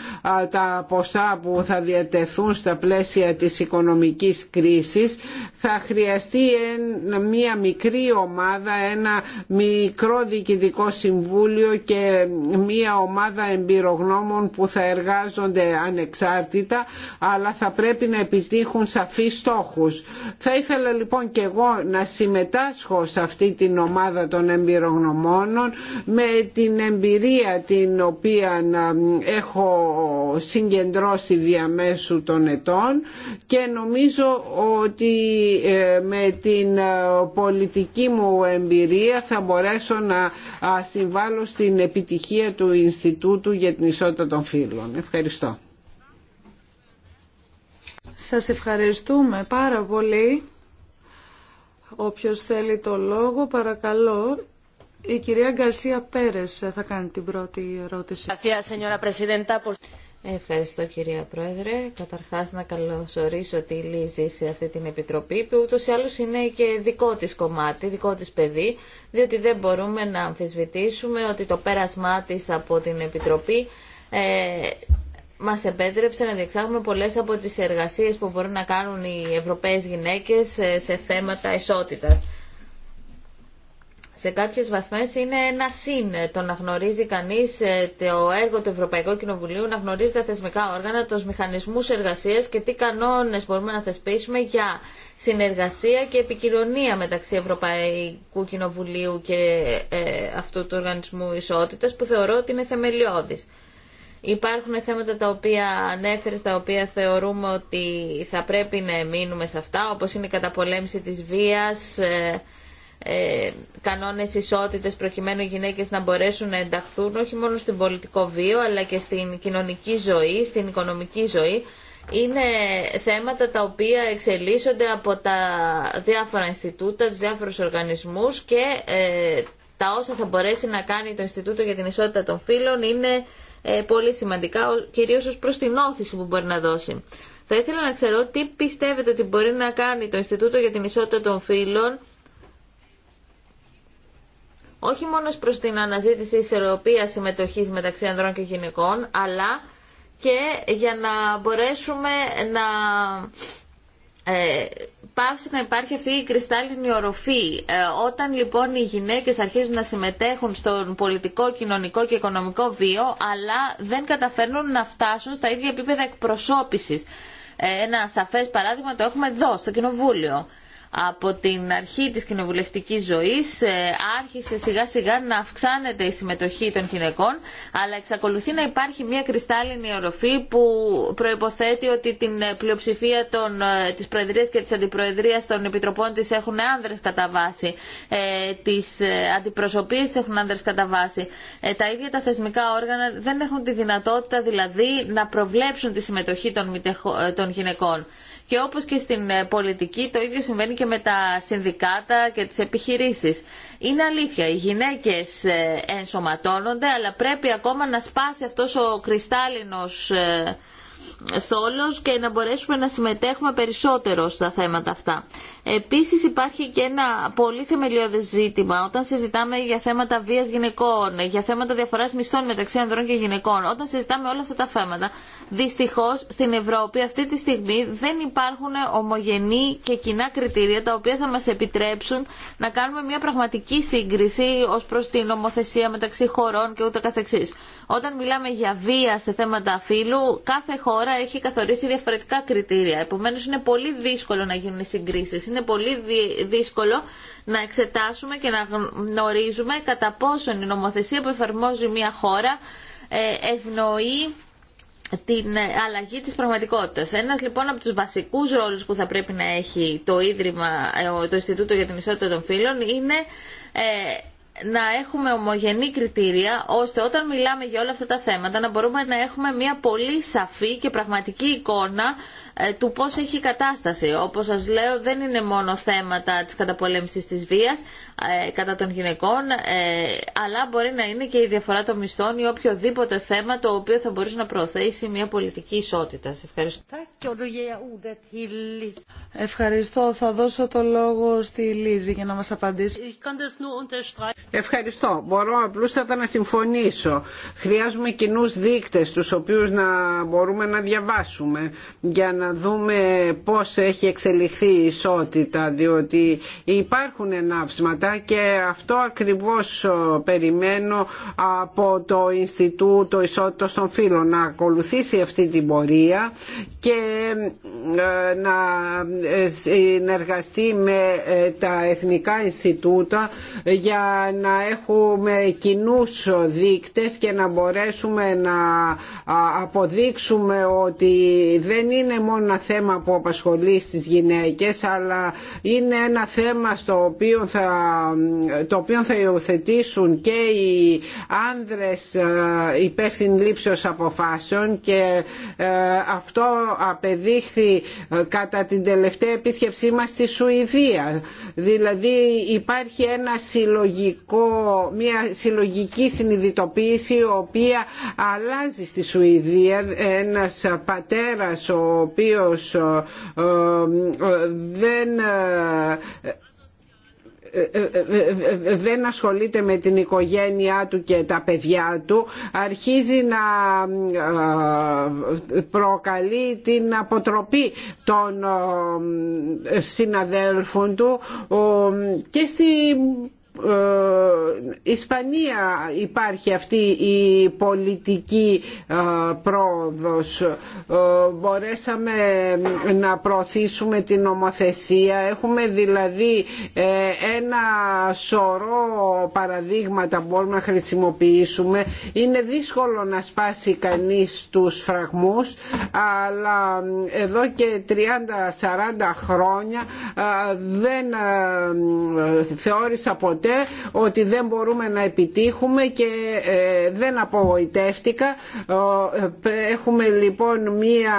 τα ποσά που θα διατεθούν στα πλαίσια της οικονομικής κρίσης θα χρειαστεί μία μικρή ομάδα, ένα μικρό διοικητικό συμβούλιο και μια ομάδα εμπειρογνώμων που θα εργάζονται ανεξάρτητα αλλά θα πρέπει να επιτύχουν σαφείς στόχους. Θα ήθελα λοιπόν και εγώ να συμμετάσχω σε αυτή την ομάδα των εμπειρογνωμόνων με την εμπειρία την οποία ε, έχω συγκεντρώσει διαμέσου των ετών και νομίζω ότι ε, με την ε, πολιτική μου εμπειρία θα μπορέσω να συμβάλλω στην επιτυχία επιτυχία του Ινστιτούτου για την Ισότητα των Φίλων. Ευχαριστώ. Σας ευχαριστούμε πάρα πολύ. Όποιος θέλει το λόγο, παρακαλώ. Η κυρία Γκαρσία Πέρες θα κάνει την πρώτη ερώτηση. Ευχαριστώ κυρία Πρόεδρε. Καταρχάς να καλωσορίσω τη Λίζη σε αυτή την επιτροπή που ούτως ή άλλως είναι και δικό της κομμάτι, δικό της παιδί διότι δεν μπορούμε να αμφισβητήσουμε ότι το πέρασμά της από την Επιτροπή ε, μας επέτρεψε να διεξάγουμε πολλές από τις εργασίες που μπορούν να κάνουν οι Ευρωπαίες γυναίκες ε, σε θέματα ισότητας σε κάποιες βαθμές είναι ένα συν το να γνωρίζει κανείς ε, το έργο του Ευρωπαϊκού Κοινοβουλίου, να γνωρίζει τα θεσμικά όργανα, τους μηχανισμούς εργασίας και τι κανόνες μπορούμε να θεσπίσουμε για συνεργασία και επικοινωνία μεταξύ Ευρωπαϊκού Κοινοβουλίου και ε, αυτού του Οργανισμού Ισότητας που θεωρώ ότι είναι θεμελιώδης. Υπάρχουν θέματα τα οποία ανέφερε, τα οποία θεωρούμε ότι θα πρέπει να μείνουμε σε αυτά, όπως είναι η καταπολέμηση της βίας, ε, ε, κανόνες ισότητες προκειμένου οι γυναίκες να μπορέσουν να ενταχθούν όχι μόνο στην πολιτικό βίο αλλά και στην κοινωνική ζωή, στην οικονομική ζωή είναι θέματα τα οποία εξελίσσονται από τα διάφορα Ινστιτούτα, τους διάφορους οργανισμούς και ε, τα όσα θα μπορέσει να κάνει το Ινστιτούτο για την Ισότητα των Φύλων είναι ε, πολύ σημαντικά, κυρίως ως προς την όθηση που μπορεί να δώσει. Θα ήθελα να ξέρω τι πιστεύετε ότι μπορεί να κάνει το Ινστιτούτο για την Ισότητα των Φύλων όχι μόνο προς την αναζήτηση ισορροπία συμμετοχής μεταξύ ανδρών και γυναικών, αλλά και για να μπορέσουμε να ε, πάυσει να υπάρχει αυτή η κρυστάλλινη οροφή. Ε, όταν λοιπόν οι γυναίκες αρχίζουν να συμμετέχουν στον πολιτικό, κοινωνικό και οικονομικό βίο, αλλά δεν καταφέρνουν να φτάσουν στα ίδια επίπεδα εκπροσώπησης. Ε, ένα σαφές παράδειγμα το έχουμε εδώ, στο Κοινοβούλιο από την αρχή της κοινοβουλευτικής ζωής ε, άρχισε σιγά σιγά να αυξάνεται η συμμετοχή των γυναικών αλλά εξακολουθεί να υπάρχει μια κρυστάλλινη οροφή που προϋποθέτει ότι την ε, πλειοψηφία των, ε, της Προεδρίας και της Αντιπροεδρίας των Επιτροπών της έχουν άνδρες κατά βάση ε, τις αντιπροσωπείες έχουν άνδρες κατά βάση τα ίδια τα θεσμικά όργανα δεν έχουν τη δυνατότητα δηλαδή να προβλέψουν τη συμμετοχή των, των γυναικών. Και όπως και στην ε, πολιτική το ίδιο συμβαίνει και με τα συνδικάτα και τις επιχειρήσεις. Είναι αλήθεια, οι γυναίκες ε, ενσωματώνονται αλλά πρέπει ακόμα να σπάσει αυτός ο κρυστάλλινος ε, θόλος και να μπορέσουμε να συμμετέχουμε περισσότερο στα θέματα αυτά. Επίσης υπάρχει και ένα πολύ θεμελιώδες ζήτημα όταν συζητάμε για θέματα βίας γυναικών, για θέματα διαφοράς μισθών μεταξύ ανδρών και γυναικών, όταν συζητάμε όλα αυτά τα θέματα, δυστυχώς στην Ευρώπη αυτή τη στιγμή δεν υπάρχουν ομογενή και κοινά κριτήρια τα οποία θα μας επιτρέψουν να κάνουμε μια πραγματική σύγκριση ως προς την ομοθεσία μεταξύ χωρών και ούτε καθεξής. Όταν μιλάμε για βία σε θέματα φύλου, κάθε χώρα χώρα έχει καθορίσει διαφορετικά κριτήρια. Επομένως είναι πολύ δύσκολο να γίνουν οι συγκρίσεις. Είναι πολύ δύσκολο να εξετάσουμε και να γνωρίζουμε κατά πόσον η νομοθεσία που εφαρμόζει μια χώρα ε, ευνοεί την αλλαγή της πραγματικότητας. Ένας λοιπόν από τους βασικούς ρόλους που θα πρέπει να έχει το Ίδρυμα, ε, το Ινστιτούτο για την Ισότητα των Φύλων είναι ε, να έχουμε ομογενή κριτήρια, ώστε όταν μιλάμε για όλα αυτά τα θέματα να μπορούμε να έχουμε μια πολύ σαφή και πραγματική εικόνα ε, του πώς έχει η κατάσταση. Όπως σας λέω δεν είναι μόνο θέματα της καταπολέμησης της βίας ε, κατά των γυναικών ε, αλλά μπορεί να είναι και η διαφορά των μισθών ή οποιοδήποτε θέμα το οποίο θα μπορούσε να προωθήσει μια πολιτική ισότητα. Ευχαριστώ. Ευχαριστώ. Θα δώσω το λόγο στη Λίζη για να μας απαντήσει. Ευχαριστώ. Μπορώ απλούστατα να συμφωνήσω. Χρειάζομαι κοινού δείκτες τους οποίους να μπορούμε να διαβάσουμε για να να δούμε πώς έχει εξελιχθεί η ισότητα διότι υπάρχουν ενάψματα και αυτό ακριβώς ε, περιμένω από το Ινστιτούτο ισότητα των Φύλων να ακολουθήσει αυτή την πορεία και ε, να ε, συνεργαστεί με τα Εθνικά Ινστιτούτα για να έχουμε κοινούς δείκτες και να μπορέσουμε να αποδείξουμε ότι δεν είναι μόνο ένα θέμα που απασχολεί στις γυναίκες αλλά είναι ένα θέμα στο οποίο θα, το οποίο θα υιοθετήσουν και οι άνδρες ε, υπεύθυνοι λήψεως αποφάσεων και ε, αυτό απεδείχθη ε, κατά την τελευταία επίσκεψή μας στη Σουηδία. Δηλαδή υπάρχει ένα συλλογικό, μια συλλογική συνειδητοποίηση η οποία αλλάζει στη Σουηδία ένας πατέρας ο οποίος οποίος ε, ε, δεν ε, δεν ασχολείται με την οικογένειά του και τα παιδιά του αρχίζει να προκαλεί την αποτροπή των συναδέλφων του και στη ε, Ισπανία υπάρχει αυτή η πολιτική ε, πρόοδος. Ε, μπορέσαμε να προωθήσουμε την νομοθεσία. Έχουμε δηλαδή ένα σωρό παραδείγματα που μπορούμε να χρησιμοποιήσουμε. Είναι δύσκολο να σπάσει κανείς τους φραγμούς αλλά εδώ και 30-40 χρόνια δεν θεώρησα ποτέ ότι δεν μπορούμε να επιτύχουμε και ε, δεν απογοητεύτηκα. Ε, έχουμε λοιπόν μία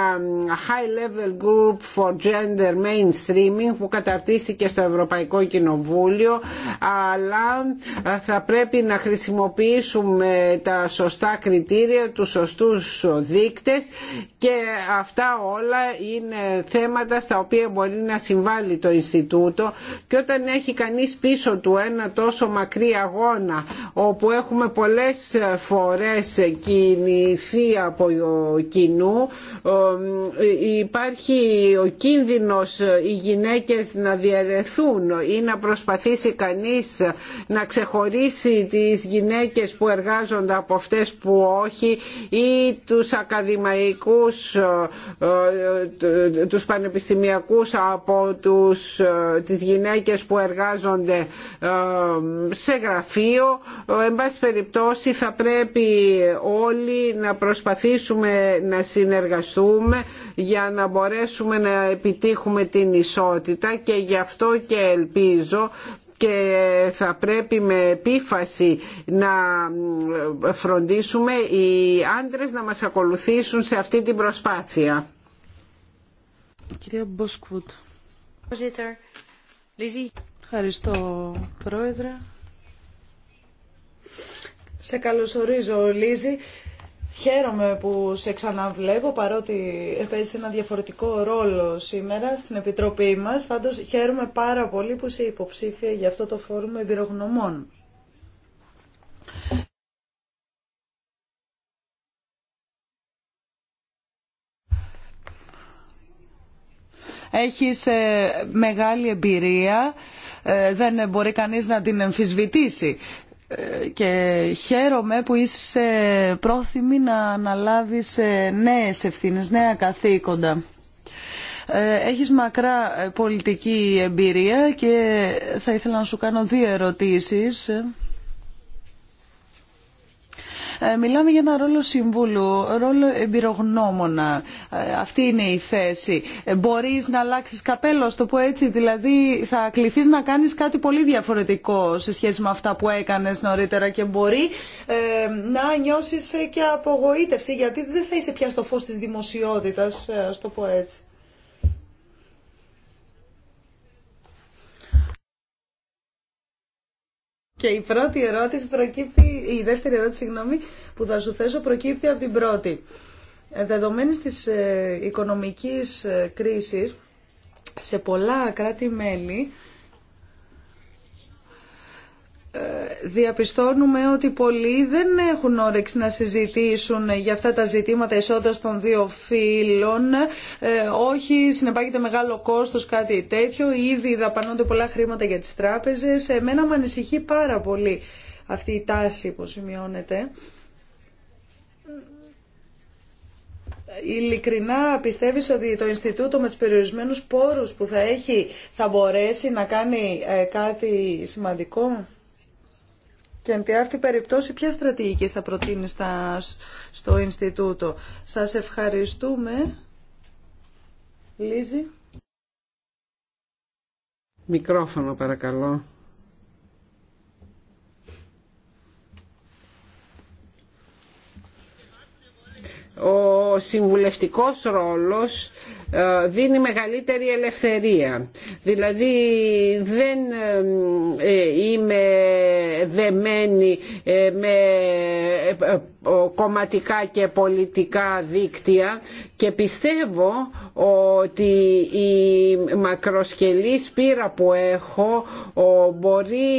high level group for gender mainstreaming που καταρτίστηκε στο Ευρωπαϊκό Κοινοβούλιο αλλά ε, θα πρέπει να χρησιμοποιήσουμε τα σωστά κριτήρια, του σωστούς δείκτες και αυτά όλα είναι θέματα στα οποία μπορεί να συμβάλλει το Ινστιτούτο και όταν έχει κανείς πίσω του ένα τόσο μακρύ αγώνα όπου έχουμε πολλές φορές κινηθεί από κοινού υπάρχει ο κίνδυνος οι γυναίκες να διαδεθούν ή να προσπαθήσει κανείς να ξεχωρίσει τις γυναίκες που εργάζονται από αυτές που όχι ή τους ακαδημαϊκούς ε, ε, τους πανεπιστημιακούς από τους, ε, τις γυναίκες που εργάζονται σε γραφείο. Εν πάση περιπτώσει θα πρέπει όλοι να προσπαθήσουμε να συνεργαστούμε για να μπορέσουμε να επιτύχουμε την ισότητα και γι' αυτό και ελπίζω και θα πρέπει με επίφαση να φροντίσουμε οι άντρες να μας ακολουθήσουν σε αυτή την προσπάθεια. Κυρία Μποσκουτ. Ευχαριστώ, Πρόεδρε. Σε καλωσορίζω, Λίζη. Χαίρομαι που σε ξαναβλέπω, παρότι παίζει ένα διαφορετικό ρόλο σήμερα στην Επιτροπή μας. Πάντως, χαίρομαι πάρα πολύ που είσαι υποψήφια για αυτό το φόρουμ εμπειρογνωμών. έχεις ε, μεγάλη εμπειρία, ε, δεν μπορεί κανείς να την εμφισβητήσει ε, και χαίρομαι που είσαι πρόθυμη να αναλάβεις νέες ευθύνες, νέα καθήκοντα. Έχεις μακρά πολιτική εμπειρία και θα ήθελα να σου κάνω δύο ερωτήσεις. Ε, μιλάμε για ένα ρόλο συμβούλου, ρόλο εμπειρογνώμονα. Ε, αυτή είναι η θέση. Ε, μπορείς να αλλάξεις καπέλο, το πω έτσι, δηλαδή θα κληθείς να κάνεις κάτι πολύ διαφορετικό σε σχέση με αυτά που έκανες νωρίτερα και μπορεί να νιώσεις και απογοήτευση γιατί δεν θα είσαι πια στο φως της δημοσιότητας, στο το πω έτσι. Και η πρώτη ερώτηση προκύπτει η δεύτερη ερώτηση συγγνώμη, που θα σου θέσω προκύπτει από την πρώτη. Ε, δεδομένης της ε, οικονομικής ε, κρίση σε πολλά κράτη-μέλη διαπιστώνουμε ότι πολλοί δεν έχουν όρεξη να συζητήσουν για αυτά τα ζητήματα ισότητα των δύο φύλων. όχι, συνεπάγεται μεγάλο κόστος, κάτι τέτοιο. Ήδη δαπανώνται πολλά χρήματα για τις τράπεζες. Εμένα με ανησυχεί πάρα πολύ αυτή η τάση που σημειώνεται. Ειλικρινά πιστεύεις ότι το Ινστιτούτο με τους περιορισμένους πόρους που θα έχει θα μπορέσει να κάνει ε, κάτι σημαντικό. Και εν τη αυτή περιπτώσει ποια στρατηγική θα προτείνει στο Ινστιτούτο. Σας ευχαριστούμε. Λίζη. Μικρόφωνο παρακαλώ. ο συμβουλευτικός ρόλος ε, δίνει μεγαλύτερη ελευθερία. Δηλαδή δεν ε, ε, είμαι δεμένη με κομματικά και πολιτικά δίκτυα και πιστεύω ότι η μακροσκελή σπήρα που έχω μπορεί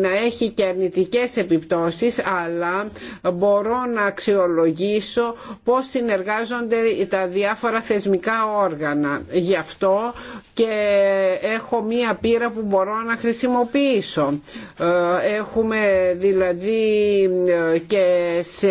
να έχει και αρνητικές επιπτώσεις αλλά μπορώ να αξιολογήσω πώς συνεργάζονται τα διάφορα θεσμικά όργανα. Γι' αυτό και έχω μία πείρα που μπορώ να χρησιμοποιήσω. Ε, έχουμε δηλαδή ε, και σε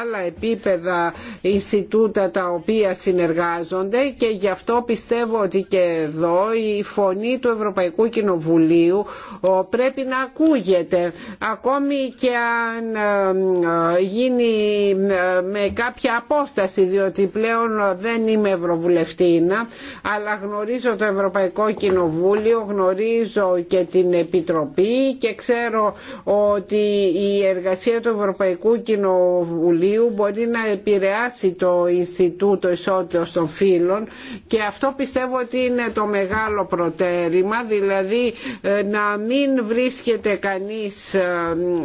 άλλα επίπεδα Ινστιτούτα τα οποία συνεργάζονται και γι' αυτό πιστεύω ότι και εδώ η φωνή του Ευρωπαϊκού Κοινοβουλίου ε, πρέπει να ακούγεται ακόμη και αν γίνει με κάποια απόσταση διότι πλέον δεν είμαι ευρωβουλευτής αλλά γνωρίζω το Ευρωπαϊκό Κοινοβούλιο, γνωρίζω και την Επιτροπή και ξέρω ότι η εργασία του Ευρωπαϊκού Κοινοβουλίου μπορεί να επηρεάσει το Ινστιτούτο Ισότητας των Φύλων και αυτό πιστεύω ότι είναι το μεγάλο προτέρημα, δηλαδή ε, να μην βρίσκεται κανείς ε,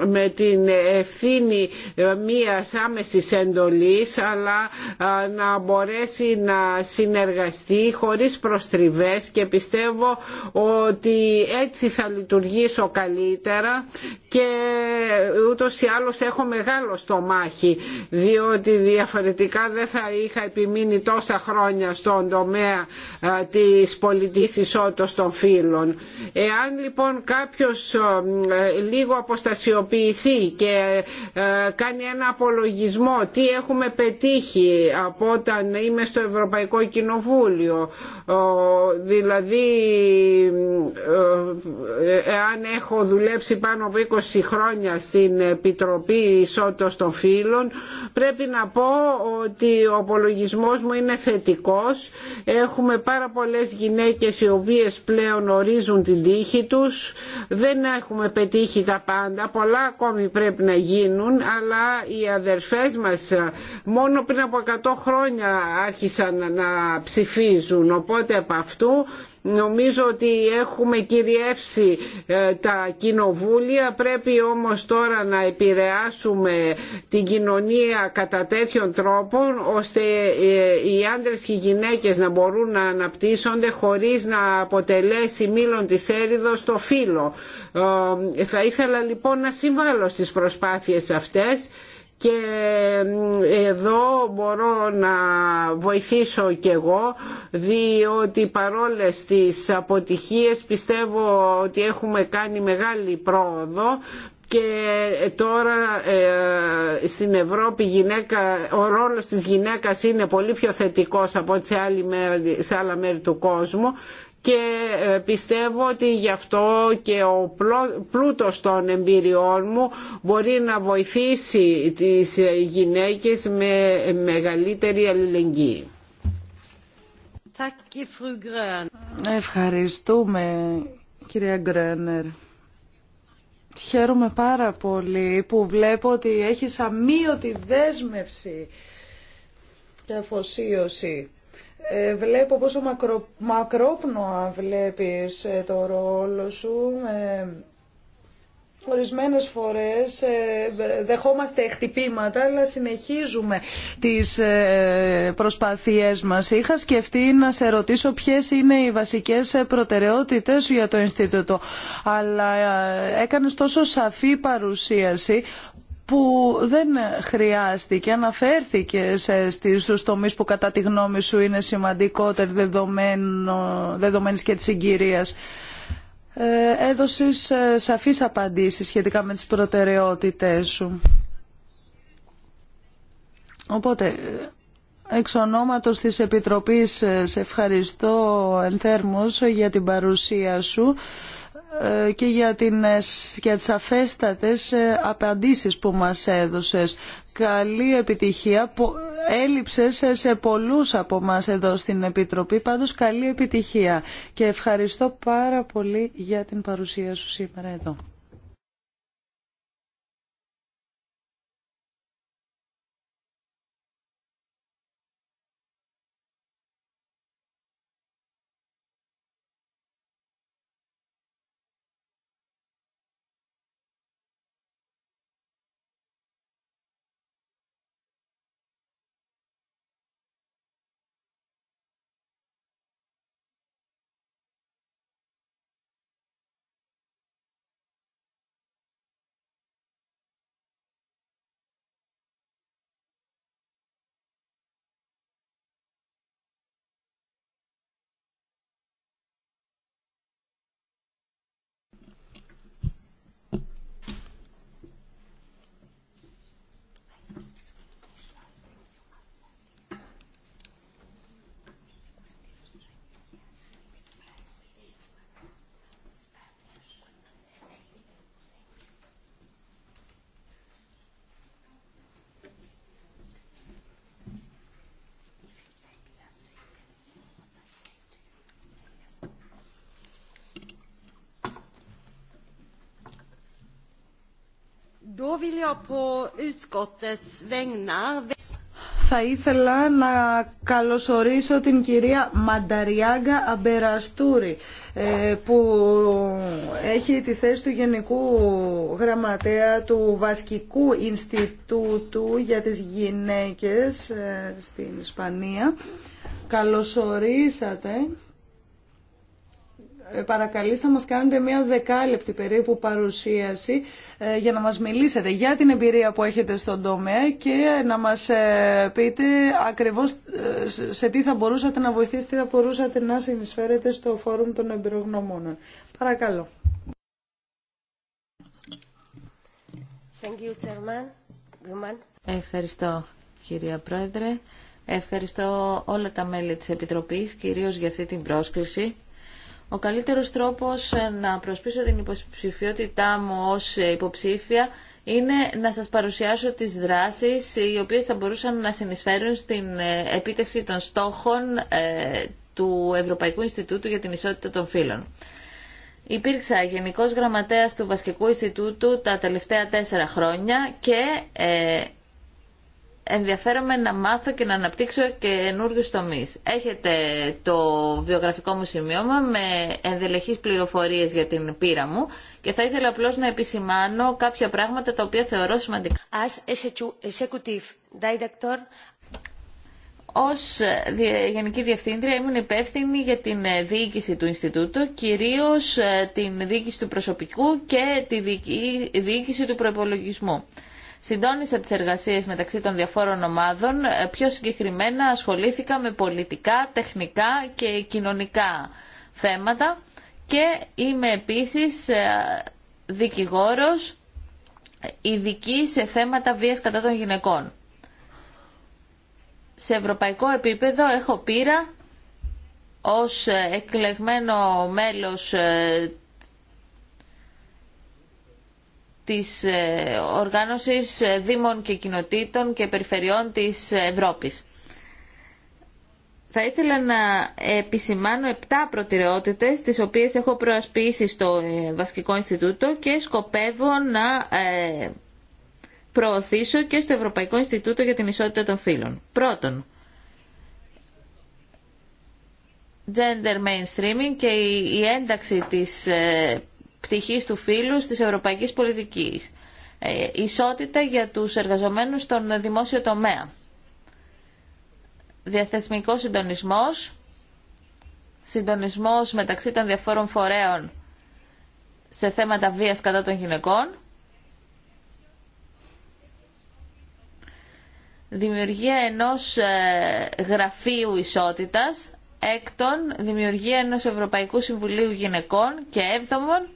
με την ευθύνη ε, μίας άμεσης εντολής αλλά να μπορέσει να συνεργαστεί χωρίς προστριβές και πιστεύω ότι έτσι θα λειτουργήσω καλύτερα και ούτως ή άλλως έχω μεγάλο στομάχι διότι διαφορετικά δεν θα είχα επιμείνει τόσα χρόνια στον τομέα της πολιτικής ισότητας των φύλων. Εάν λοιπόν κάποιος λίγο αποστασιοποιηθεί και κάνει ένα απολογισμό τι έχουμε πετύχει από όταν είμαι στο Ευρωπαϊκό Ευρωπαϊκό Κοινοβούλιο. Δηλαδή, ε, ε, εάν έχω δουλέψει πάνω από 20 χρόνια στην Επιτροπή Ισότητας των Φύλων, πρέπει να πω ότι ο απολογισμός μου είναι θετικός. Έχουμε πάρα πολλές γυναίκες οι οποίες πλέον ορίζουν την τύχη τους. Δεν έχουμε πετύχει τα πάντα, πολλά ακόμη πρέπει να γίνουν, αλλά οι αδερφές μας μόνο πριν από 100 χρόνια άρχισαν να ψηφίζουν. Οπότε από αυτού νομίζω ότι έχουμε κυριεύσει ε, τα κοινοβούλια πρέπει όμως τώρα να επηρεάσουμε την κοινωνία κατά τέτοιον τρόπο ώστε ε, οι άντρες και οι γυναίκες να μπορούν να αναπτύσσονται χωρίς να αποτελέσει μήλον της έριδος το φύλλο. Ε, θα ήθελα λοιπόν να συμβάλλω στις προσπάθειες αυτές και εδώ μπορώ να βοηθήσω κι εγώ διότι παρόλες τις αποτυχίες πιστεύω ότι έχουμε κάνει μεγάλη πρόοδο και τώρα ε, στην Ευρώπη ο ρόλος της γυναίκας είναι πολύ πιο θετικός από ό,τι σε, σε άλλα μέρη του κόσμου και ε, πιστεύω ότι γι' αυτό και ο πλούτος των εμπειριών μου μπορεί να βοηθήσει τις ε, γυναίκες με μεγαλύτερη αλληλεγγύη. Ευχαριστούμε κυρία Γκρένερ. Χαίρομαι πάρα πολύ που βλέπω ότι έχεις αμύωτη δέσμευση και αφοσίωση ε, βλέπω πόσο μακρο, μακρόπνοα βλέπεις ε, το ρόλο σου. Ε, ορισμένες φορές δεχόμαστε χτυπήματα, αλλά συνεχίζουμε τις προσπάθειές μας. Είχα σκεφτεί να σε ρωτήσω ποιες είναι οι βασικές προτεραιότητες για το Ινστιτούτο, αλλά έκανες τόσο σαφή παρουσίαση που δεν χρειάστηκε, αναφέρθηκε στις τομείς που κατά τη γνώμη σου είναι σημαντικότεροι δεδομένης και της συγκυρίας. Ε, έδωσες ε, σαφείς απαντήσεις σχετικά με τις προτεραιότητές σου. Οπότε, ε, εξ ονόματος της Επιτροπής, σε ευχαριστώ ενθέρμως για την παρουσία σου. Ε, και για, την, για τις αφέστατες ε, απαντήσεις που μας έδωσες. Καλή επιτυχία. Έλειψες σε πολλούς από μας εδώ στην Επιτροπή. Πάντως καλή επιτυχία. Και ευχαριστώ πάρα πολύ για την παρουσία σου σήμερα εδώ. Θα ήθελα να καλωσορίσω την κυρία Μανταριάγκα Αμπεραστούρη ε, που έχει τη θέση του Γενικού Γραμματέα του Βασκικού Ινστιτούτου για τις Γυναίκες ε, στην Ισπανία. Καλωσορίσατε. Ε, παρακαλείστε θα μας κάνετε μια δεκάλεπτη περίπου παρουσίαση ε, για να μας μιλήσετε για την εμπειρία που έχετε στον τομέα και να μας ε, πείτε ακριβώς σε τι θα μπορούσατε να βοηθήσετε, τι θα μπορούσατε να συνεισφέρετε στο φόρουμ των εμπειρογνωμόνων. Παρακαλώ. Ευχαριστώ, κυρία Πρόεδρε. Ευχαριστώ όλα τα μέλη της Επιτροπής, κυρίως για αυτή την πρόσκληση. Ο καλύτερος τρόπος ε, να προσπίσω την υποψηφιότητά μου ως ε, υποψήφια είναι να σας παρουσιάσω τις δράσεις οι οποίες θα μπορούσαν να συνεισφέρουν στην ε, επίτευξη των στόχων του Ευρωπαϊκού Ινστιτούτου για την Ισότητα των Φύλων. Υπήρξα Γενικός Γραμματέας του Βασκικού Ινστιτούτου τα τελευταία τέσσερα χρόνια και ενδιαφέρομαι να μάθω και να αναπτύξω καινούριου τομεί. Έχετε το βιογραφικό μου σημείωμα με ενδελεχεί πληροφορίε για την πείρα μου και θα ήθελα απλώ να επισημάνω κάποια πράγματα τα οποία θεωρώ σημαντικά. As executive director... Ως ε, Γενική Διευθύντρια ήμουν υπεύθυνη για την ε, διοίκηση του Ινστιτούτου, κυρίως ε, την διοίκηση του προσωπικού και τη διοίκηση του προπολογισμού συντόνισα τις εργασίες μεταξύ των διαφόρων ομάδων. Ε, πιο συγκεκριμένα ασχολήθηκα με πολιτικά, τεχνικά και κοινωνικά θέματα και είμαι επίσης ε, δικηγόρος ειδική σε θέματα βίας κατά των γυναικών. Σε ευρωπαϊκό επίπεδο έχω πείρα ως ε, εκλεγμένο μέλος της ε, οργάνωσης δήμων και κοινοτήτων και περιφερειών της Ευρώπης. Θα ήθελα να επισημάνω επτά προτεραιότητες, τις οποίες έχω προασπίσει στο ε, Βασικό Ινστιτούτο και σκοπεύω να ε, προωθήσω και στο Ευρωπαϊκό Ινστιτούτο για την Ισότητα των Φύλων. Πρώτον, gender mainstreaming και η ένταξη της πτυχής του φύλου στις ευρωπαϊκές πολιτικής. Ε, ισότητα για τους εργαζομένους στον δημόσιο τομέα. Διαθεσμικό συντονισμός, συντονισμός μεταξύ των διαφόρων φορέων σε θέματα βίας κατά των γυναικών, δημιουργία ενός ε, γραφείου ισότητας, έκτον, δημιουργία ενός Ευρωπαϊκού Συμβουλίου Γυναικών και έβδομον,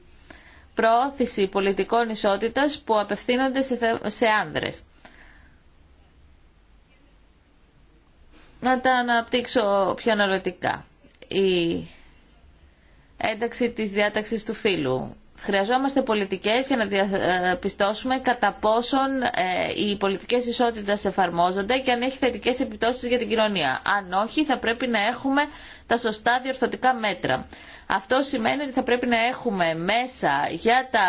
προώθηση πολιτικών ισότητας που απευθύνονται σε άνδρες. Να τα αναπτύξω πιο αναλυτικά. Η ένταξη της διάταξης του φίλου. Χρειαζόμαστε πολιτικές για να διαπιστώσουμε κατά πόσον ε, οι πολιτικές ισότητας εφαρμόζονται και αν έχει θετικές επιπτώσεις για την κοινωνία. Αν όχι, θα πρέπει να έχουμε τα σωστά διορθωτικά μέτρα. Αυτό σημαίνει ότι θα πρέπει να έχουμε μέσα για τα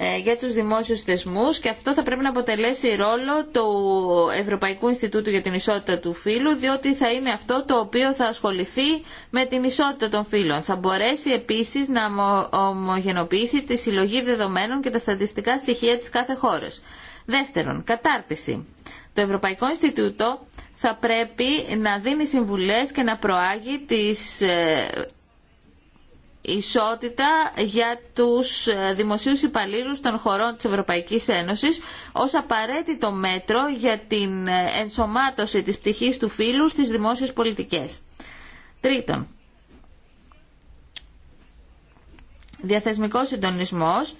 ε, για τους δημόσιους θεσμούς και αυτό θα πρέπει να αποτελέσει ρόλο του Ευρωπαϊκού Ινστιτούτου για την Ισότητα του Φύλου διότι θα είναι αυτό το οποίο θα ασχοληθεί με την ισότητα των φύλων. Θα μπορέσει επίσης να ομογενοποιήσει τη συλλογή δεδομένων και τα στατιστικά στοιχεία της κάθε χώρας. Δεύτερον, κατάρτιση. Το Ευρωπαϊκό Ινστιτούτο θα πρέπει να δίνει συμβουλές και να προάγει τις ε, ισότητα για τους ε, δημοσίους υπαλλήλους των χωρών της Ευρωπαϊκής Ένωσης ως απαραίτητο μέτρο για την ε, ενσωμάτωση της πτυχής του φύλου στις δημόσιες πολιτικές. Τρίτον, διαθεσμικός συντονισμός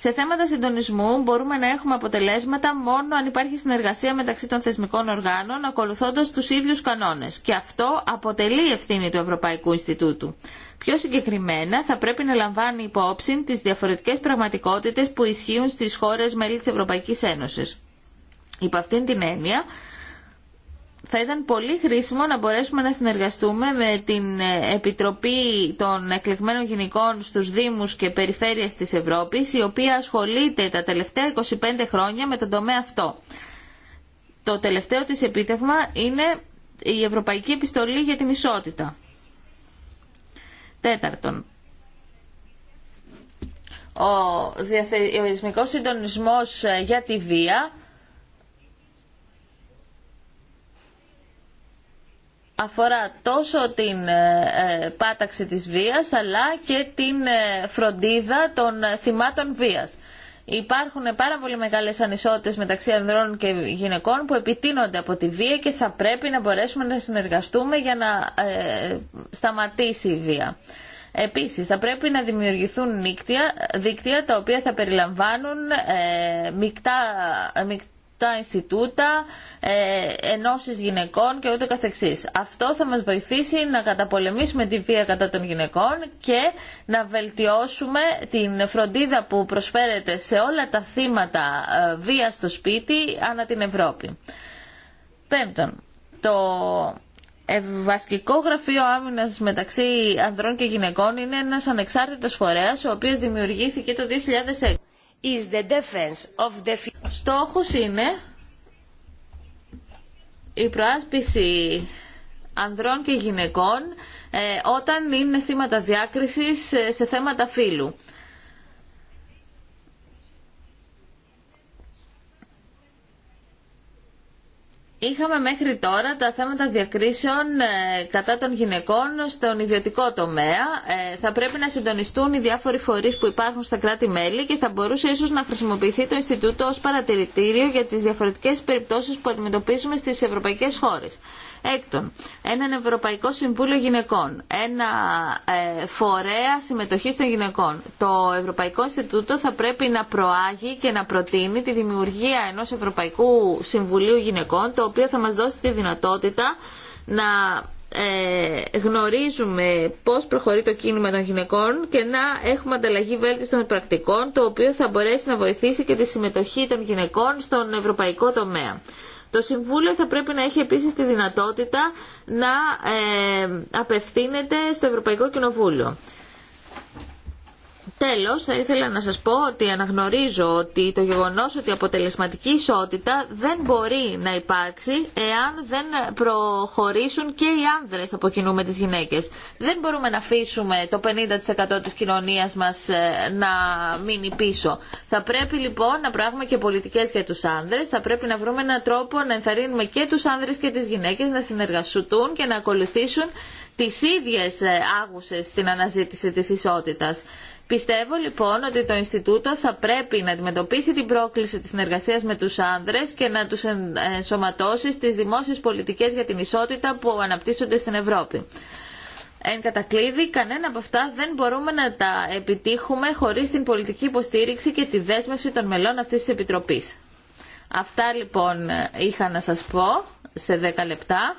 σε θέματα συντονισμού μπορούμε να έχουμε αποτελέσματα μόνο αν υπάρχει συνεργασία μεταξύ των θεσμικών οργάνων ακολουθώντας τους ίδιους κανόνες. Και αυτό αποτελεί ευθύνη του Ευρωπαϊκού Ινστιτούτου. Πιο συγκεκριμένα θα πρέπει να λαμβάνει υπόψη τις διαφορετικές πραγματικότητες που ισχύουν στις χώρες μέλη της Ευρωπαϊκής Ένωσης. Υπό αυτήν την έννοια θα ήταν πολύ χρήσιμο να μπορέσουμε να συνεργαστούμε με την ε, Επιτροπή των Εκλεγμένων Γυναικών στους Δήμους και Περιφέρειες της Ευρώπης, η οποία ασχολείται τα τελευταία 25 χρόνια με τον τομέα αυτό. Το τελευταίο της επίτευγμα είναι η Ευρωπαϊκή Επιστολή για την Ισότητα. Τέταρτον, ο διαθεσμικός συντονισμός ε, για τη βία αφορά τόσο την ε, ε, πάταξη της βίας αλλά και την ε, φροντίδα των θυμάτων βίας. Υπάρχουν πάρα πολύ μεγάλες ανισότητες μεταξύ ανδρών και γυναικών που επιτείνονται από τη βία και θα πρέπει να μπορέσουμε να συνεργαστούμε για να σταματήσει η βία. Επίσης, θα πρέπει να δημιουργηθούν δίκτυα, δίκτυα τα οποία θα περιλαμβάνουν μικτά τα Ινστιτούτα, ε, ενώσεις γυναικών και ούτε καθεξής. Αυτό θα μας βοηθήσει να καταπολεμήσουμε τη βία κατά των γυναικών και να βελτιώσουμε την φροντίδα που προσφέρεται σε όλα τα θύματα ε, βία στο σπίτι ανά την Ευρώπη. Πέμπτον, το Βασικό Γραφείο άμυνας μεταξύ ανδρών και γυναικών είναι ένας ανεξάρτητος φορέας ο οποίος δημιουργήθηκε το 2006 is the defense of Στόχος είναι η προάσπιση ανδρών και γυναικών ε, όταν είναι θύματα διάκρισης ε, σε θέματα φύλου. Είχαμε μέχρι τώρα τα θέματα διακρίσεων ε, κατά των γυναικών στον ιδιωτικό τομέα. Ε, θα πρέπει να συντονιστούν οι διάφοροι φορείς που υπάρχουν στα κράτη-μέλη και θα μπορούσε ίσως να χρησιμοποιηθεί το Ινστιτούτο ως παρατηρητήριο για τις διαφορετικές περιπτώσεις που αντιμετωπίζουμε στις ευρωπαϊκές χώρες. Έκτον, έναν Ευρωπαϊκό Συμβούλιο Γυναικών, ένα ε, φορέα συμμετοχής των γυναικών. Το Ευρωπαϊκό Ινστιτούτο θα πρέπει να προάγει και να προτείνει τη δημιουργία ενός Ευρωπαϊκού Συμβουλίου Γυναικών, το οποίο θα μας δώσει τη δυνατότητα να ε, γνωρίζουμε πώς προχωρεί το κίνημα των γυναικών και να έχουμε ανταλλαγή βέλτιστων πρακτικών, το οποίο θα μπορέσει να βοηθήσει και τη συμμετοχή των γυναικών στον ευρωπαϊκό τομέα. Το Συμβούλιο θα πρέπει να έχει επίσης τη δυνατότητα να ε, απευθύνεται στο Ευρωπαϊκό Κοινοβούλιο. Τέλο, θα ήθελα να σα πω ότι αναγνωρίζω ότι το γεγονό ότι η αποτελεσματική ισότητα δεν μπορεί να υπάρξει εάν δεν προχωρήσουν και οι άνδρες από κοινού με τι γυναίκες. Δεν μπορούμε να αφήσουμε το 50% τη κοινωνία μα να μείνει πίσω. Θα πρέπει λοιπόν να πράγουμε και πολιτικέ για του άνδρες, θα πρέπει να βρούμε έναν τρόπο να ενθαρρύνουμε και του άνδρες και τι γυναίκε, να συνεργαστούν και να ακολουθήσουν τις ίδιες ε, άγουσες στην αναζήτηση της ισότητας. Πιστεύω λοιπόν ότι το Ινστιτούτο θα πρέπει να αντιμετωπίσει την πρόκληση της συνεργασίας με τους άνδρες και να τους ενσωματώσει στις δημόσιες πολιτικές για την ισότητα που αναπτύσσονται στην Ευρώπη. Εν κατακλείδη, κανένα από αυτά δεν μπορούμε να τα επιτύχουμε χωρίς την πολιτική υποστήριξη και τη δέσμευση των μελών αυτής της Επιτροπής. Αυτά λοιπόν είχα να σας πω σε 10 λεπτά.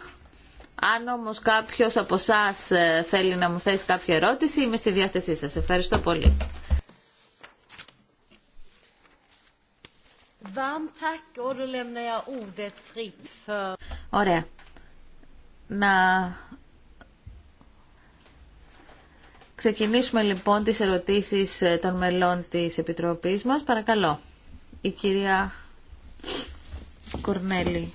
Αν όμω κάποιο από εσά ε, θέλει να μου θέσει κάποια ερώτηση, είμαι στη διάθεσή σας. Ευχαριστώ πολύ. Ωραία. Να ξεκινήσουμε λοιπόν τις ερωτήσεις ε, των μελών της Επιτροπής μας. Παρακαλώ, η κυρία Κορνέλη.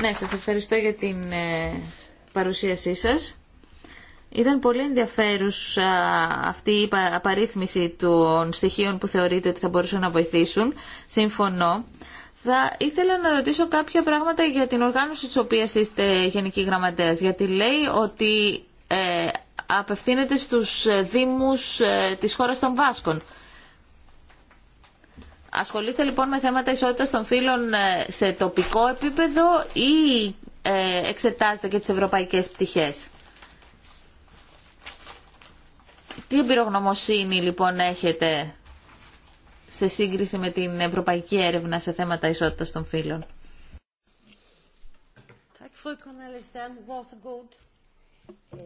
Ναι, σας ευχαριστώ για την ε, παρουσίασή σας. Ήταν πολύ ενδιαφέρουσα αυτή η απαρίθμηση των στοιχείων που θεωρείτε ότι θα μπορούσαν να βοηθήσουν. Συμφωνώ. Θα ήθελα να ρωτήσω κάποια πράγματα για την οργάνωση της οποίας είστε Γενική Γραμματέας. Γιατί λέει ότι ε, απευθύνεται στους ε, δήμους της χώρας των Βάσκων. Ασχολείστε λοιπόν με θέματα ισότητας των φύλων ε, σε τοπικό επίπεδο ή ε, εξετάζετε και τις ευρωπαϊκές πτυχές. Τι εμπειρογνωμοσύνη λοιπόν έχετε σε σύγκριση με την ευρωπαϊκή έρευνα σε θέματα ισότητας των φύλων.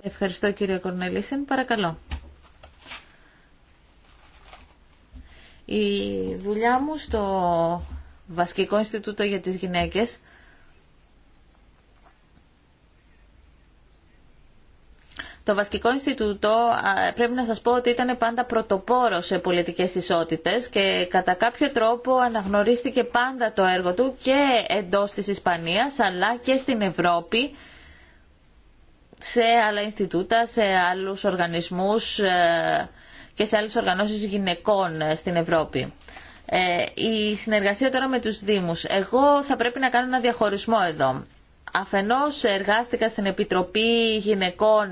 Ευχαριστώ κύριε Κορνελίσεν. Παρακαλώ. Η δουλειά μου στο Βασκικό Ινστιτούτο για τις Γυναίκες Το Βασκικό Ινστιτούτο πρέπει να σας πω ότι ήταν πάντα πρωτοπόρο σε πολιτικές ισότητες και κατά κάποιο τρόπο αναγνωρίστηκε πάντα το έργο του και εντός της Ισπανίας αλλά και στην Ευρώπη σε άλλα Ινστιτούτα, σε άλλους οργανισμούς ε, και σε άλλες οργανώσεις γυναικών ε, στην Ευρώπη. Ε, η συνεργασία τώρα με τους Δήμους. Εγώ θα πρέπει να κάνω ένα διαχωρισμό εδώ. Αφενός εργάστηκα στην Επιτροπή Γυναικών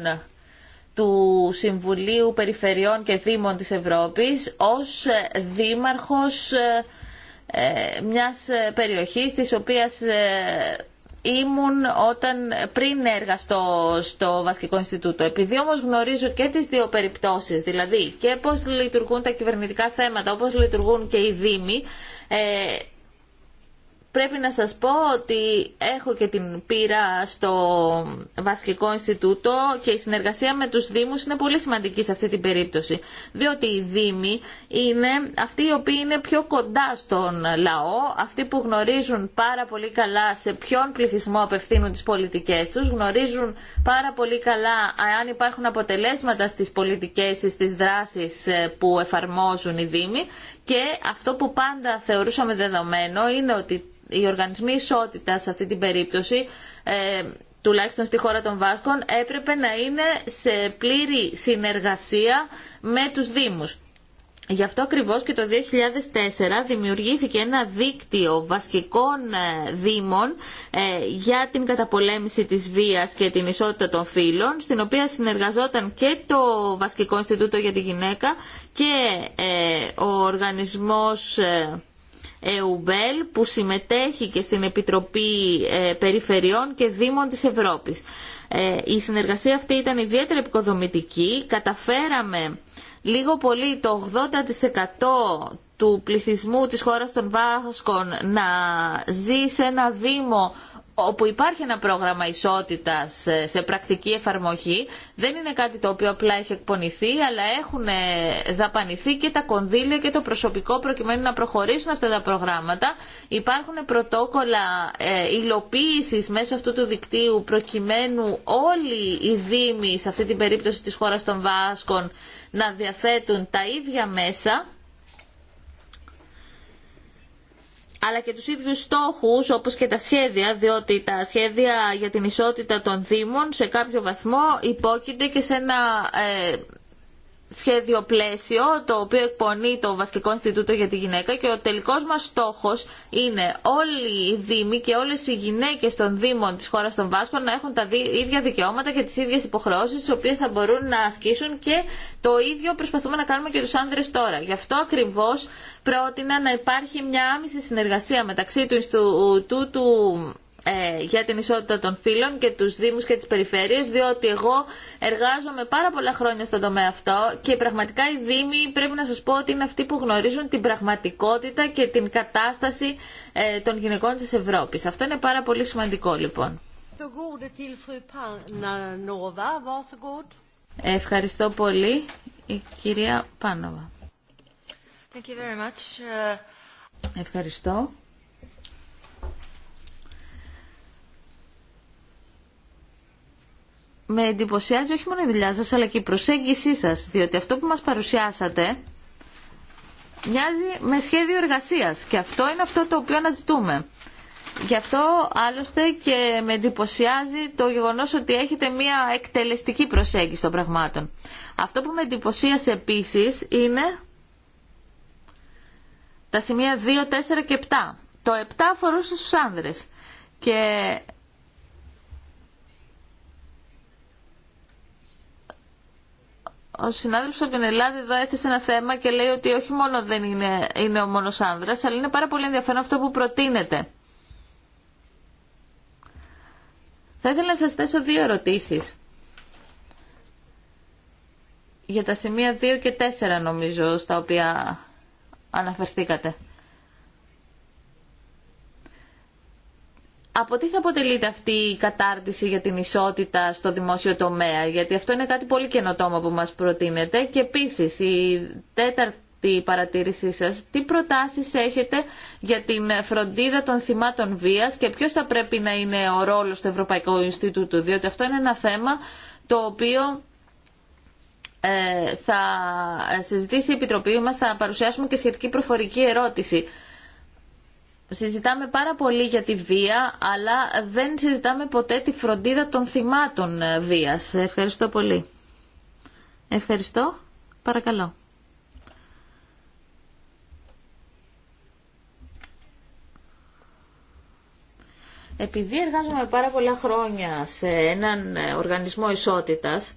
του Συμβουλίου Περιφερειών και Δήμων της Ευρώπης ως ε, δήμαρχος μιας περιοχής της οποίας ήμουν όταν πριν έργα στο Βασικό Ινστιτούτο. Επειδή όμως γνωρίζω και τι δύο περιπτώσεις, δηλαδή και πώ λειτουργούν τα κυβερνητικά θέματα, όπως λειτουργούν και οι Δήμοι, ε, Πρέπει να σας πω ότι έχω και την πείρα στο βασικό Ινστιτούτο και η συνεργασία με τους Δήμους είναι πολύ σημαντική σε αυτή την περίπτωση. Διότι οι Δήμοι είναι αυτοί οι οποίοι είναι πιο κοντά στον λαό, αυτοί που γνωρίζουν πάρα πολύ καλά σε ποιον πληθυσμό απευθύνουν τις πολιτικές τους, γνωρίζουν πάρα πολύ καλά αν υπάρχουν αποτελέσματα στις πολιτικές ή στις δράσεις ε, που εφαρμόζουν οι Δήμοι και αυτό που πάντα θεωρούσαμε δεδομένο είναι ότι οι οργανισμοί ισότητα σε αυτή την περίπτωση ε, τουλάχιστον στη χώρα των Βάσκων έπρεπε να είναι σε πλήρη συνεργασία με τους Δήμους. Γι' αυτό ακριβώς και το 2004 δημιουργήθηκε ένα δίκτυο βασικών ε, δήμων ε, για την καταπολέμηση της βίας και την ισότητα των φύλων, στην οποία συνεργαζόταν και το Βασικό Ινστιτούτο για τη Γυναίκα και ε, ο οργανισμός ΕΟΥΜΠΕΛ που συμμετέχει και στην Επιτροπή Περιφερειών και Δήμων της Ευρώπης. Η συνεργασία αυτή ήταν ιδιαίτερα επικοδομητική. Καταφέραμε λίγο πολύ το 80% του πληθυσμού της χώρας των Βάσκων να ζει σε ένα δήμο όπου υπάρχει ένα πρόγραμμα ισότητας ε, σε πρακτική εφαρμογή, δεν είναι κάτι το οποίο απλά έχει εκπονηθεί, αλλά έχουν ε, δαπανηθεί και τα κονδύλια και το προσωπικό προκειμένου να προχωρήσουν αυτά τα προγράμματα. Υπάρχουν πρωτόκολλα ε, υλοποίησης μέσω αυτού του δικτύου προκειμένου όλοι οι δήμοι, σε αυτή την περίπτωση της χώρας των Βάσκων, να διαθέτουν τα ίδια μέσα αλλά και τους ίδιους στόχους όπως και τα σχέδια, διότι τα σχέδια για την ισότητα των Δήμων σε κάποιο βαθμό υπόκεινται και σε ένα ε, σχέδιο πλαίσιο το οποίο εκπονεί το Βασκικό Ινστιτούτο για τη Γυναίκα και ο τελικός μας στόχος είναι όλοι οι Δήμοι και όλες οι γυναίκες των Δήμων της χώρας των Βάσκων να έχουν τα ίδια δικαιώματα και τις ίδιες υποχρεώσεις τις οποίες θα μπορούν να ασκήσουν και το ίδιο προσπαθούμε να κάνουμε και τους άνδρες τώρα. Γι' αυτό ακριβώς πρότεινα να υπάρχει μια άμεση συνεργασία μεταξύ του Ινστιτούτου ε, για την ισότητα των φύλων και τους Δήμους και τις περιφέρειες, διότι εγώ εργάζομαι πάρα πολλά χρόνια στον τομέα αυτό και πραγματικά οι Δήμοι πρέπει να σας πω ότι είναι αυτοί που γνωρίζουν την πραγματικότητα και την κατάσταση ε, των γυναικών της Ευρώπης. Αυτό είναι πάρα πολύ σημαντικό λοιπόν. Ευχαριστώ πολύ. Η κυρία Πάνοβα. Thank you very much. Ε, Ευχαριστώ. με εντυπωσιάζει όχι μόνο η δουλειά σας αλλά και η προσέγγισή σας διότι αυτό που μας παρουσιάσατε μοιάζει με σχέδιο εργασίας και αυτό είναι αυτό το οποίο αναζητούμε. Γι' αυτό άλλωστε και με εντυπωσιάζει το γεγονός ότι έχετε μια εκτελεστική προσέγγιση των πραγμάτων. Αυτό που με εντυπωσίασε επίσης είναι τα σημεία 2, 4 και 7. Το 7 αφορούσε στους άνδρες και Ο συνάδελφος από την Ελλάδα εδώ έθεσε ένα θέμα και λέει ότι όχι μόνο δεν είναι, είναι ο μόνος άνδρας, αλλά είναι πάρα πολύ ενδιαφέρον αυτό που προτείνεται. Θα ήθελα να σας θέσω δύο ερωτήσεις. Για τα σημεία 2 και 4 νομίζω στα οποία αναφερθήκατε. από τι θα αποτελείται αυτή η κατάρτιση για την ισότητα στο δημόσιο τομέα, γιατί αυτό είναι κάτι πολύ καινοτόμο που μας προτείνεται και επίσης η τέταρτη παρατήρησή σας, τι προτάσεις έχετε για την φροντίδα των θυμάτων βίας και ποιος θα πρέπει να είναι ο ρόλος του Ευρωπαϊκού Ινστιτούτου, διότι αυτό είναι ένα θέμα το οποίο ε, θα συζητήσει η Επιτροπή μας, θα παρουσιάσουμε και σχετική προφορική ερώτηση συζητάμε πάρα πολύ για τη βία, αλλά δεν συζητάμε ποτέ τη φροντίδα των θυμάτων ε, βίας. Ευχαριστώ πολύ. Ευχαριστώ. Παρακαλώ. Επειδή εργάζομαι πάρα πολλά χρόνια σε έναν ε, οργανισμό ισότητας,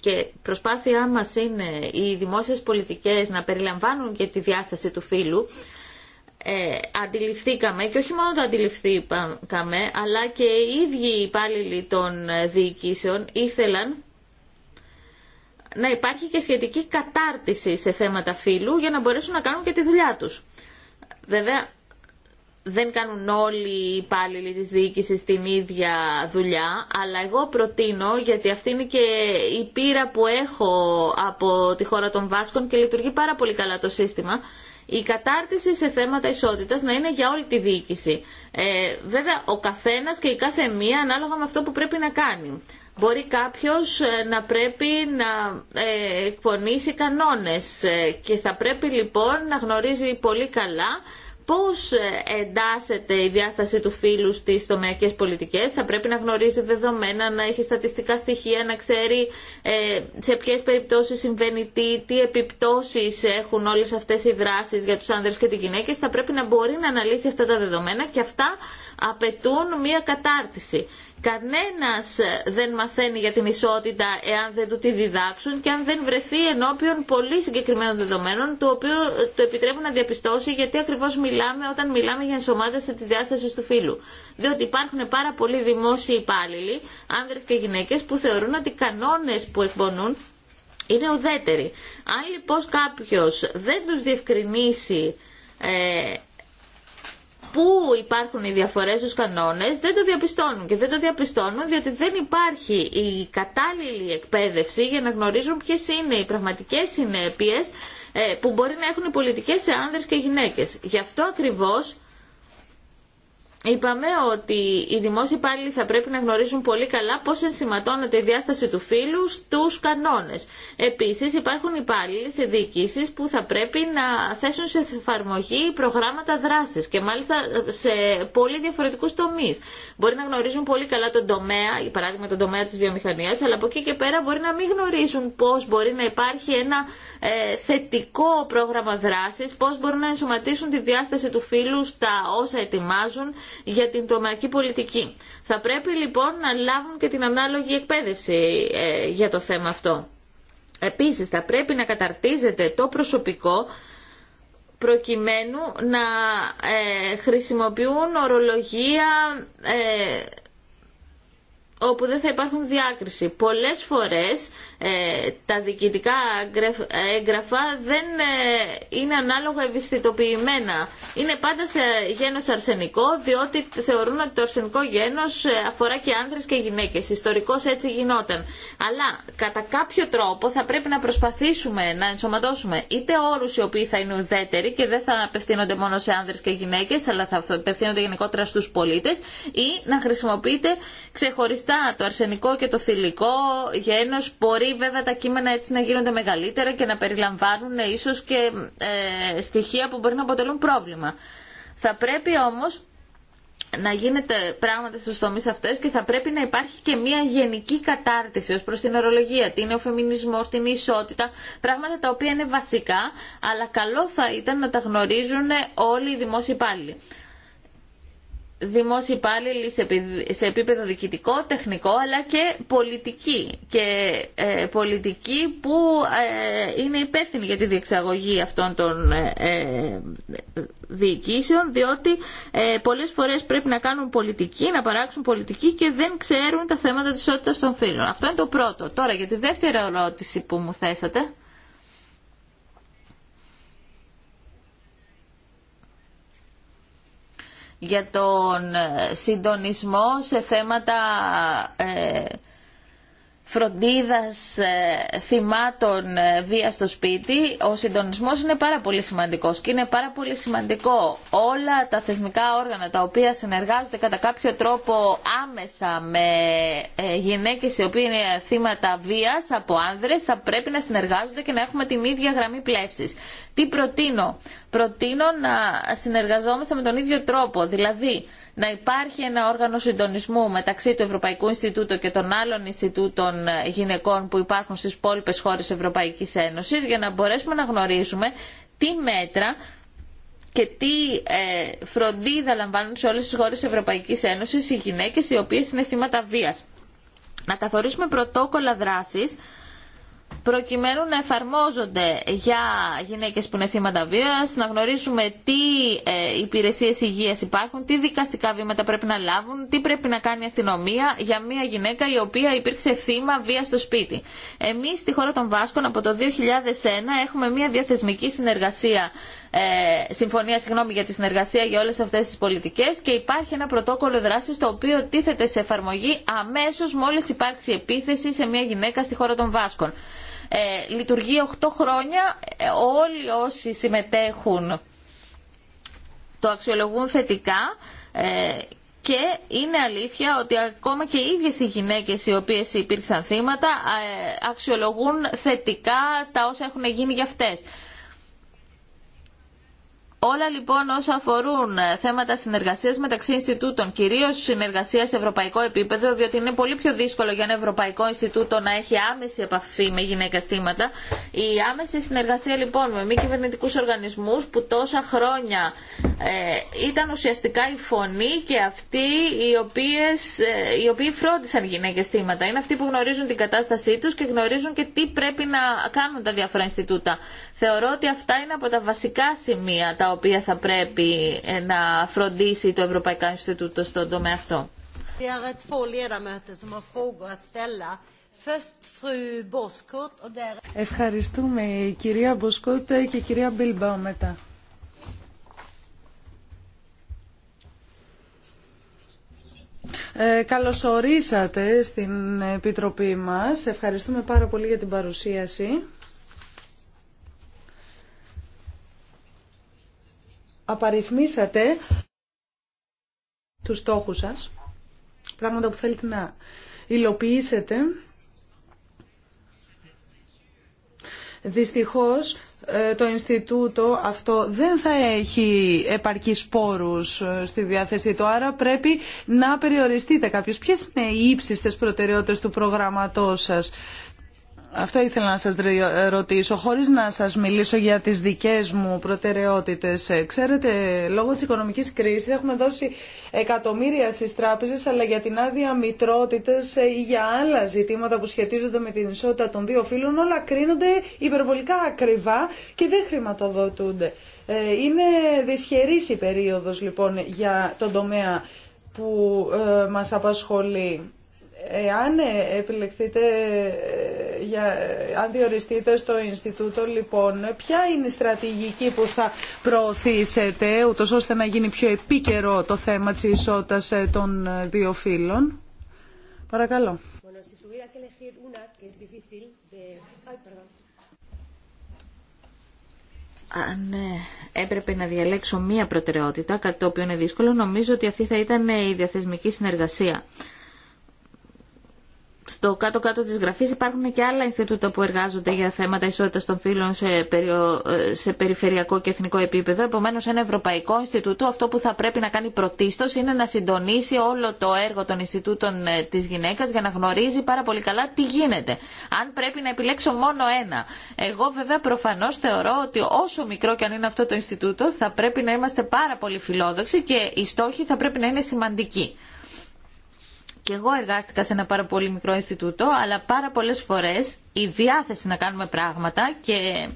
και προσπάθειά μας είναι οι δημόσιες πολιτικές να περιλαμβάνουν και τη διάσταση του φύλου, ε, αντιληφθήκαμε και όχι μόνο το αντιληφθήκαμε αλλά και οι ίδιοι υπάλληλοι των ε, διοικήσεων ήθελαν να υπάρχει και σχετική κατάρτιση σε θέματα φύλου για να μπορέσουν να κάνουν και τη δουλειά τους. Βέβαια δεν κάνουν όλοι οι υπάλληλοι της διοίκησης την ίδια δουλειά, αλλά εγώ προτείνω, γιατί αυτή είναι και η πείρα που έχω από τη χώρα των Βάσκων και λειτουργεί πάρα πολύ καλά το σύστημα, η κατάρτιση σε θέματα ισότητας να είναι για όλη τη διοίκηση. Ε, βέβαια, ο καθένας και η κάθε μία ανάλογα με αυτό που πρέπει να κάνει. Μπορεί κάποιος ε, να πρέπει να ε, εκπονήσει κανόνες και θα πρέπει λοιπόν να γνωρίζει πολύ καλά πώς ε, εντάσσεται η διάσταση του φίλου στις τομεακές πολιτικές. Θα πρέπει να γνωρίζει δεδομένα, να έχει στατιστικά στοιχεία, να ξέρει ε, σε ποιες περιπτώσεις συμβαίνει τι, τι επιπτώσεις έχουν όλες αυτές οι δράσεις για τους άνδρες και τις γυναίκες. Θα πρέπει να μπορεί να αναλύσει αυτά τα δεδομένα και αυτά απαιτούν μία κατάρτιση. Κανένας δεν μαθαίνει για την ισότητα εάν δεν του τη διδάξουν και αν δεν βρεθεί ενώπιον πολύ συγκεκριμένων δεδομένων το οποίο το επιτρέπουν να διαπιστώσει γιατί ακριβώς μιλάμε όταν μιλάμε για ενσωμάτωση τη διάστασης του φύλου. Διότι υπάρχουν πάρα πολλοί δημόσιοι υπάλληλοι, άνδρες και γυναίκες που θεωρούν ότι οι κανόνες που εκπονούν είναι ουδέτεροι. Αν λοιπόν κάποιος δεν τους διευκρινίσει ε, πού υπάρχουν οι διαφορές στους κανόνες δεν το διαπιστώνουν και δεν το διαπιστώνουν διότι δεν υπάρχει η κατάλληλη εκπαίδευση για να γνωρίζουν ποιες είναι οι πραγματικές συνέπειες ε, που μπορεί να έχουν οι πολιτικές σε άνδρες και γυναίκες. Γι' αυτό ακριβώς Είπαμε ότι οι δημόσιοι υπάλληλοι θα πρέπει να γνωρίζουν πολύ καλά πώς ενσηματώνεται η διάσταση του φύλου στους κανόνες. Επίσης υπάρχουν υπάλληλοι σε διοικήσεις που θα πρέπει να θέσουν σε εφαρμογή προγράμματα δράσης και μάλιστα σε πολύ διαφορετικούς τομείς. Μπορεί να γνωρίζουν πολύ καλά τον τομέα, για παράδειγμα τον τομέα της βιομηχανίας, αλλά από εκεί και πέρα μπορεί να μην γνωρίζουν πώς μπορεί να υπάρχει ένα ε, θετικό πρόγραμμα δράσης, πώς μπορούν να ενσωματίσουν τη διάσταση του φύλου στα όσα ετοιμάζουν για την τομεακή πολιτική. Θα πρέπει λοιπόν να λάβουν και την ανάλογη εκπαίδευση ε, για το θέμα αυτό. Επίσης θα πρέπει να καταρτίζεται το προσωπικό προκειμένου να ε, χρησιμοποιούν ορολογία ε, όπου δεν θα υπάρχουν διάκριση. Πολλές φορές ε, τα διοικητικά έγγραφα δεν ε, είναι ανάλογα ευαισθητοποιημένα. Είναι πάντα σε γένος αρσενικό, διότι θεωρούν ότι το αρσενικό γένος ε, αφορά και άνδρες και γυναίκες. Ιστορικώς έτσι γινόταν. Αλλά κατά κάποιο τρόπο θα πρέπει να προσπαθήσουμε να ενσωματώσουμε είτε όρους οι οποίοι θα είναι ουδέτεροι και δεν θα απευθύνονται μόνο σε άνδρες και γυναίκες, αλλά θα απευθύνονται γενικότερα στους πολίτες, ή να χρησιμοποιείται ξεχωριστά το αρσενικό και το θηλυκό γένος, μπορεί βέβαια τα κείμενα έτσι να γίνονται μεγαλύτερα και να περιλαμβάνουν ίσως και ε, στοιχεία που μπορεί να αποτελούν πρόβλημα. Θα πρέπει όμως να γίνεται πράγματα στους τομείς αυτές και θα πρέπει να υπάρχει και μια γενική κατάρτιση ως προς την ορολογία, τι είναι ο φεμινισμός, την ισότητα, πράγματα τα οποία είναι βασικά, αλλά καλό θα ήταν να τα γνωρίζουν όλοι οι δημόσιοι υπάλληλοι δημόσιοι υπάλληλοι σε επίπεδο διοικητικό, τεχνικό αλλά και πολιτική και ε, πολιτική που ε, είναι υπεύθυνη για τη διεξαγωγή αυτών των ε, ε διοικήσεων διότι πολλές φορές πρέπει να κάνουν πολιτική, να παράξουν πολιτική και δεν ξέρουν τα θέματα της ισότητας των φίλων. Αυτό είναι το πρώτο. Τώρα για τη δεύτερη ερώτηση που μου θέσατε. για τον ε, συντονισμό σε θέματα ε, φροντίδας ε, θυμάτων ε, βία στο σπίτι, ο συντονισμός είναι πάρα πολύ σημαντικός και είναι πάρα πολύ σημαντικό όλα τα θεσμικά όργανα τα οποία συνεργάζονται κατά κάποιο τρόπο άμεσα με ε, γυναίκες οι οποίοι είναι θύματα βίας από άνδρες θα πρέπει να συνεργάζονται και να έχουμε την ίδια γραμμή πλεύσης. Τι προτείνω. Προτείνω να συνεργαζόμαστε με τον ίδιο τρόπο, δηλαδή να υπάρχει ένα όργανο συντονισμού μεταξύ του Ευρωπαϊκού Ινστιτούτου και των άλλων Ινστιτούτων γυναικών που υπάρχουν στις υπόλοιπε χώρες Ευρωπαϊκής Ένωσης για να μπορέσουμε να γνωρίζουμε τι μέτρα και τι ε, φροντίδα λαμβάνουν σε όλες τις χώρες Ευρωπαϊκής Ένωσης οι γυναίκες οι οποίες είναι θύματα βίας. Να καθορίσουμε πρωτόκολλα δράσης προκειμένου να εφαρμόζονται για γυναίκες που είναι θύματα βίας, να γνωρίζουμε τι ε, υπηρεσίες υγείας υπάρχουν, τι δικαστικά βήματα πρέπει να λάβουν, τι πρέπει να κάνει η αστυνομία για μια γυναίκα η οποία υπήρξε θύμα βία στο σπίτι. Εμείς στη χώρα των Βάσκων από το 2001 έχουμε μια διαθεσμική συνεργασία ε, συμφωνία συγγνώμη, για τη συνεργασία για όλες αυτές τις πολιτικές και υπάρχει ένα πρωτόκολλο δράσης το οποίο τίθεται σε εφαρμογή αμέσως μόλις υπάρξει επίθεση σε μια γυναίκα στη χώρα των Βάσκων. Ε, λειτουργεί 8 χρόνια. Ε, όλοι όσοι συμμετέχουν το αξιολογούν θετικά ε, και είναι αλήθεια ότι ακόμα και οι ίδιες οι γυναίκες οι οποίες υπήρξαν θύματα αξιολογούν θετικά τα όσα έχουν γίνει για αυτές. Όλα λοιπόν όσα αφορούν ε, θέματα συνεργασία μεταξύ Ινστιτούτων, κυρίω συνεργασία σε ευρωπαϊκό επίπεδο, διότι είναι πολύ πιο δύσκολο για ένα Ευρωπαϊκό Ινστιτούτο να έχει άμεση επαφή με γυναίκα στήματα. Η άμεση συνεργασία λοιπόν με μη κυβερνητικού οργανισμού που τόσα χρόνια ε, ήταν ουσιαστικά η φωνή και αυτοί οι, οποίες, ε, οι οποίοι φρόντισαν γυναίκε στήματα. Είναι αυτοί που γνωρίζουν την κατάστασή του και γνωρίζουν και τι πρέπει να κάνουν τα διάφορα Ινστιτούτα. Θεωρώ ότι αυτά είναι από τα βασικά σημεία τα οποία θα πρέπει ε, να φροντίσει το Ευρωπαϊκό Ινστιτούτο στον τομέα αυτό. Ευχαριστούμε η κυρία Μποσκότ και η κυρία Μπιλμπάου μετά. Ε, καλωσορίσατε στην Επιτροπή μας. Ευχαριστούμε πάρα πολύ για την παρουσίαση. απαριθμίσατε τους στόχους σας, πράγματα που θέλετε να υλοποιήσετε. Δυστυχώς ε, το Ινστιτούτο αυτό δεν θα έχει επαρκείς πόρους ε, στη διάθεσή του, άρα πρέπει να περιοριστείτε κάποιους Ποιες είναι οι ύψιστες προτεραιότητες του προγραμματός σας. Αυτό ήθελα να σας ρωτήσω, χωρίς να σας μιλήσω για τις δικές μου προτεραιότητες. Ε, ξέρετε, λόγω της οικονομικής κρίσης έχουμε δώσει εκατομμύρια στις τράπεζες, αλλά για την άδεια μητρότητες ε, ή για άλλα ζητήματα που σχετίζονται με την ισότητα των δύο φύλων, όλα κρίνονται υπερβολικά ακριβά και δεν χρηματοδοτούνται. Ε, είναι δυσχερής η περίοδος λοιπόν για τον τομέα που μας απασχολεί. Εάν ε, επιλεχθείτε, ε, για, αν διοριστείτε στο Ινστιτούτο, λοιπόν, ποια είναι η στρατηγική που θα προωθήσετε, ούτως ώστε να γίνει πιο επίκαιρο το θέμα της ισότητας ε, των δύο φύλων. Παρακαλώ. Αν έπρεπε να διαλέξω μία προτεραιότητα, κάτι το οποίο είναι δύσκολο, νομίζω ότι αυτή θα ήταν η διαθεσμική συνεργασία στο κάτω-κάτω της γραφής υπάρχουν και άλλα Ινστιτούτα που εργάζονται για θέματα ισότητας των φύλων σε, σε περιφερειακό και εθνικό επίπεδο. Επομένως, ένα Ευρωπαϊκό Ινστιτούτο αυτό που θα πρέπει να κάνει πρωτίστως είναι να συντονίσει όλο το έργο των Ινστιτούτων ε, της γυναίκας για να γνωρίζει πάρα πολύ καλά τι γίνεται. Αν πρέπει να επιλέξω μόνο ένα. Εγώ βέβαια προφανώς θεωρώ ότι όσο μικρό και αν είναι αυτό το Ινστιτούτο θα πρέπει να είμαστε πάρα πολύ φιλόδοξοι και οι στόχοι θα πρέπει να είναι σημαντικοί. Και εγώ εργάστηκα σε ένα πάρα πολύ μικρό Ινστιτούτο, αλλά πάρα πολλές φορές η διάθεση να κάνουμε πράγματα και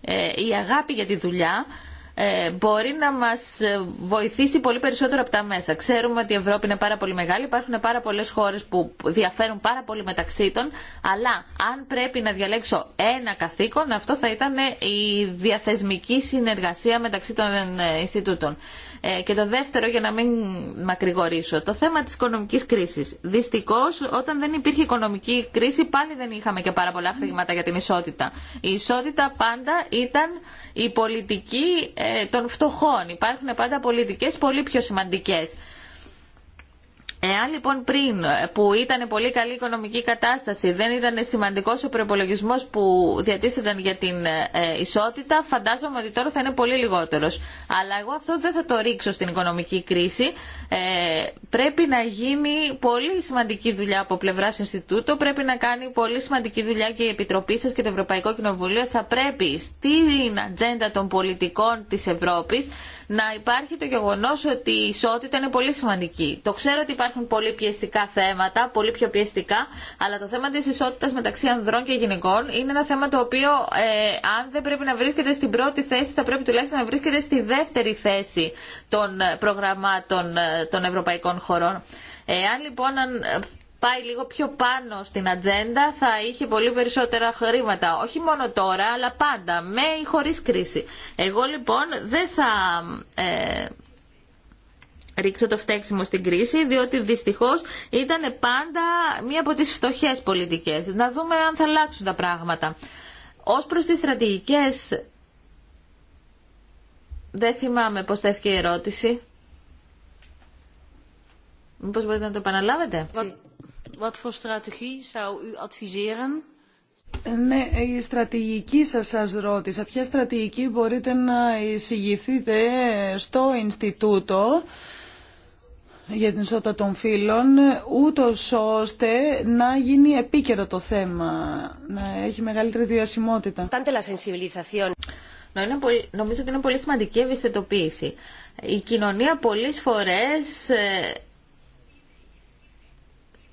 ε, η αγάπη για τη δουλειά ε, μπορεί να μας ε, βοηθήσει πολύ περισσότερο από τα μέσα. Ξέρουμε ότι η Ευρώπη είναι πάρα πολύ μεγάλη, υπάρχουν πάρα πολλές χώρες που διαφέρουν πάρα πολύ μεταξύ των, αλλά αν πρέπει να διαλέξω ένα καθήκον, αυτό θα ήταν η διαθεσμική συνεργασία μεταξύ των Ινστιτούτων. Ε, και το δεύτερο, για να μην μακρηγορήσω, το θέμα της οικονομικής κρίσης. Δυστυχώς, όταν δεν υπήρχε οικονομική κρίση, πάλι δεν είχαμε και πάρα πολλά χρήματα για την ισότητα. Η ισότητα πάντα ήταν η πολιτική ε, των φτωχών. Υπάρχουν πάντα πολιτικές πολύ πιο σημαντικές Εάν λοιπόν πριν ε, που ήταν πολύ καλή οικονομική κατάσταση δεν ήταν σημαντικό ο προπολογισμό που διατίθεταν για την ε, ε, ισότητα, φαντάζομαι ότι τώρα θα είναι πολύ λιγότερο. Αλλά εγώ αυτό δεν θα το ρίξω στην οικονομική κρίση. Ε, πρέπει να γίνει πολύ σημαντική δουλειά από πλευρά Ινστιτούτο, πρέπει να κάνει πολύ σημαντική δουλειά και η Επιτροπή σα και το Ευρωπαϊκό Κοινοβουλίο. Θα πρέπει στην ατζέντα των πολιτικών τη Ευρώπη να υπάρχει το γεγονός ότι η ισότητα είναι πολύ σημαντική. Το ξέρω ότι υπάρχουν πολύ πιεστικά θέματα, πολύ πιο πιεστικά, αλλά το θέμα της ισότητα μεταξύ ανδρών και γυναικών είναι ένα θέμα το οποίο ε, αν δεν πρέπει να βρίσκεται στην πρώτη θέση θα πρέπει τουλάχιστον να βρίσκεται στη δεύτερη θέση των προγραμμάτων ε, των ευρωπαϊκών χωρών. Λοιπόν, πάει λίγο πιο πάνω στην ατζέντα θα είχε πολύ περισσότερα χρήματα. Όχι μόνο τώρα, αλλά πάντα, με ή χωρίς κρίση. Εγώ λοιπόν δεν θα ε, ρίξω το φταίξιμο στην κρίση, διότι δυστυχώς ήταν πάντα μία από τις φτωχές πολιτικές. Να δούμε αν θα αλλάξουν τα πράγματα. Ως προς τις στρατηγικές, δεν θυμάμαι πώς τέθηκε η ερώτηση. Μήπως μπορείτε να το επαναλάβετε wat voor strategie zou u adviseren? Ναι, η στρατηγική σας σας ρώτησα. Ποια στρατηγική μπορείτε να εισηγηθείτε στο Ινστιτούτο για την ισότητα των φύλων, ούτω ώστε να γίνει επίκαιρο το θέμα, να έχει μεγαλύτερη διασημότητα. Νομίζω ότι είναι πολύ σημαντική ευαισθητοποίηση. Η κοινωνία πολλές φορές ε,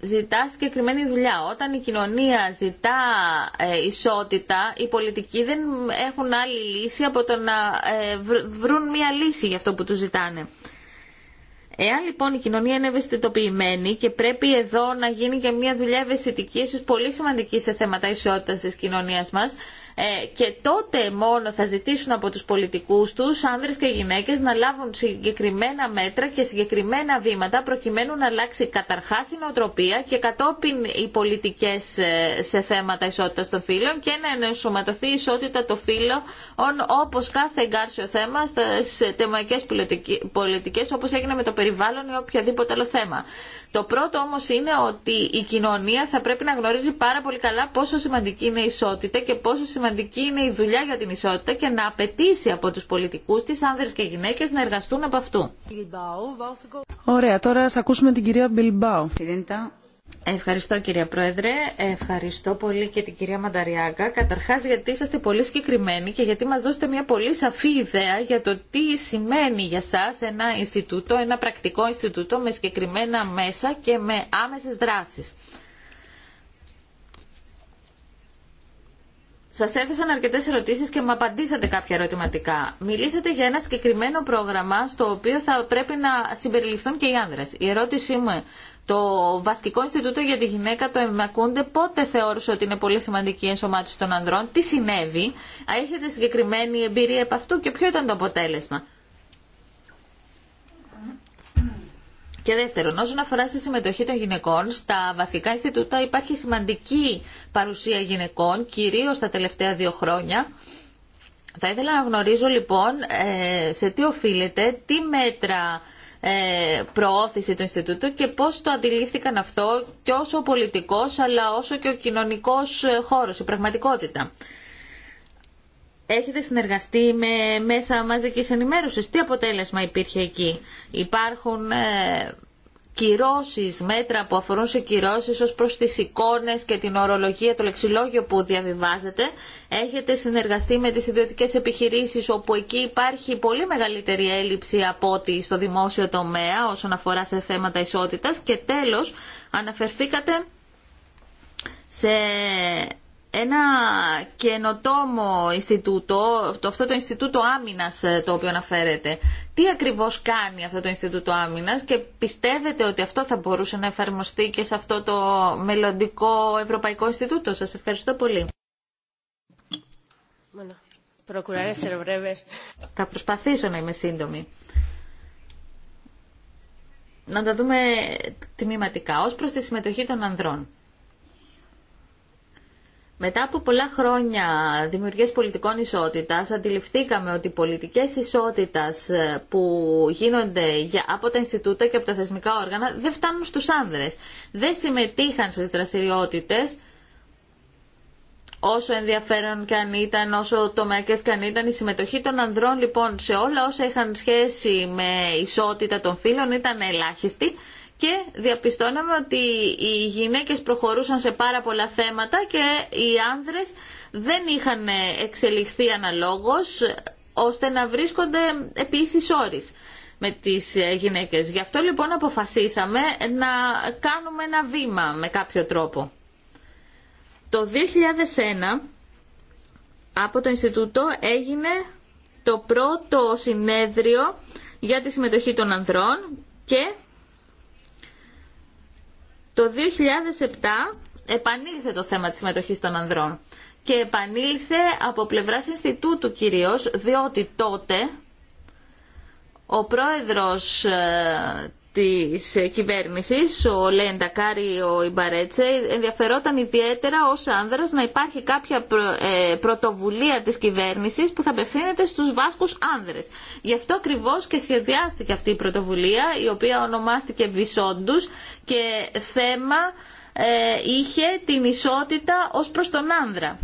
ζητά συγκεκριμένη δουλειά. Όταν η κοινωνία ζητά ε, ισότητα, οι πολιτικοί δεν έχουν άλλη λύση από το να ε, βρουν μία λύση για αυτό που τους ζητάνε. Εάν λοιπόν η κοινωνία είναι ευαισθητοποιημένη και πρέπει εδώ να γίνει και μία δουλειά ευαισθητική, ίσως πολύ σημαντική σε θέματα ισότητας της κοινωνίας μας, ε, και τότε μόνο θα ζητήσουν από τους πολιτικούς τους, άνδρες και γυναίκες, να λάβουν συγκεκριμένα μέτρα και συγκεκριμένα βήματα προκειμένου να αλλάξει καταρχάς η νοοτροπία και κατόπιν οι πολιτικές ε, σε θέματα ισότητας των φύλων και να ενσωματωθεί η ισότητα των φύλων όπως κάθε εγκάρσιο θέμα στις θεμαϊκές πολιτικές όπως έγινε με το περιβάλλον ή οποιαδήποτε άλλο θέμα. Το πρώτο όμως είναι ότι η κοινωνία θα πρέπει να γνωρίζει πάρα πολύ καλά πόσο σημαντική είναι η ισότητα και πόσο σημαντική είναι η δουλειά για την ισότητα και να απαιτήσει από τους πολιτικούς τις άνδρες και γυναίκες να εργαστούν από αυτού. Ωραία, τώρα ας ακούσουμε την κυρία Μπιλμπάου. Ευχαριστώ κυρία Πρόεδρε, ευχαριστώ πολύ και την κυρία Μανταριάγκα. Καταρχάς γιατί είσαστε πολύ συγκεκριμένοι και γιατί μας δώσετε μια πολύ σαφή ιδέα για το τι σημαίνει για σας ένα Ινστιτούτο, ένα πρακτικό Ινστιτούτο με συγκεκριμένα μέσα και με άμεσες δράσεις. Σα έθεσαν αρκετέ ερωτήσει και μου απαντήσατε κάποια ερωτηματικά. Μιλήσατε για ένα συγκεκριμένο πρόγραμμα στο οποίο θα πρέπει να συμπεριληφθούν και οι άνδρε. Η ερώτησή μου το Βασικό Ινστιτούτο για τη Γυναίκα, το Εμμακούντε, πότε θεώρησε ότι είναι πολύ σημαντική η ενσωμάτωση των ανδρών. Τι συνέβη, έχετε συγκεκριμένη εμπειρία από αυτού και ποιο ήταν το αποτέλεσμα. Και δεύτερον, όσον αφορά στη συμμετοχή των γυναικών, στα βασικά Ινστιτούτα υπάρχει σημαντική παρουσία γυναικών, κυρίω τα τελευταία δύο χρόνια. Θα ήθελα να γνωρίζω λοιπόν ε, σε τι οφείλεται, τι μέτρα ε, προώθηση του Ινστιτούτου και πώς το αντιλήφθηκαν αυτό και όσο ο πολιτικός αλλά όσο και ο κοινωνικός ε, χώρος, η πραγματικότητα. Έχετε συνεργαστεί με μέσα μαζικής ενημέρωσης. Τι αποτέλεσμα υπήρχε εκεί. Υπάρχουν ε, κυρώσεις, μέτρα που αφορούν σε κυρώσεις ως προς τις εικόνες και την ορολογία, το λεξιλόγιο που διαβιβάζεται. Έχετε συνεργαστεί με τις ιδιωτικές επιχειρήσεις όπου εκεί υπάρχει πολύ μεγαλύτερη έλλειψη από ό,τι στο δημόσιο τομέα όσον αφορά σε θέματα ισότητας. Και τέλος αναφερθήκατε σε ένα καινοτόμο Ινστιτούτο, το, αυτό το Ινστιτούτο Άμυνας ε, το οποίο αναφέρεται. Τι ακριβώς κάνει αυτό το Ινστιτούτο Άμυνας και πιστεύετε ότι αυτό θα μπορούσε να εφαρμοστεί και σε αυτό το μελλοντικό Ευρωπαϊκό Ινστιτούτο. Σας ευχαριστώ πολύ. Θα προσπαθήσω να είμαι σύντομη. Να τα δούμε τμήματικά. Ως προς τη συμμετοχή των ανδρών. Μετά από πολλά χρόνια δημιουργίας πολιτικών ισότητας, αντιληφθήκαμε ότι οι πολιτικές ισότητας ε, που γίνονται από τα Ινστιτούτα και από τα θεσμικά όργανα δεν φτάνουν στους άνδρες. Δεν συμμετείχαν στις δραστηριότητες, όσο ενδιαφέρον και αν ήταν, όσο τομεακές και αν ήταν, η συμμετοχή των ανδρών λοιπόν σε όλα όσα είχαν σχέση με ισότητα των φύλων ήταν ελάχιστη και διαπιστώναμε ότι οι γυναίκες προχωρούσαν σε πάρα πολλά θέματα και οι άνδρες δεν είχαν εξελιχθεί αναλόγως ώστε να βρίσκονται επίσης όρις με τις γυναίκες. Γι' αυτό λοιπόν αποφασίσαμε να κάνουμε ένα βήμα με κάποιο τρόπο. Το 2001 από το Ινστιτούτο έγινε το πρώτο συνέδριο για τη συμμετοχή των ανδρών και το 2007 επανήλθε το θέμα της συμμετοχής των ανδρών και επανήλθε από πλευράς Ινστιτούτου κυρίως, διότι τότε ο πρόεδρος ε, της κυβέρνησης, ο λέντακαρι ο Ιμπαρέτσε, ενδιαφερόταν ιδιαίτερα ως άνδρας να υπάρχει κάποια ε, πρωτοβουλία της κυβέρνησης που θα απευθύνεται στους Βάσκους άνδρες. Γι' αυτό ακριβώ και σχεδιάστηκε αυτή η πρωτοβουλία, η οποία ονομάστηκε Βυσόντους και θέμα ε, είχε την ισότητα ως προς τον άνδρα.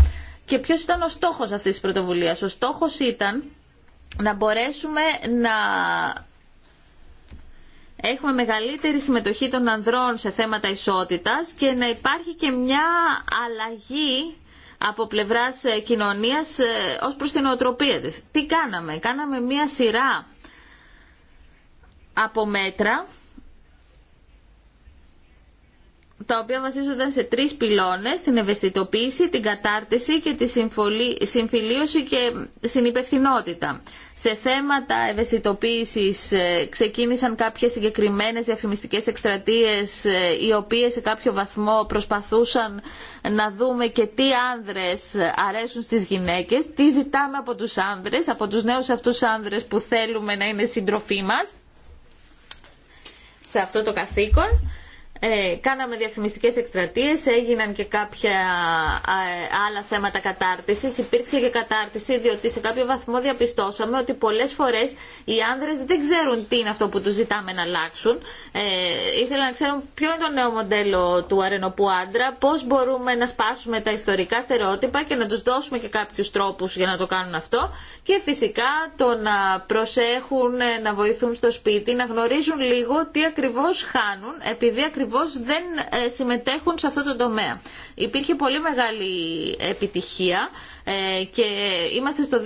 Και ποιος ήταν ο στόχος αυτής της πρωτοβουλίας. Ο στόχος ήταν να μπορέσουμε να έχουμε μεγαλύτερη συμμετοχή των ανδρών σε θέματα ισότητας και να υπάρχει και μια αλλαγή από πλευράς ε, κοινωνίας ε, ως προς την οτροπία της. Τι κάναμε. Κάναμε μια σειρά από μέτρα τα οποία βασίζονταν σε τρεις πυλώνες, την ευαισθητοποίηση, την κατάρτιση και τη συμφιλίωση και συνυπευθυνότητα. Σε θέματα ευαισθητοποίησης ε, ξεκίνησαν κάποιες συγκεκριμένες διαφημιστικές εκστρατείες ε, οι οποίες σε κάποιο βαθμό προσπαθούσαν να δούμε και τι άνδρες αρέσουν στις γυναίκες, τι ζητάμε από τους άνδρε, από του νέου αυτού άνδρες που θέλουμε να είναι συντροφοί μα σε αυτό το καθήκον ε, κάναμε διαφημιστικές εκστρατείες, έγιναν και κάποια ε, άλλα θέματα κατάρτισης. Υπήρξε και κατάρτιση διότι σε κάποιο βαθμό διαπιστώσαμε ότι πολλές φορές οι άνδρες δεν ξέρουν τι είναι αυτό που τους ζητάμε να αλλάξουν. Ε, ήθελα να ξέρουν ποιο είναι το νέο μοντέλο του αρενοπού άντρα, πώς μπορούμε να σπάσουμε τα ιστορικά στερεότυπα και να τους δώσουμε και κάποιους τρόπους για να το κάνουν αυτό. Και φυσικά το να προσέχουν, ε, να βοηθούν στο σπίτι, να γνωρίζουν λίγο τι ακριβώς χάνουν, επειδή ακριβώς δεν ε, συμμετέχουν σε αυτό το τομέα. Υπήρχε πολύ μεγάλη επιτυχία ε, και είμαστε στο 2009,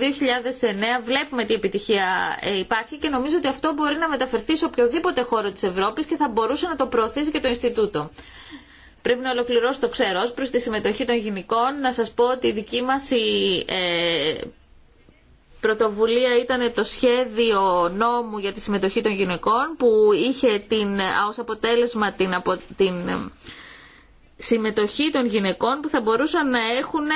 βλέπουμε τι επιτυχία ε, υπάρχει και νομίζω ότι αυτό μπορεί να μεταφερθεί σε οποιοδήποτε χώρο της Ευρώπης και θα μπορούσε να το προωθήσει και το Ινστιτούτο. Πρέπει να ολοκληρώσω το ξέρω. προ τη συμμετοχή των γυναικών, να σα πω ότι η δική μα. ε, πρωτοβουλία ήταν το σχέδιο νόμου για τη συμμετοχή των γυναικών που είχε την, ως αποτέλεσμα την, την ε, συμμετοχή των γυναικών που θα μπορούσαν να έχουν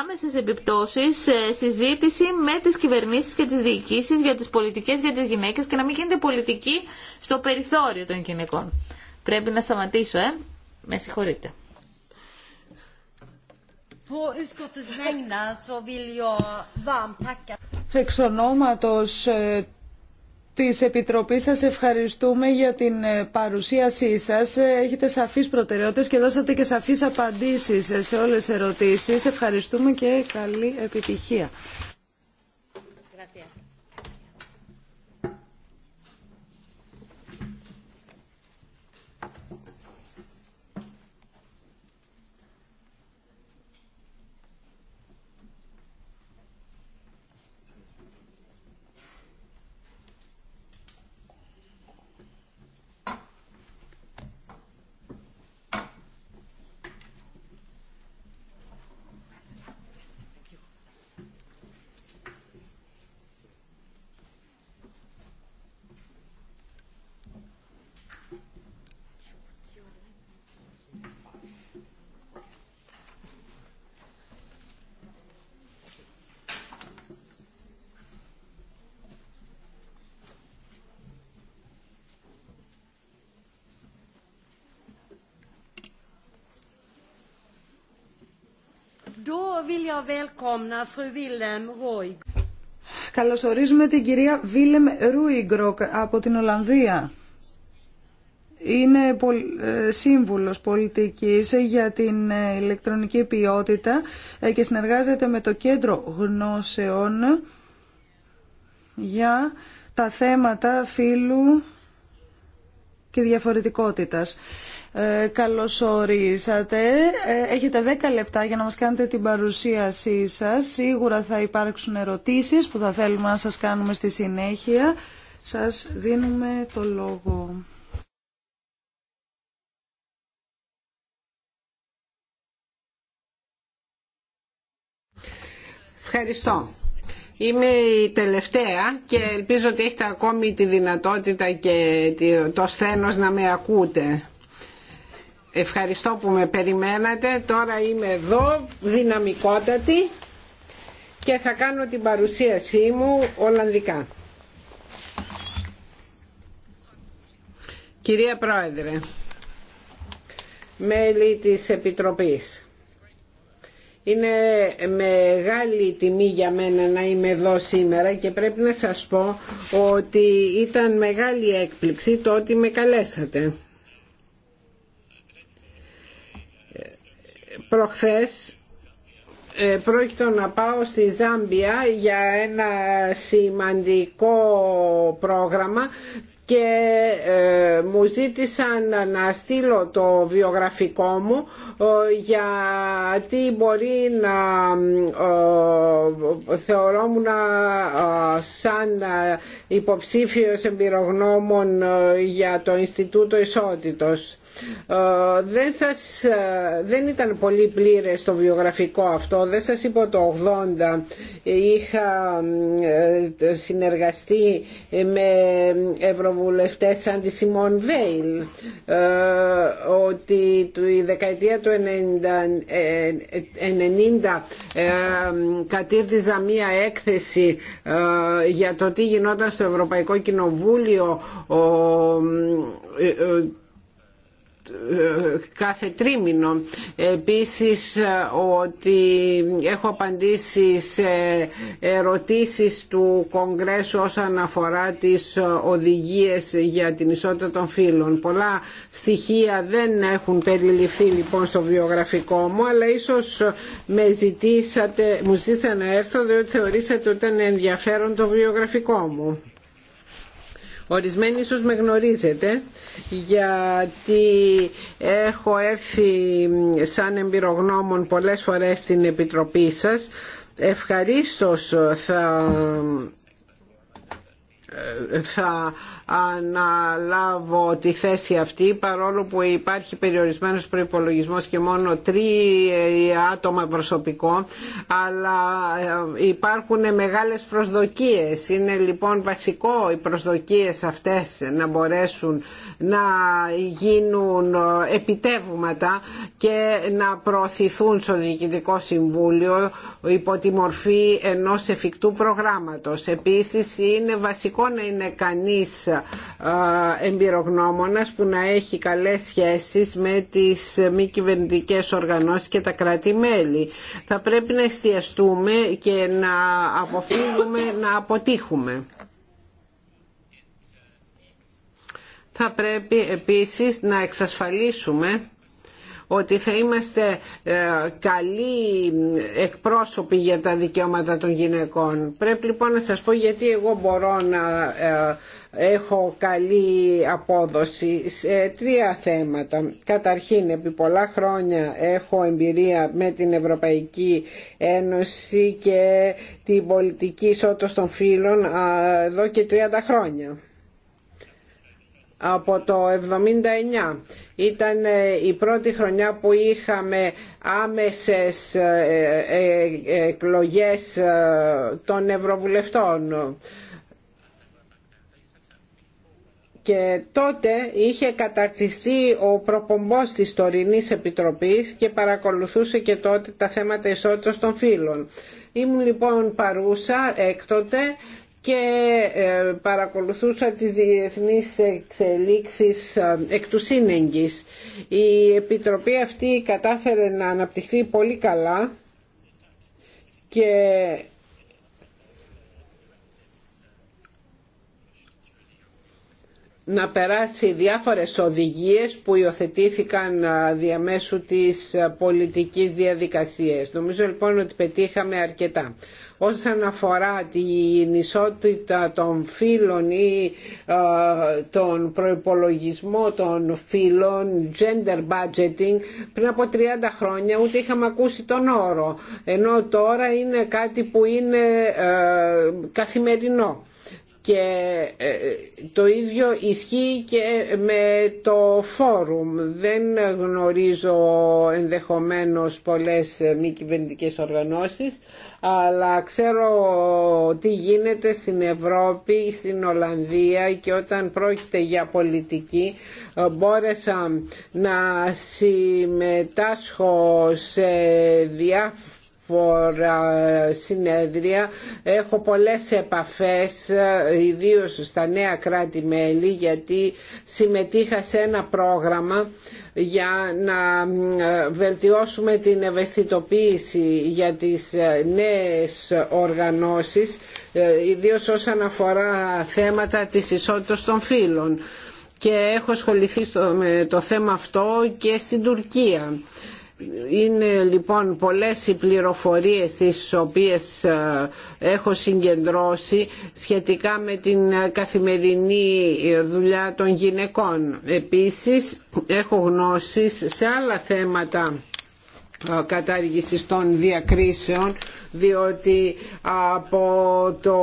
άμεσες επιπτώσεις σε συζήτηση με τις κυβερνήσεις και τις διοικήσεις για τις πολιτικές για τις γυναίκες και να μην γίνεται πολιτική στο περιθώριο των γυναικών. Πρέπει να σταματήσω, ε. Με συγχωρείτε. Εξ ονόματος ε, της Επιτροπής σας ευχαριστούμε για την ε, παρουσίασή σας. Ε, έχετε σαφείς προτεραιότητες και δώσατε και σαφείς απαντήσεις σε όλες τις ερωτήσεις. Ευχαριστούμε και καλή επιτυχία. Καλωσορίζουμε την κυρία Βίλεμ Ρούιγκροκ από την Ολλανδία. Είναι ε, σύμβουλος πολιτικής για την ε, ηλεκτρονική ποιότητα ε, και συνεργάζεται με το Κέντρο Γνώσεων για τα θέματα φύλου και διαφορετικότητας. Ε, καλωσορίσατε. Ε, έχετε 10 λεπτά για να μας κάνετε την παρουσίασή σας. Σίγουρα θα υπάρξουν ερωτήσεις που θα θέλουμε να σας κάνουμε στη συνέχεια. Σας δίνουμε το λόγο. Ευχαριστώ. Είμαι η τελευταία και ελπίζω ότι έχετε ακόμη τη δυνατότητα και το σθένος να με ακούτε. Ευχαριστώ που με περιμένατε. Τώρα είμαι εδώ, δυναμικότατη και θα κάνω την παρουσίασή μου Ολλανδικά. Κυρία Πρόεδρε, μέλη της Επιτροπής, είναι μεγάλη τιμή για μένα να είμαι εδώ σήμερα και πρέπει να σας πω ότι ήταν μεγάλη έκπληξη το ότι με καλέσατε. προχθές ε, πρόκειτο να πάω στη Ζάμπια για ένα σημαντικό πρόγραμμα και ε, μου ζήτησαν να στείλω το βιογραφικό μου ε, γιατί μπορεί να θεωρόμουν σαν υποψήφιος εμπειρογνώμων για το Ινστιτούτο Ισότητος ε, δεν, σας, ε, δεν ήταν πολύ πλήρες το βιογραφικό αυτό. Δεν σας είπα το 80 είχα ε, συνεργαστεί με ευρωβουλευτές σαν τη Σιμών Βέιλ ότι η δεκαετία του 90 κατήρτιζα μία έκθεση για το τι γινόταν στο Ευρωπαϊκό Κοινοβούλιο κάθε τρίμηνο. Επίσης ότι έχω απαντήσει σε ερωτήσεις του Κογκρέσου όσον αφορά τις οδηγίες για την ισότητα των φύλων. Πολλά στοιχεία δεν έχουν περιληφθεί λοιπόν στο βιογραφικό μου, αλλά ίσως με ζητήσατε, μου ζήσατε να έρθω διότι θεωρήσατε ότι ήταν ενδιαφέρον το βιογραφικό μου. Ορισμένοι ίσως με γνωρίζετε γιατί έχω έρθει σαν εμπειρογνώμων πολλές φορές στην Επιτροπή σας. Ευχαρίστως θα θα αναλάβω τη θέση αυτή παρόλο που υπάρχει περιορισμένος προϋπολογισμός και μόνο τρία άτομα προσωπικό αλλά ε, υπάρχουν μεγάλες προσδοκίες είναι λοιπόν βασικό οι προσδοκίες αυτές να μπορέσουν να γίνουν ε, επιτεύγματα και να προωθηθούν στο Διοικητικό Συμβούλιο υπό τη μορφή ενός εφικτού προγράμματος. Επίσης είναι βασικό να είναι κανείς ε, εμπειρογνώμονας που να έχει καλές σχέσεις με τις μη κυβερνητικέ οργανώσεις και τα κράτη-μέλη. Θα πρέπει να εστιαστούμε και να αποφύγουμε να αποτύχουμε. Θα πρέπει επίσης να εξασφαλίσουμε ότι θα είμαστε ε, καλοί εκπρόσωποι για τα δικαιώματα των γυναικών. Πρέπει λοιπόν να σας πω γιατί εγώ μπορώ να ε, έχω καλή απόδοση σε τρία θέματα. Καταρχήν, επί πολλά χρόνια έχω εμπειρία με την Ευρωπαϊκή Ένωση και την πολιτική ισότητα των φύλων εδώ και 30 χρόνια από το 79. Ήταν ε, η πρώτη χρονιά που είχαμε άμεσες ε, ε, εκλογές των Ευρωβουλευτών και τότε είχε καταρτιστεί ο προπομπός της τωρινής επιτροπής και παρακολουθούσε και τότε τα θέματα ισότητας των φύλων. Ήμουν λοιπόν παρούσα έκτοτε και ε, παρακολουθούσα τις διεθνείς εξελίξεις ε, εκ του σύνεγγης. Η Επιτροπή αυτή κατάφερε να αναπτυχθεί πολύ καλά και να περάσει διάφορες οδηγίες που υιοθετήθηκαν διαμέσου της πολιτικής διαδικασίας. Νομίζω λοιπόν ότι πετύχαμε αρκετά. Όσον αφορά την ισότητα των φύλων ή τον προϋπολογισμό των φύλων, gender budgeting, πριν από 30 χρόνια ούτε είχαμε ακούσει τον όρο, ενώ τώρα είναι κάτι που είναι καθημερινό και ε, το ίδιο ισχύει και με το φόρουμ. Δεν γνωρίζω ενδεχομένως πολλές μη κυβερνητικέ οργανώσεις, αλλά ξέρω τι γίνεται στην Ευρώπη, στην Ολλανδία και όταν πρόκειται για πολιτική ε, μπόρεσα να συμμετάσχω σε διάφορα διάφορα συνέδρια, έχω πολλές επαφές, ιδίως στα νέα κράτη-μέλη, γιατί συμμετείχα σε ένα πρόγραμμα για να βελτιώσουμε την ευαισθητοποίηση για τις ε, νέες οργανώσεις, ε, ιδίως όσον αφορά θέματα της ισότητας των φύλων. Και έχω ασχοληθεί με το θέμα αυτό και στην Τουρκία είναι λοιπόν πολλές οι πληροφορίες τις οποίες ε, έχω συγκεντρώσει σχετικά με την ε, καθημερινή ε, δουλειά των γυναικών. Επίσης έχω γνώσεις σε άλλα θέματα ε, κατάργησης των διακρίσεων διότι από το,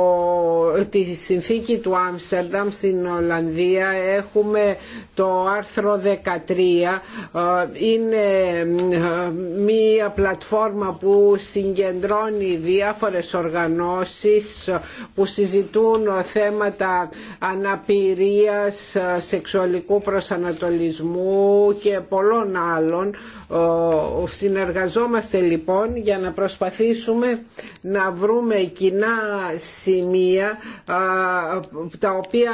τη συνθήκη του Άμστερνταμ στην Ολλανδία έχουμε το άρθρο 13 ε, είναι ε, μία πλατφόρμα που συγκεντρώνει διάφορες οργανώσεις που συζητούν θέματα αναπηρίας, σεξουαλικού προσανατολισμού και πολλών άλλων συνεργασίων συνεργαζόμαστε λοιπόν για να προσπαθήσουμε να βρούμε κοινά σημεία τα οποία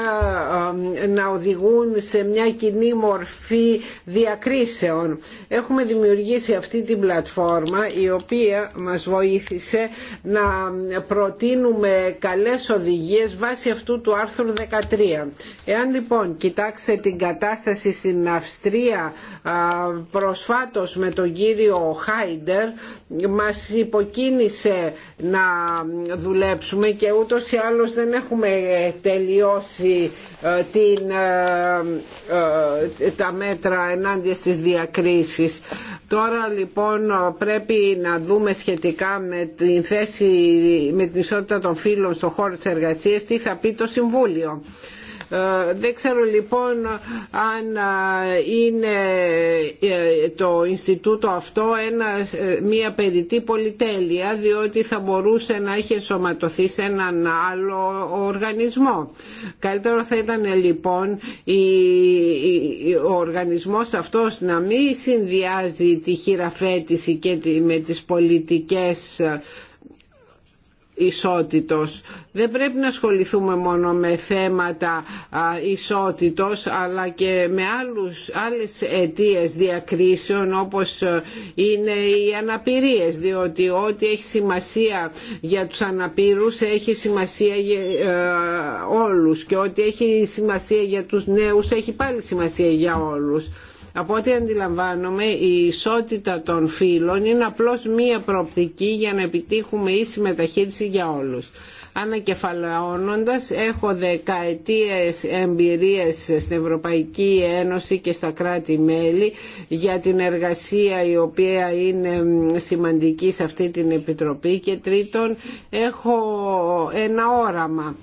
να οδηγούν σε μια κοινή μορφή διακρίσεων. Έχουμε δημιουργήσει αυτή την πλατφόρμα η οποία μας βοήθησε να προτείνουμε καλές οδηγίες βάσει αυτού του άρθρου 13. Εάν λοιπόν κοιτάξτε την κατάσταση στην Αυστρία προσφάτως με τον κύριο Χάιντερ μας υποκίνησε να δουλέψουμε και ούτως ή άλλως δεν έχουμε ε, τελειώσει ε, την, ε, τα μέτρα ενάντια στις διακρίσεις. Τώρα λοιπόν πρέπει να δούμε σχετικά με την θέση, με την ισότητα των φύλων στον χώρο της εργασίας τι θα πει το Συμβούλιο. Ε, δεν ξέρω λοιπόν αν ε, είναι ε, το Ινστιτούτο αυτό ένα, μια περιττή πολυτέλεια διότι θα μπορούσε να έχει ενσωματωθεί σε έναν άλλο οργανισμό. Καλύτερο θα ήταν λοιπόν ο οργανισμός αυτός να μην συνδυάζει τη χειραφέτηση και με τις πολιτικές ισότητος. Δεν πρέπει να ασχοληθούμε μόνο με θέματα ισότητος αλλά και με άλλους, άλλες αιτίες διακρίσεων όπως ε, είναι οι αναπηρίες διότι ό,τι έχει σημασία για τους αναπήρους έχει σημασία για ε, όλους και ό,τι έχει σημασία για τους νέους έχει πάλι σημασία για όλους. Από ό,τι αντιλαμβάνομαι η ισότητα των φύλων είναι απλώς μία προοπτική για να επιτύχουμε ίση μεταχείριση για όλους. Ανακεφαλαιώνοντας έχω δεκαετίες εμπειρίες στην Ευρωπαϊκή Ένωση και στα κράτη-μέλη για την εργασία η οποία είναι σημαντική σε αυτή την Επιτροπή και τρίτον έχω ένα όραμα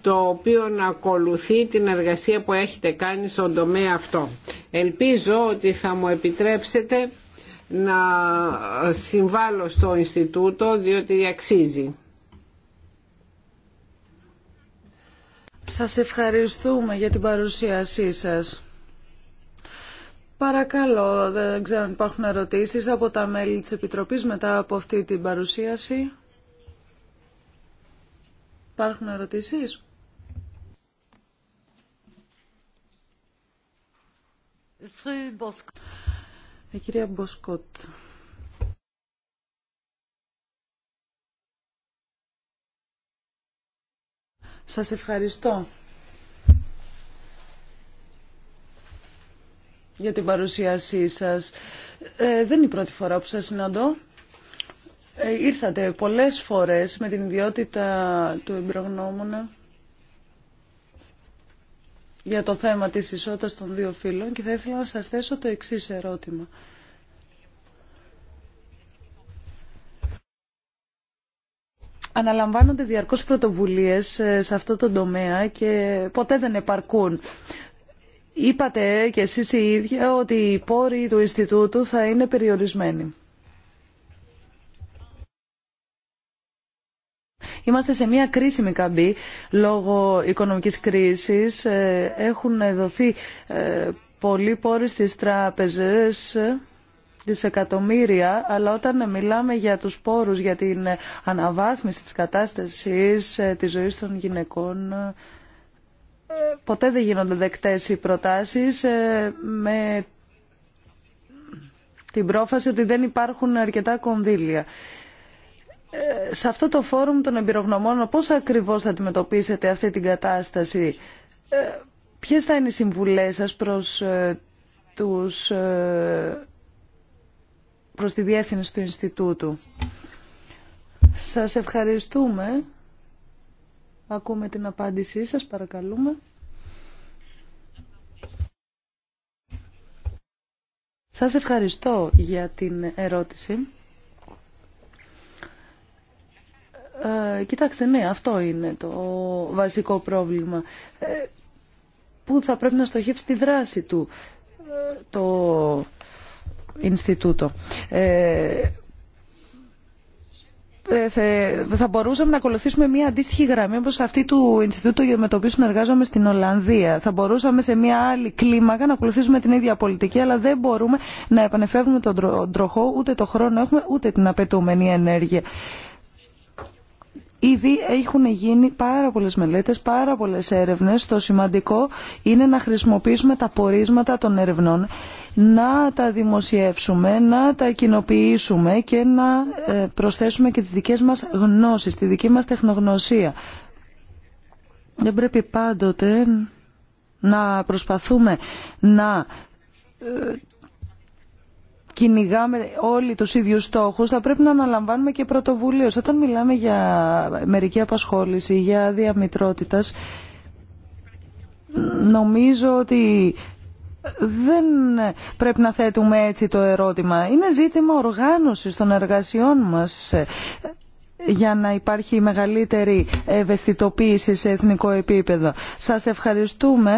το οποίο να ακολουθεί την εργασία που έχετε κάνει στον τομέα αυτό. Ελπίζω ότι θα μου επιτρέψετε να συμβάλλω στο Ινστιτούτο διότι αξίζει. Σας ευχαριστούμε για την παρουσίασή σας. Παρακαλώ, δεν ξέρω αν υπάρχουν ερωτήσεις από τα μέλη της Επιτροπής μετά από αυτή την παρουσίαση. Υπάρχουν ερωτήσεις. Ε, σας ευχαριστώ για την παρουσίασή σας. Ε, δεν είναι η πρώτη φορά που σας συναντώ. Ε, ήρθατε πολλές φορές με την ιδιότητα του εμπειρογνώμονα για το θέμα της ισότητας των δύο φύλων και θα ήθελα να σας θέσω το εξής ερώτημα. Αναλαμβάνονται διαρκώς πρωτοβουλίες ε, σε αυτό το τομέα και ποτέ δεν επαρκούν. Είπατε και εσείς οι ίδια ότι οι πόροι του Ινστιτούτου θα είναι περιορισμένοι. Είμαστε σε μια κρίσιμη καμπή λόγω οικονομικής κρίσης. Ε, έχουν δοθεί ε, πολλοί πόροι στις τράπεζες ε, δισεκατομμύρια, αλλά όταν μιλάμε για τους πόρους, για την αναβάθμιση της κατάστασης της ζωής των γυναικών, ποτέ δεν γίνονται δεκτές οι προτάσεις με την πρόφαση ότι δεν υπάρχουν αρκετά κονδύλια. Ε, σε αυτό το φόρουμ των εμπειρογνωμών πώς ακριβώς θα αντιμετωπίσετε αυτή την κατάσταση. Ε, ποιες θα είναι οι συμβουλές σας προς, ε, τους, προς τη διεύθυνση του Ινστιτούτου. Σας ευχαριστούμε. Ακούμε την απάντησή σας, παρακαλούμε. Σας ευχαριστώ για την ερώτηση. Ε, κοιτάξτε, ναι, αυτό είναι το βασικό πρόβλημα ε, που θα πρέπει να στοχεύσει τη δράση του ε, το Ινστιτούτο. Θα μπορούσαμε να ακολουθήσουμε μια αντίστοιχη γραμμή όπως αυτή του Ινστιτούτου με το οποίο συνεργάζομαι στην Ολλανδία. Θα μπορούσαμε σε μια άλλη κλίμακα να ακολουθήσουμε την ίδια πολιτική αλλά δεν μπορούμε να επανεφεύγουμε τον τροχό ούτε το χρόνο έχουμε ούτε την απαιτούμενη ενέργεια. Ήδη έχουν γίνει πάρα πολλές μελέτες, πάρα πολλές έρευνες. Το σημαντικό είναι να χρησιμοποιήσουμε τα πορίσματα των ερευνών, να τα δημοσιεύσουμε, να τα κοινοποιήσουμε και να ε, προσθέσουμε και τις δικές μας γνώσεις, τη δική μας τεχνογνωσία. Δεν πρέπει πάντοτε να προσπαθούμε να ε, κυνηγάμε όλοι τους ίδιους στόχους, θα πρέπει να αναλαμβάνουμε και πρωτοβουλίες. Όταν μιλάμε για μερική απασχόληση, για διαμητρότητας, νομίζω ότι δεν πρέπει να θέτουμε έτσι το ερώτημα. Είναι ζήτημα οργάνωσης των εργασιών μας για να υπάρχει μεγαλύτερη ευαισθητοποίηση σε εθνικό επίπεδο. Σας ευχαριστούμε.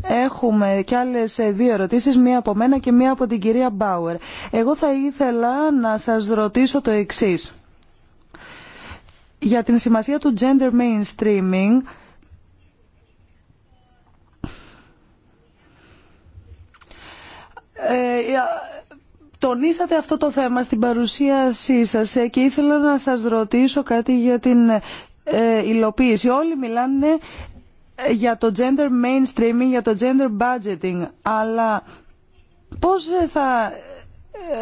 Έχουμε κι άλλες ε, δύο ερωτήσεις, μία από μένα και μία από την κυρία Μπάουερ. Εγώ θα ήθελα να σας ρωτήσω το εξής. Για την σημασία του gender mainstreaming, ε, τονίσατε αυτό το θέμα στην παρουσίασή σας ε, και ήθελα να σας ρωτήσω κάτι για την ε, υλοποίηση. Όλοι μιλάνε για το gender mainstreaming, για το gender budgeting, αλλά πώς θα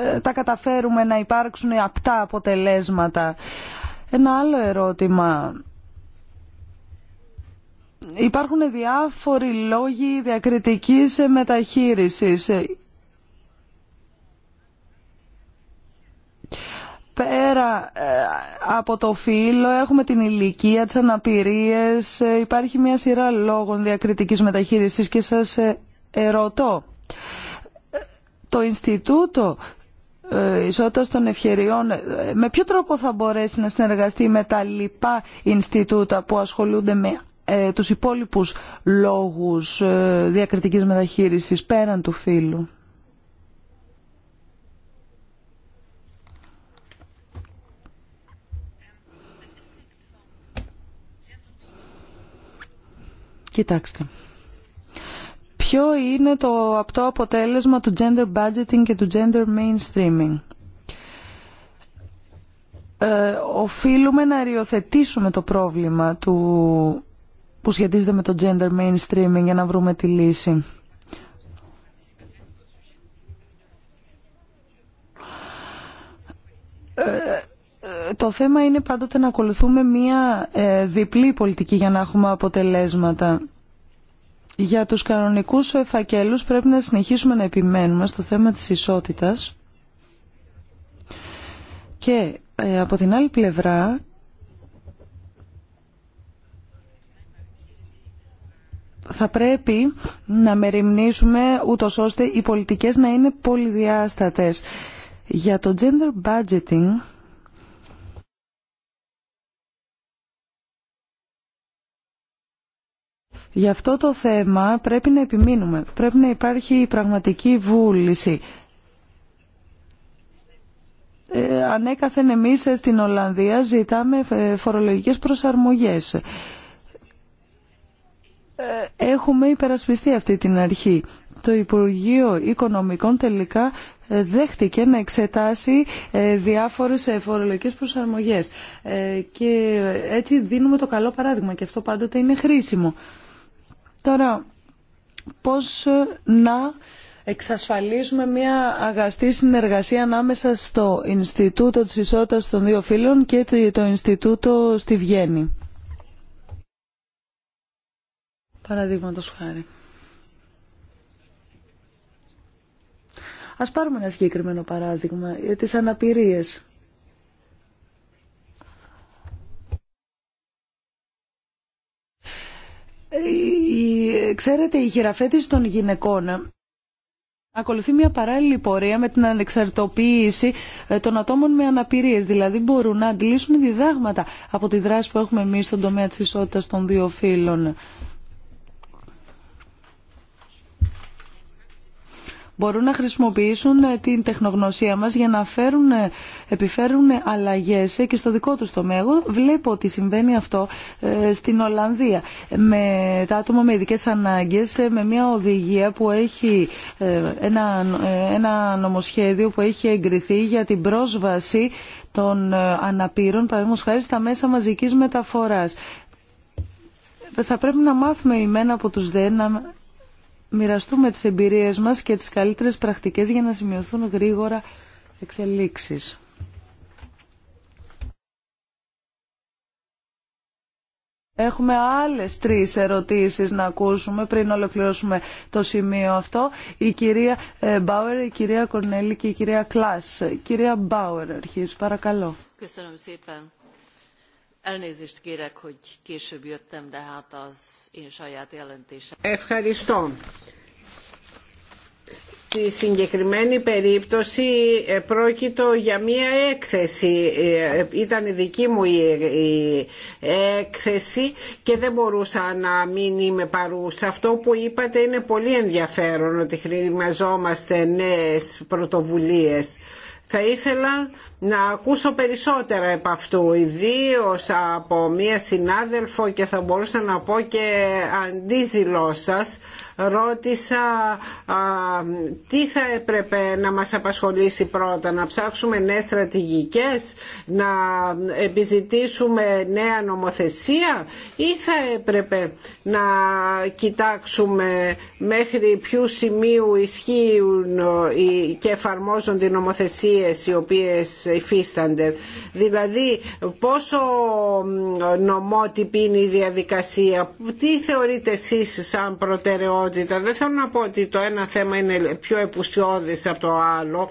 ε, τα καταφέρουμε να υπάρξουν απτά αποτελέσματα. Ένα άλλο ερώτημα. Υπάρχουν διάφοροι λόγοι διακριτικής μεταχείρισης. πέρα ε, από το φύλλο έχουμε την ηλικία, τις αναπηρίες, ε, υπάρχει μια σειρά λόγων διακριτικής μεταχείρισης και σας ε, ερωτώ. Το Ινστιτούτο Ισότητας των Ευκαιριών με ποιο τρόπο θα μπορέσει να συνεργαστεί με τα λοιπά Ινστιτούτα που ασχολούνται με τους υπόλοιπους λόγους διακριτικής μεταχείρισης πέραν του φύλλου. Κοιτάξτε. Ποιο είναι το απτό αποτέλεσμα του gender budgeting και του gender mainstreaming. Ε, οφείλουμε να ριοθετήσουμε το πρόβλημα του, που σχετίζεται με το gender mainstreaming για να βρούμε τη λύση. Ε, το θέμα είναι πάντοτε να ακολουθούμε μία ε, διπλή πολιτική για να έχουμε αποτελέσματα. Για τους κανονικούς εφακέλους πρέπει να συνεχίσουμε να επιμένουμε στο θέμα της ισότητας και ε, από την άλλη πλευρά θα πρέπει να μεριμνήσουμε ούτως ώστε οι πολιτικές να είναι πολυδιάστατες. Για το gender budgeting Γι' αυτό το θέμα πρέπει να επιμείνουμε. Πρέπει να υπάρχει η πραγματική βούληση. Ε, ανέκαθεν εμείς στην Ολλανδία ζητάμε ε, φορολογικές προσαρμογές. Ε, έχουμε υπερασπιστεί αυτή την αρχή. Το Υπουργείο Οικονομικών τελικά ε, δέχτηκε να εξετάσει ε, διάφορες φορολογικές προσαρμογές. Και έτσι δίνουμε το καλό παράδειγμα και αυτό πάντοτε είναι χρήσιμο. Τώρα, πώς ε, να εξασφαλίσουμε μια αγαστή συνεργασία ανάμεσα στο Ινστιτούτο της Ισότητας των Δύο Φύλων και το Ινστιτούτο στη Βιέννη. Παραδείγματος χάρη. Ας πάρουμε ένα συγκεκριμένο παράδειγμα για ε, τις αναπηρίες. ξέρετε, η χειραφέτηση των γυναικών ακολουθεί μια παράλληλη πορεία με την ανεξαρτοποίηση ε, των ατόμων με αναπηρίες. Δηλαδή μπορούν να αντλήσουν διδάγματα από τη δράση που έχουμε εμείς στον τομέα της ισότητας των δύο φύλων. μπορούν να χρησιμοποιήσουν ε, την τεχνογνωσία μας για να φέρουν, ε, επιφέρουν ε, αλλαγές και στο δικό τους τομέα. Εγώ βλέπω ότι συμβαίνει αυτό στην Ολλανδία με τα άτομα με ειδικές ανάγκες, με μια οδηγία που έχει ένα, ένα νομοσχέδιο που έχει εγκριθεί για την πρόσβαση των αναπήρων, παραδείγματος χάρη στα μέσα μαζικής μεταφοράς. Θα πρέπει να μάθουμε ημένα από τους ΔΕΝ μοιραστούμε τις εμπειρίες μας και τις καλύτερες πρακτικές για να σημειωθούν γρήγορα εξελίξεις. Έχουμε άλλες τρεις ερωτήσεις να ακούσουμε πριν ολοκληρώσουμε το σημείο αυτό. Η κυρία ε, Μπάουερ, η κυρία Κορνέλη και η κυρία Κλάς. Κυρία Μπάουερ, αρχίζει παρακαλώ. Ευχαριστώ. Στη συγκεκριμένη περίπτωση ε, πρόκειτο για μία έκθεση. Ε, ήταν η δική μου η έκθεση και δεν μπορούσα να μην είμαι παρούσα. Αυτό που είπατε είναι πολύ ενδιαφέρον ότι χρειαζόμαστε νέες πρωτοβουλίες. Θα ήθελα να ακούσω περισσότερα από αυτού, ιδίω από μία συνάδελφο και θα μπορούσα να πω και αντίζηλό σα. ρώτησα τι θα έπρεπε να μας απασχολήσει πρώτα, να ψάξουμε νέες στρατηγικές, να επιζητήσουμε νέα νομοθεσία ή θα έπρεπε να κοιτάξουμε μέχρι ποιου σημείου ισχύουν και εφαρμόζονται οι νομοθεσίες οι οποίες υφίστανται. Δηλαδή πόσο νομότυπη είναι η διαδικασία, τι θεωρείτε εσείς σαν προτεραιότητα. Δεν θέλω να πω ότι το ένα θέμα είναι πιο επουσιώδης από το άλλο,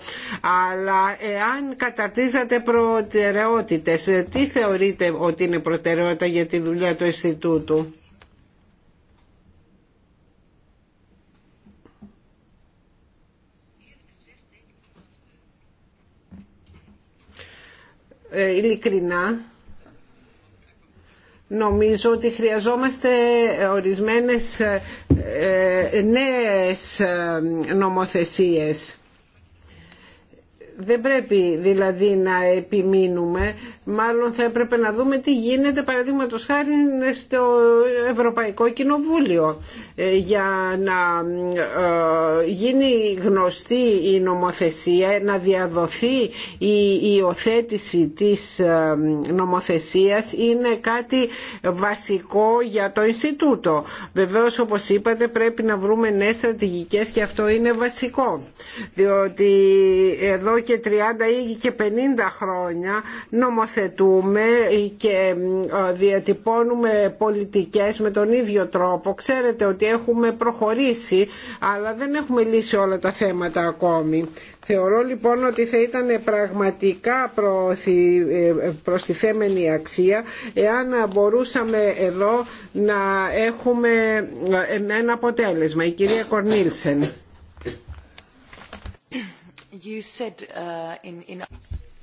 αλλά εάν καταρτίζατε προτεραιότητες, τι θεωρείτε ότι είναι προτεραιότητα για τη δουλειά του Ινστιτούτου. Ε, ειλικρινά Νομίζω ότι χρειαζόμαστε ορισμένες ε, ε, νέες νομοθεσίες δεν πρέπει δηλαδή να επιμείνουμε, μάλλον θα έπρεπε να δούμε τι γίνεται παραδείγματο χάρη στο Ευρωπαϊκό Κοινοβούλιο ε, για να ε, γίνει γνωστή η νομοθεσία, να διαδοθεί η υιοθέτηση της ε, νομοθεσίας είναι κάτι βασικό για το Ινστιτούτο. Βεβαίως όπως είπατε πρέπει να βρούμε νέες στρατηγικές και αυτό είναι βασικό διότι και 30 ή και 50 χρόνια νομοθετούμε και ε, διατυπώνουμε πολιτικές με τον ίδιο τρόπο. Ξέρετε ότι έχουμε προχωρήσει αλλά δεν έχουμε λύσει όλα τα θέματα ακόμη. Θεωρώ λοιπόν ότι θα ήταν πραγματικά ε, προστιθέμενη αξία εάν μπορούσαμε εδώ να έχουμε ε, ένα αποτέλεσμα. Η κυρία Κορνίλσεν. Uh,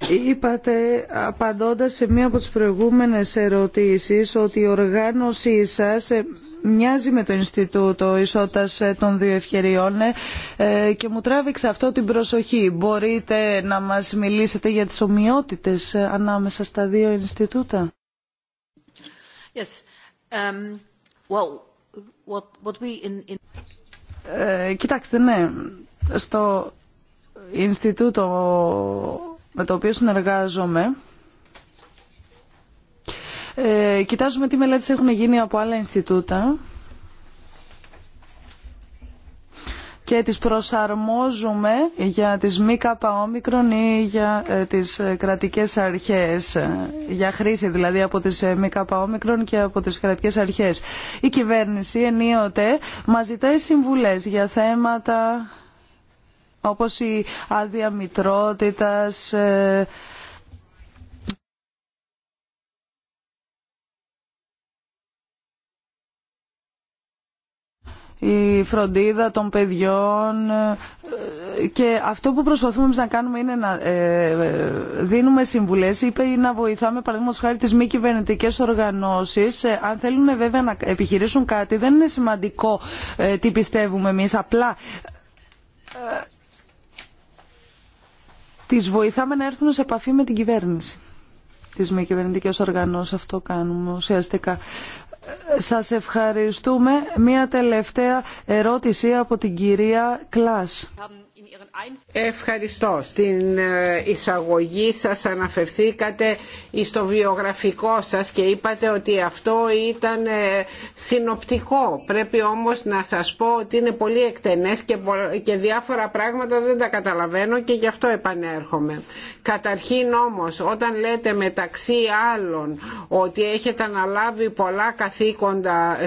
Είπατε απαντώντας σε μία από τις προηγούμενες ερωτήσεις ότι η οργάνωσή σας ε, μοιάζει με το Ινστιτούτο Ισότητας ε, των Δύο Ευκαιριών ε, και μου τράβηξε αυτό την προσοχή. Μπορείτε να μας μιλήσετε για τις ομοιότητες ανάμεσα στα δύο Ινστιτούτα. Yes. Um, well, what, we in, κοιτάξτε, ναι. Στο Ινστιτούτο με το οποίο συνεργάζομαι ε, κοιτάζουμε τι μελέτες έχουν γίνει από άλλα Ινστιτούτα και τις προσαρμόζουμε για τις μη ή για ε, τις ε, κρατικές αρχές, ε, για χρήση δηλαδή από τις μη καπαόμικρον και από τις κρατικές αρχές. Η κυβέρνηση ενίοτε μας ζητάει συμβουλές για θέματα όπως η άδεια μητρότητας, ε, η φροντίδα των παιδιών ε, και αυτό που προσπαθούμε να κάνουμε είναι να ε, δίνουμε συμβουλές ή να βοηθάμε παραδείγματος χάρη τις μη κυβερνητικέ οργανώσεις αν θέλουν βέβαια να επιχειρήσουν κάτι δεν είναι σημαντικό τι πιστεύουμε εμείς απλά τις βοηθάμε να έρθουν σε επαφή με την κυβέρνηση. Τις με κυβερνητικέ οργανώσει, αυτό κάνουμε ουσιαστικά. Σας ευχαριστούμε. Μία τελευταία ερώτηση από την κυρία Κλάς. Ευχαριστώ. Στην ε, εισαγωγή σας αναφερθήκατε στο βιογραφικό σας και είπατε ότι αυτό ήταν ε, συνοπτικό. Πρέπει όμως να σας πω ότι είναι πολύ εκτενές και διάφορα πράγματα δεν τα καταλαβαίνω και γι' αυτό επανέρχομαι. Καταρχήν όμως όταν λέτε μεταξύ άλλων ότι έχετε αναλάβει πολλά καθήκοντα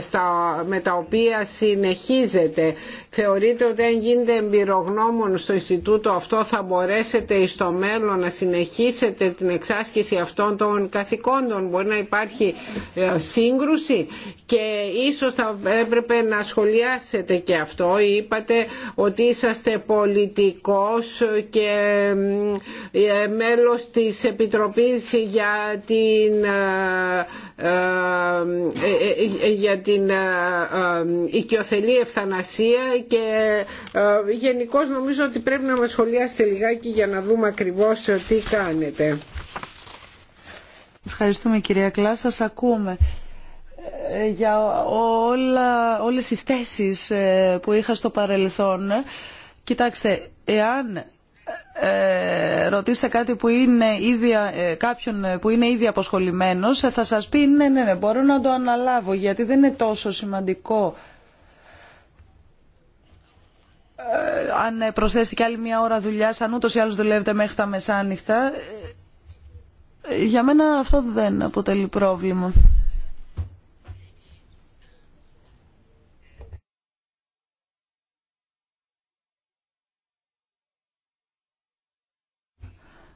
με τα οποία συνεχίζετε θεωρείτε ότι δεν γίνετε εμπειρογνώμων στο Ινστιτούτο το αυτό θα μπορέσετε στο μέλλον να συνεχίσετε την εξάσκηση αυτών των καθηκόντων. Μπορεί να υπάρχει ε, σύγκρουση και ίσως θα έπρεπε να σχολιάσετε και αυτό. Είπατε ότι είσαστε πολιτικός και ε, μέλος της Επιτροπής για την ε, ε, ε, ε, για την οικειοθελή ευθανασία και γενικώ νομίζω ότι πρέπει να μας σχολιάσετε λιγάκι για να δούμε ακριβώς τι κάνετε. Ευχαριστούμε κυρία Κλά, σας ακούμε για όλα, όλες τις θέσεις που είχα στο παρελθόν. Κοιτάξτε, εάν ε, ρωτήστε κάτι που είναι ήδη, ε, κάποιον ε, που είναι ήδη αποσχολημένος θα σας πει ναι, ναι, ναι, μπορώ να το αναλάβω γιατί δεν είναι τόσο σημαντικό αν προσθέσετε και άλλη μια ώρα δουλειά αν ούτως ή άλλως δουλεύετε μέχρι τα μεσάνυχτα, για μένα αυτό δεν αποτελεί πρόβλημα.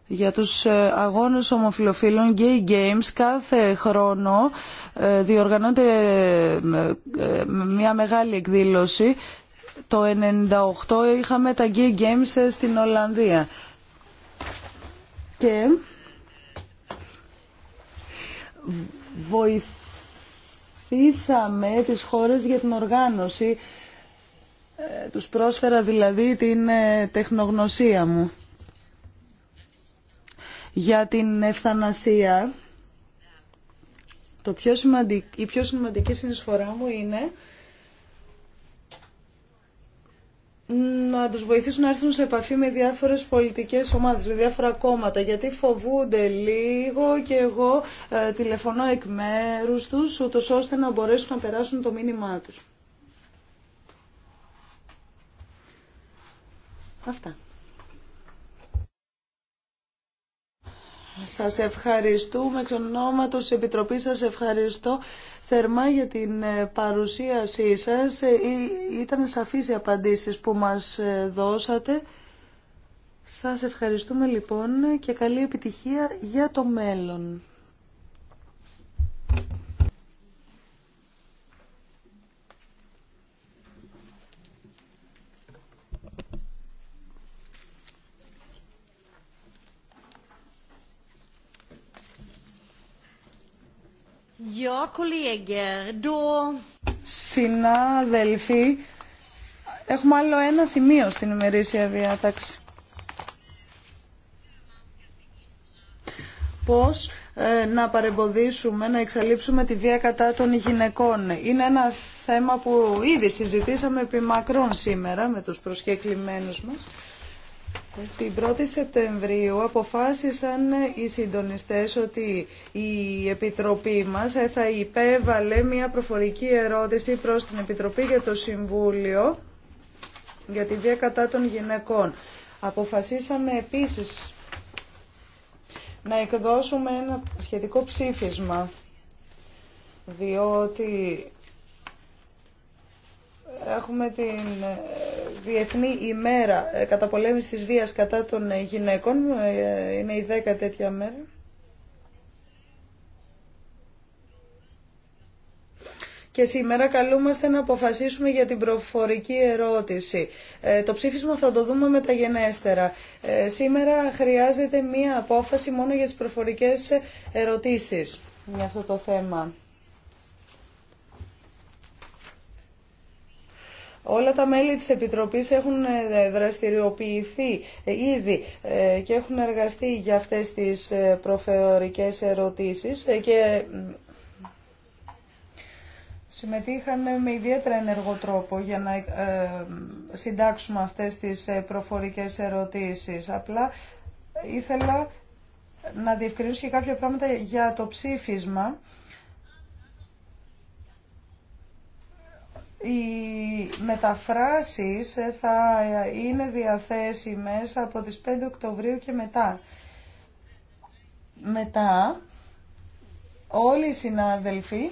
για τους ε, αγώνες ομοφιλοφίλων Gay Games κάθε χρόνο ε, διοργανώνεται ε, μια μεγάλη εκδήλωση. Το 1998 είχαμε τα Gay Games στην Ολλανδία. Και βοηθήσαμε τις χώρες για την οργάνωση. Τους πρόσφερα δηλαδή την τεχνογνωσία μου για την ευθανασία. Το πιο Η πιο σημαντική συνεισφορά μου είναι να τους βοηθήσουν να έρθουν σε επαφή με διάφορες πολιτικές ομάδες, με διάφορα κόμματα, γιατί φοβούνται λίγο και εγώ ε, τηλεφωνώ εκ μέρους τους, ώστε να μπορέσουν να περάσουν το μήνυμά τους. Αυτά. Σας ευχαριστούμε εξ ονόματος της Επιτροπής σας ευχαριστώ θερμά για την ε, παρουσίασή σας. Ε, ήταν σαφείς οι απαντήσεις που μας ε, δώσατε. Σας ευχαριστούμε λοιπόν και καλή επιτυχία για το μέλλον. Συνάδελφοι, έχουμε άλλο ένα σημείο στην ημερήσια διάταξη. Πώς ε, να παρεμποδίσουμε, να εξαλείψουμε τη βία κατά των γυναικών. Είναι ένα θέμα που ήδη συζητήσαμε επί μακρόν σήμερα με τους προσκεκλημένους μας. Την 1η Σεπτεμβρίου αποφάσισαν οι συντονιστές ότι η Επιτροπή μας θα υπέβαλε μια προφορική ερώτηση προς την Επιτροπή για το Συμβούλιο για τη βία κατά των γυναικών. Αποφασίσαμε επίσης να εκδώσουμε ένα σχετικό ψήφισμα διότι Έχουμε την ε, Διεθνή ημέρα ε, καταπολέμησης της βίας κατά των ε, γυναίκων. Είναι η δέκα τέτοια μέρα. Και σήμερα καλούμαστε να αποφασίσουμε για την προφορική ερώτηση. Το ψήφισμα θα το δούμε μεταγενέστερα. Σήμερα χρειάζεται μία απόφαση μόνο για τις προφορικές ερωτήσεις για αυτό το θέμα. Όλα τα μέλη της Επιτροπής έχουν ε, δραστηριοποιηθεί ε, ήδη ε, και έχουν εργαστεί για αυτές τις προφεωρικές ερωτήσεις και συμμετείχαν με ιδιαίτερα ενεργό τρόπο για να συντάξουμε αυτές τις προφορικές ερωτήσεις. Απλά ήθελα να διευκρινίσω και κάποια πράγματα για το ψήφισμα Οι μεταφράσεις θα είναι διαθέσιμες από τις 5 Οκτωβρίου και μετά. Μετά, όλοι οι συνάδελφοι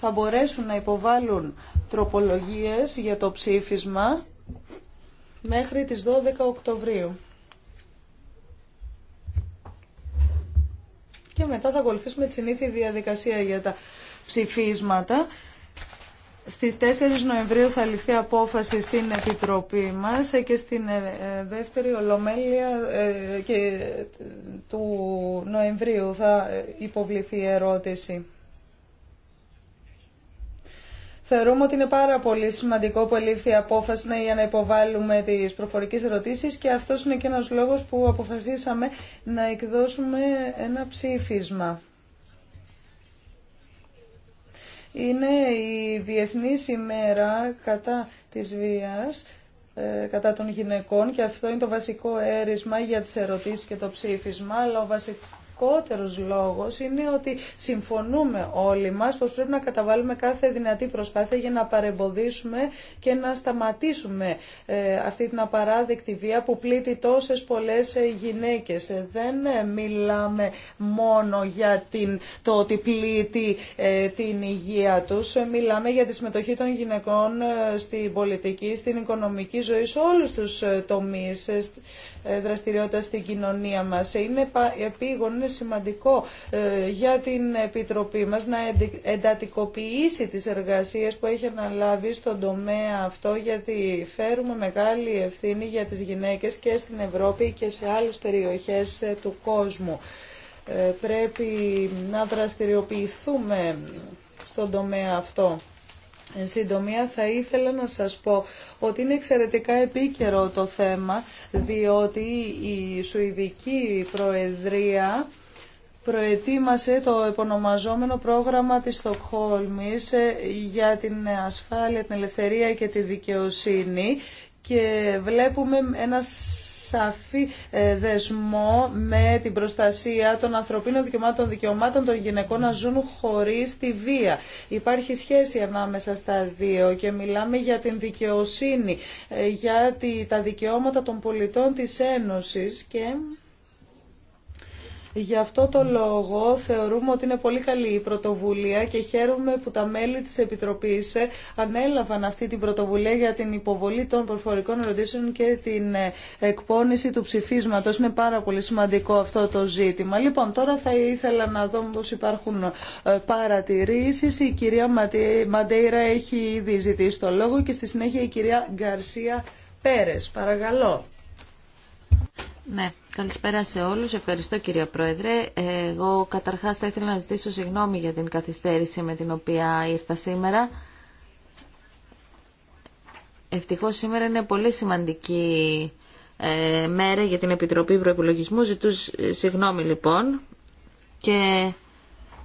θα μπορέσουν να υποβάλουν τροπολογίες για το ψήφισμα μέχρι τις 12 Οκτωβρίου. Και μετά θα ακολουθήσουμε τη συνήθεια διαδικασία για τα ψηφίσματα. Στις 4 Νοεμβρίου θα ληφθεί απόφαση στην Επιτροπή μας ε, και στην ε, ε, δεύτερη Ολομέλεια και του Νοεμβρίου θα υποβληθεί η ερώτηση. Θεωρούμε ότι είναι πάρα πολύ σημαντικό που ελήφθη η απόφαση ναι, για να υποβάλουμε τις προφορικές ερωτήσεις και αυτός είναι και ένας λόγος που αποφασίσαμε να εκδώσουμε ένα ψήφισμα είναι η διεθνή ημέρα κατά της βίας, ε, κατά των γυναικών και αυτό είναι το βασικό έρισμα για τις ερωτήσεις και το ψήφισμα, βασικότερος λόγος είναι ότι συμφωνούμε όλοι μας πως πρέπει να καταβάλουμε κάθε δυνατή προσπάθεια για να παρεμποδίσουμε και να σταματήσουμε ε, αυτή την απαράδεκτη βία που πλήττει τόσες πολλές ε, γυναίκες. Ε, δεν μιλάμε μόνο για την, το ότι πλήττει την υγεία τους, μιλάμε για τη συμμετοχή των γυναικών στην πολιτική, στην οικονομική ζωή, σε όλους τους τομείς ε, δραστηριότητα στην κοινωνία μας. Είναι επίγον, είναι σημαντικό ε, για την Επιτροπή μας να εντατικοποιήσει τις εργασίες που έχει αναλάβει στον τομέα αυτό γιατί φέρουμε μεγάλη ευθύνη για τις γυναίκες και στην Ευρώπη και σε άλλες περιοχές ε, του κόσμου. Πρέπει να δραστηριοποιηθούμε στον τομέα αυτό. Εν συντομία θα ήθελα να σας πω ότι είναι εξαιρετικά επίκαιρο το θέμα διότι η Σουηδική Προεδρία προετοίμασε το επωνομαζόμενο πρόγραμμα της Στοκχόλμης ε, για την ασφάλεια, την ελευθερία και τη δικαιοσύνη και βλέπουμε ένα σαφή ε, δεσμό με την προστασία των ανθρωπίνων δικαιωμάτων, δικαιωμάτων των γυναικών να ζουν χωρίς τη βία. Υπάρχει σχέση ανάμεσα στα δύο και μιλάμε για την δικαιοσύνη, ε, για τα δικαιώματα των πολιτών της Ένωσης και Γι' αυτό το λόγο θεωρούμε ότι είναι πολύ καλή η πρωτοβουλία και χαίρομαι που τα μέλη της Επιτροπής ε, ανέλαβαν αυτή την πρωτοβουλία για την υποβολή των προφορικών ερωτήσεων και την ε, εκπόνηση του ψηφίσματος. Είναι πάρα πολύ σημαντικό αυτό το ζήτημα. Λοιπόν, τώρα θα ήθελα να δω πως υπάρχουν ε, παρατηρήσεις. Η κυρία Μαντέιρα έχει ήδη ζητήσει το λόγο και στη συνέχεια η κυρία Γκαρσία Πέρες. Παρακαλώ. Ναι. Καλησπέρα σε όλους. Ευχαριστώ κυρία Πρόεδρε. Εγώ καταρχάς θα ήθελα να ζητήσω συγγνώμη για την καθυστέρηση με την οποία ήρθα σήμερα. Ευτυχώς σήμερα είναι πολύ σημαντική ε, μέρα για την Επιτροπή Προεπιλογισμού. Ζητώ ε, συγγνώμη λοιπόν. Και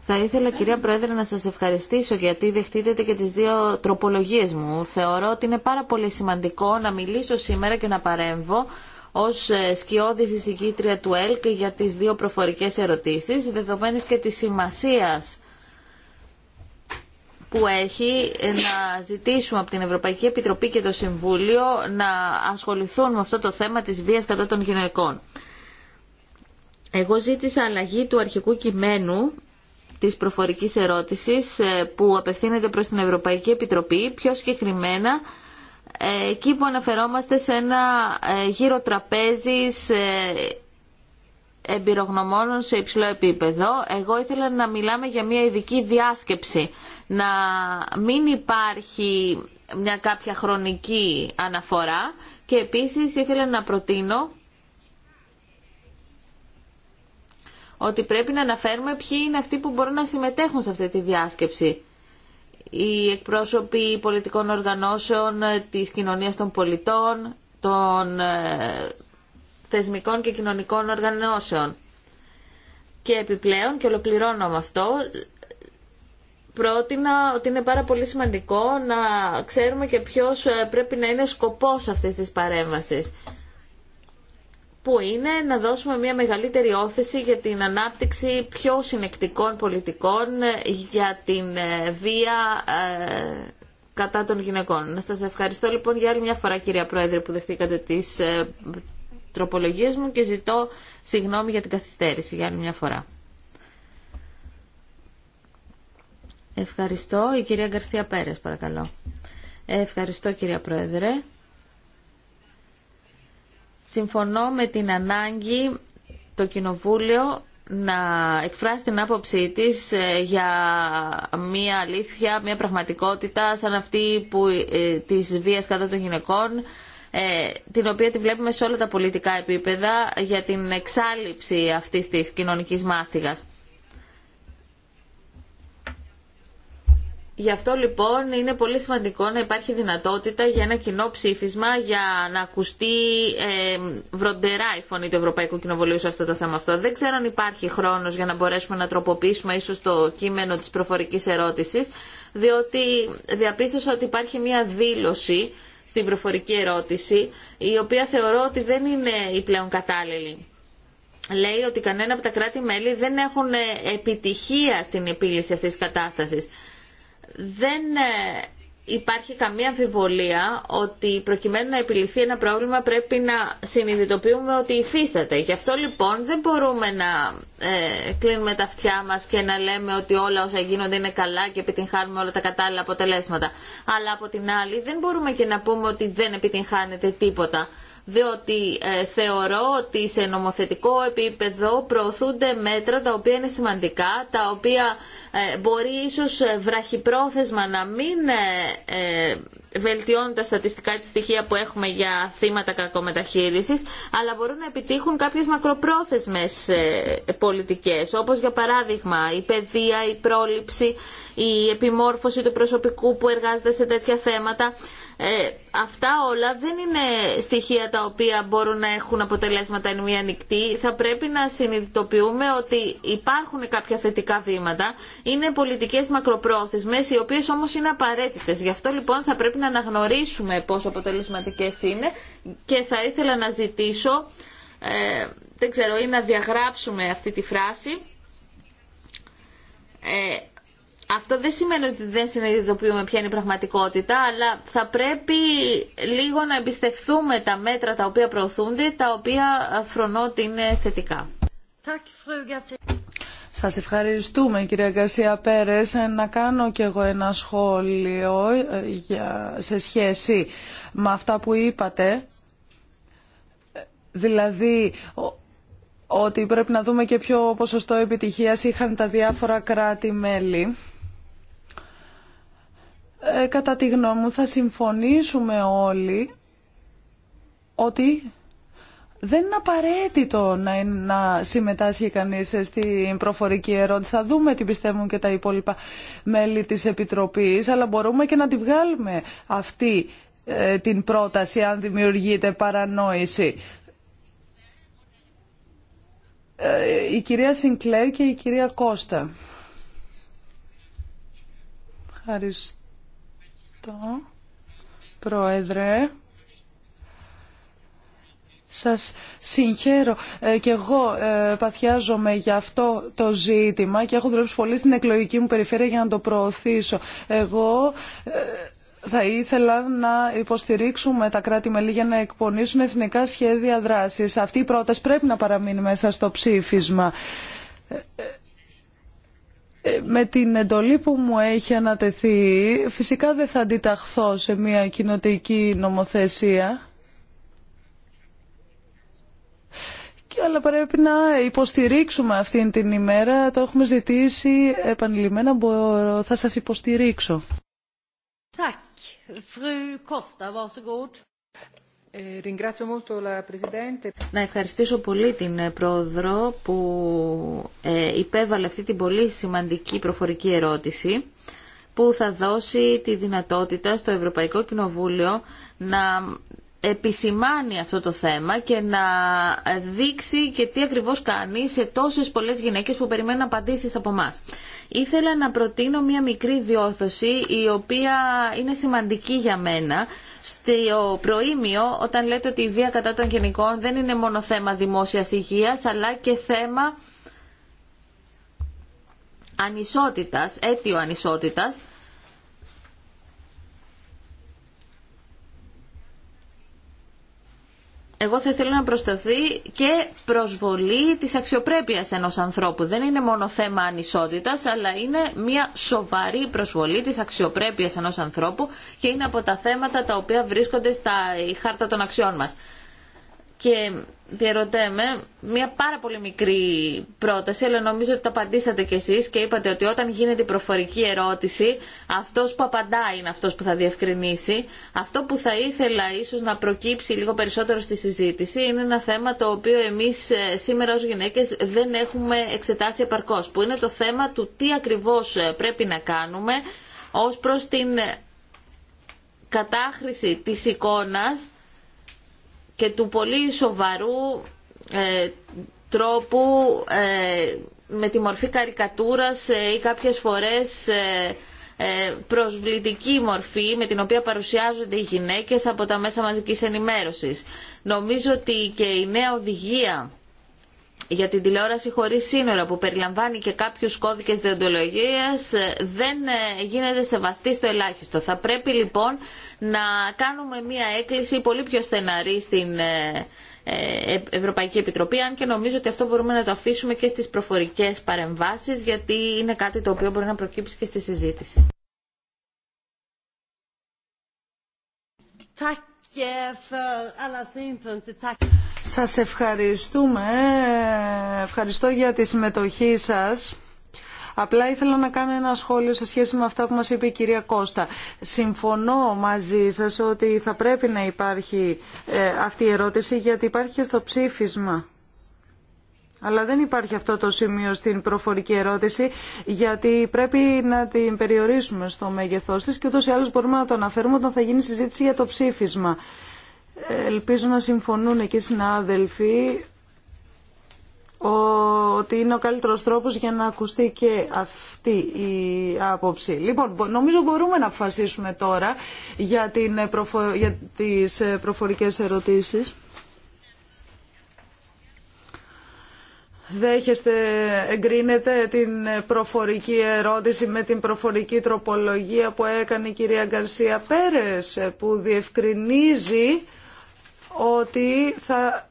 θα ήθελα κυρία Πρόεδρε να σας ευχαριστήσω γιατί δεχτείτε και τις δύο τροπολογίες μου. Θεωρώ ότι είναι πάρα πολύ σημαντικό να μιλήσω σήμερα και να παρέμβω ως ε, σκιώδης εισηγήτρια του ΕΛΚ για τις δύο προφορικές ερωτήσεις, δεδομένες και τη σημασίας που έχει ε, να ζητήσουμε από την Ευρωπαϊκή Επιτροπή και το Συμβούλιο να ασχοληθούν με αυτό το θέμα της βίας κατά των γυναικών. Εγώ ζήτησα αλλαγή του αρχικού κειμένου της προφορικής ερώτησης ε, που απευθύνεται προς την Ευρωπαϊκή Επιτροπή, πιο συγκεκριμένα εκεί που αναφερόμαστε σε ένα ε, γύρο τραπέζις ε, εμπειρογνωμόνων σε υψηλό επίπεδο. Εγώ ήθελα να μιλάμε για μια ειδική διάσκεψη, να μην υπάρχει μια κάποια χρονική αναφορά και επίσης ήθελα να προτείνω ότι πρέπει να αναφέρουμε ποιοι είναι αυτοί που μπορούν να συμμετέχουν σε αυτή τη διάσκεψη οι εκπρόσωποι πολιτικών οργανώσεων, ε, της κοινωνίας των πολιτών, των ε, θεσμικών και κοινωνικών οργανώσεων. Και επιπλέον, και ολοκληρώνω με αυτό, πρότεινα ότι είναι πάρα πολύ σημαντικό να ξέρουμε και ποιος ε, πρέπει να είναι σκοπός αυτής της παρέμβασης που είναι να δώσουμε μια μεγαλύτερη όθεση για την ανάπτυξη πιο συνεκτικών πολιτικών ε, για την ε, βία ε, κατά των γυναικών. Να σας ευχαριστώ λοιπόν για άλλη μια φορά κυρία Πρόεδρε που δεχτήκατε τις τροπολογίες μου και ζητώ συγγνώμη για την καθυστέρηση για άλλη μια φορά. Ευχαριστώ. Η κυρία Γκαρθία Πέρες παρακαλώ. Ευχαριστώ κυρία Πρόεδρε συμφωνώ με την ανάγκη το Κοινοβούλιο να εκφράσει την άποψή της ε, για μια αλήθεια, μια πραγματικότητα σαν αυτή που, ε, της βίας κατά των γυναικών ε, την οποία τη βλέπουμε σε όλα τα πολιτικά επίπεδα για την εξάλληψη αυτής της κοινωνικής μάστιγας. Γι' αυτό λοιπόν είναι πολύ σημαντικό να υπάρχει δυνατότητα για ένα κοινό ψήφισμα για να ακουστεί ε, βροντερά η φωνή του Ευρωπαϊκού Κοινοβουλίου σε αυτό το θέμα αυτό. Δεν ξέρω αν υπάρχει χρόνος για να μπορέσουμε να τροποποιήσουμε ίσως το κείμενο της προφορικής ερώτησης, διότι διαπίστωσα ότι υπάρχει μια δήλωση στην προφορική ερώτηση, η οποία θεωρώ ότι δεν είναι η πλέον κατάλληλη λέει ότι κανένα από τα κράτη-μέλη δεν έχουν ε, επιτυχία στην επίλυση αυτής της κατάστασης δεν ε, υπάρχει καμία αμφιβολία ότι προκειμένου να επιληθεί ένα πρόβλημα πρέπει να συνειδητοποιούμε ότι υφίσταται. Γι' αυτό λοιπόν δεν μπορούμε να ε, κλείνουμε τα αυτιά μας και να λέμε ότι όλα όσα γίνονται είναι καλά και επιτυγχάνουμε όλα τα κατάλληλα αποτελέσματα. Αλλά από την άλλη δεν μπορούμε και να πούμε ότι δεν επιτυγχάνεται τίποτα διότι ε, θεωρώ ότι σε νομοθετικό επίπεδο προωθούνται μέτρα τα οποία είναι σημαντικά, τα οποία ε, μπορεί ίσως ε, βραχυπρόθεσμα να μην βελτιώνουν τα στατιστικά της στοιχεία που έχουμε για θύματα κακομεταχείρισης, αλλά μπορούν να επιτύχουν κάποιες μακροπρόθεσμες πολιτικές, όπως για παράδειγμα η παιδεία, η πρόληψη, η επιμόρφωση του προσωπικού που εργάζεται σε τέτοια θέματα. Ε, αυτά όλα δεν είναι στοιχεία τα οποία μπορούν να έχουν αποτελέσματα εν μία νυχτή. Θα πρέπει να συνειδητοποιούμε ότι υπάρχουν κάποια θετικά βήματα. Είναι πολιτικές μακροπρόθεσμες, οι οποίες όμως είναι απαραίτητες. Γι' αυτό λοιπόν θα πρέπει να αναγνωρίσουμε πόσο αποτελεσματικές είναι και θα ήθελα να ζητήσω, ε, δεν ξέρω, ή να διαγράψουμε αυτή τη φράση. Ε, αυτό δεν σημαίνει ότι δεν συνειδητοποιούμε ποια είναι η πραγματικότητα, αλλά θα πρέπει λίγο να εμπιστευτούμε τα μέτρα τα οποία προωθούνται, τα οποία ε, φρονώ ότι είναι θετικά. Σας ευχαριστούμε κυρία Γκασία Πέρες. Ε, να κάνω κι εγώ ένα σχόλιο ε, σε σχέση με αυτά που είπατε. Δηλαδή, ότι πρέπει να δούμε και ποιο ποσοστό επιτυχίας είχαν τα διάφορα κράτη-μέλη. Ε, κατά τη γνώμη μου θα συμφωνήσουμε όλοι ότι δεν είναι απαραίτητο να, να συμμετάσχει κανείς στην προφορική ερώτηση. Θα δούμε τι πιστεύουν και τα υπόλοιπα μέλη της Επιτροπής, αλλά μπορούμε και να τη βγάλουμε αυτή ε, την πρόταση αν δημιουργείται παρανόηση. Ε, η κυρία Σινκλέρ και η κυρία Κώστα. Ευχαριστώ. Ευχαριστώ, Πρόεδρε. Σας συγχαίρω ε, και εγώ ε, παθιάζομαι για αυτό το ζήτημα και έχω δουλέψει πολύ στην εκλογική μου περιφέρεια για να το προωθήσω. Εγώ ε, θα ήθελα να υποστηρίξουμε τα κράτη-μελή για να εκπονήσουν εθνικά σχέδια δράσης. Αυτή η πρόταση πρέπει να παραμείνει μέσα στο ψήφισμα. Ε, ε, ε, με την εντολή που μου έχει ανατεθεί φυσικά δεν θα αντιταχθώ σε μια κοινοτική νομοθεσία και αλλά πρέπει να υποστηρίξουμε αυτήν την ημέρα το έχουμε ζητήσει επανειλημμένα θα σας υποστηρίξω ε, να ευχαριστήσω πολύ την ε, Πρόεδρο που ε, υπέβαλε αυτή την πολύ σημαντική προφορική ερώτηση που θα δώσει τη δυνατότητα στο Ευρωπαϊκό Κοινοβούλιο να επισημάνει αυτό το θέμα και να δείξει και τι ακριβώς κάνει σε τόσες πολλές γυναίκες που περιμένουν απαντήσεις από εμά. Ήθελα να προτείνω μία μικρή διόρθωση η οποία είναι σημαντική για μένα στο προήμιο όταν λέτε ότι η βία κατά των γενικών δεν είναι μόνο θέμα δημόσιας υγείας αλλά και θέμα ανισότητας, αίτιο ανισότητας εγώ θα ήθελα να προσταθεί και προσβολή της αξιοπρέπειας ενός ανθρώπου. Δεν είναι μόνο θέμα ανισότητας, αλλά είναι μια σοβαρή προσβολή της αξιοπρέπειας ενός ανθρώπου και είναι από τα θέματα τα οποία βρίσκονται στα χάρτα των αξιών μας. Και Διερωτέμαι. μια πάρα πολύ μικρή πρόταση, αλλά νομίζω ότι τα απαντήσατε κι εσείς και είπατε ότι όταν γίνεται η προφορική ερώτηση, αυτός που απαντάει είναι αυτός που θα διευκρινίσει. Αυτό που θα ήθελα ίσως να προκύψει λίγο περισσότερο στη συζήτηση είναι ένα θέμα το οποίο εμείς ε, σήμερα ως γυναίκες δεν έχουμε εξετάσει επαρκώς, που είναι το θέμα του τι ακριβώς ε, πρέπει να κάνουμε ως προς την ε, κατάχρηση της εικόνας και του πολύ σοβαρού ε, τρόπου ε, με τη μορφή καρικατούρας ε, ή κάποιες φορές προσβλητική μορφή με την οποία παρουσιάζονται οι γυναίκες από τα μέσα μαζικής ενημέρωσης. Νομίζω ότι και η νέα οδηγία για την τηλεόραση χωρίς σύνορα που περιλαμβάνει και κάποιους κώδικες διοντολογίας ε, δεν ε, γίνεται σεβαστή στο ελάχιστο. Θα πρέπει λοιπόν να κάνουμε μία έκκληση πολύ πιο στεναρή στην ε, Ευρωπαϊκή Επιτροπή, αν και νομίζω ότι αυτό μπορούμε να το αφήσουμε και στις προφορικές παρεμβάσεις, γιατί είναι κάτι το οποίο μπορεί να προκύψει και στη συζήτηση. Σας ευχαριστούμε. Ευχαριστώ για τη συμμετοχή σας. Απλά ήθελα να κάνω ένα σχόλιο σε σχέση με αυτά που μας είπε η κυρία Κώστα. Συμφωνώ μαζί σας ότι θα πρέπει να υπάρχει ε, αυτή η ερώτηση γιατί υπάρχει και στο ψήφισμα αλλά δεν υπάρχει αυτό το σημείο στην προφορική ερώτηση, γιατί πρέπει να την περιορίσουμε στο μέγεθό τη και ούτω ή άλλω μπορούμε να το αναφέρουμε όταν θα γίνει συζήτηση για το ψήφισμα. Ελπίζω να συμφωνούν εκεί οι συνάδελφοι ότι είναι ο καλύτερος τρόπος για να ακουστεί και αυτή η άποψη. Λοιπόν, νομίζω μπορούμε να αποφασίσουμε τώρα για, την προφο... για τις ε, προφορικές ερωτήσεις. Δέχεστε, εγκρίνετε την προφορική ερώτηση με την προφορική τροπολογία που έκανε η κυρία Γκαρσία Πέρες που διευκρινίζει ότι θα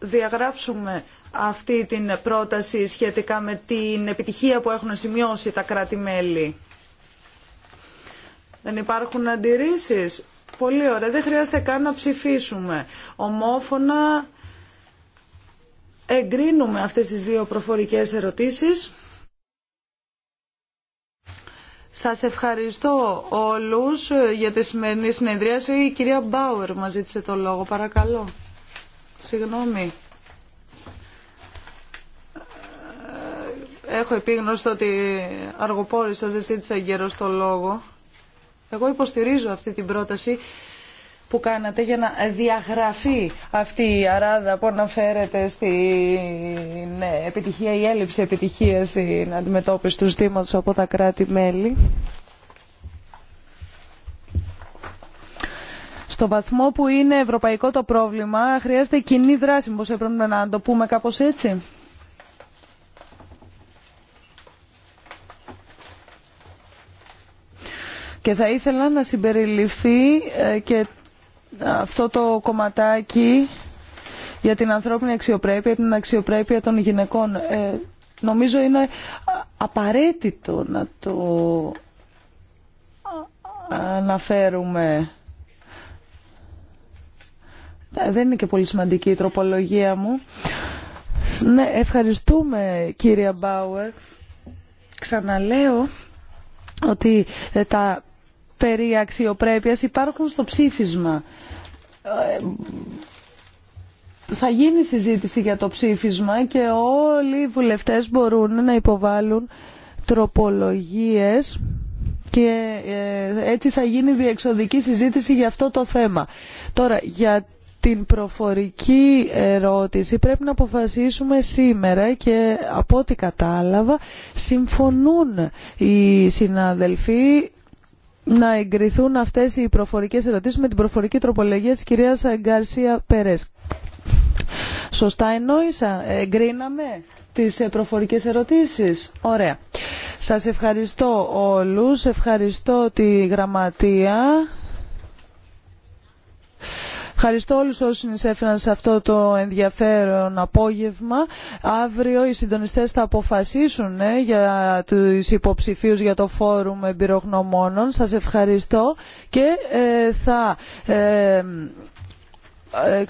διαγράψουμε αυτή την πρόταση σχετικά με την επιτυχία που έχουν σημειώσει τα κράτη-μέλη. Δεν υπάρχουν αντιρρήσεις. Πολύ ωραία. Δεν χρειάζεται καν να ψηφίσουμε. Ομόφωνα εγκρίνουμε αυτές τις δύο προφορικές ερωτήσεις. Σας ευχαριστώ όλους για τη σημερινή συνεδρία. Η κυρία Μπάουερ μας ζήτησε το λόγο, παρακαλώ. Συγγνώμη. Ε, έχω επίγνωστο ότι αργοπόρησα, δεν ζήτησα γερός το λόγο. Εγώ υποστηρίζω αυτή την πρόταση που κάνατε για να διαγραφεί αυτή η αράδα που αναφέρεται στην επιτυχία ή έλλειψη επιτυχία στην αντιμετώπιση του ζήτηματο από τα κράτη-μέλη. Στο βαθμό που είναι ευρωπαϊκό το πρόβλημα, χρειάζεται κοινή δράση. Πώς έπρεπε να το πούμε κάπως έτσι. Και θα ήθελα να συμπεριληφθεί ε, και αυτό το κομματάκι για την ανθρώπινη αξιοπρέπεια, την αξιοπρέπεια των γυναικών. Ε, νομίζω είναι απαραίτητο να το αναφέρουμε. Ε, δεν είναι και πολύ σημαντική η τροπολογία μου. Ναι, ευχαριστούμε κύρια Μπάουερ. Ξαναλέω ότι ε, τα περί αξιοπρέπειας υπάρχουν στο ψήφισμα. Ε, θα γίνει συζήτηση για το ψήφισμα και όλοι οι βουλευτές μπορούν να υποβάλουν τροπολογίες και ε, έτσι θα γίνει διεξοδική συζήτηση για αυτό το θέμα. Τώρα, για την προφορική ερώτηση πρέπει να αποφασίσουμε σήμερα και από ό,τι κατάλαβα συμφωνούν οι συναδελφοί να εγκριθούν αυτές οι προφορικές ερωτήσεις με την προφορική τροπολογία της κυρίας Γκαρσία Περές. Σωστά εννοήσα, εγκρίναμε τις ε, προφορικές ερωτήσεις. Ωραία. Σας ευχαριστώ όλους, ευχαριστώ τη γραμματεία. Ευχαριστώ όλους όσους συνεισέφεραν σε αυτό το ενδιαφέρον απόγευμα. Αύριο οι συντονιστές θα αποφασίσουν ε, για τους υποψηφίους για το Φόρουμ Εμπειρογνωμόνων. Σας ευχαριστώ και ε, θα ε,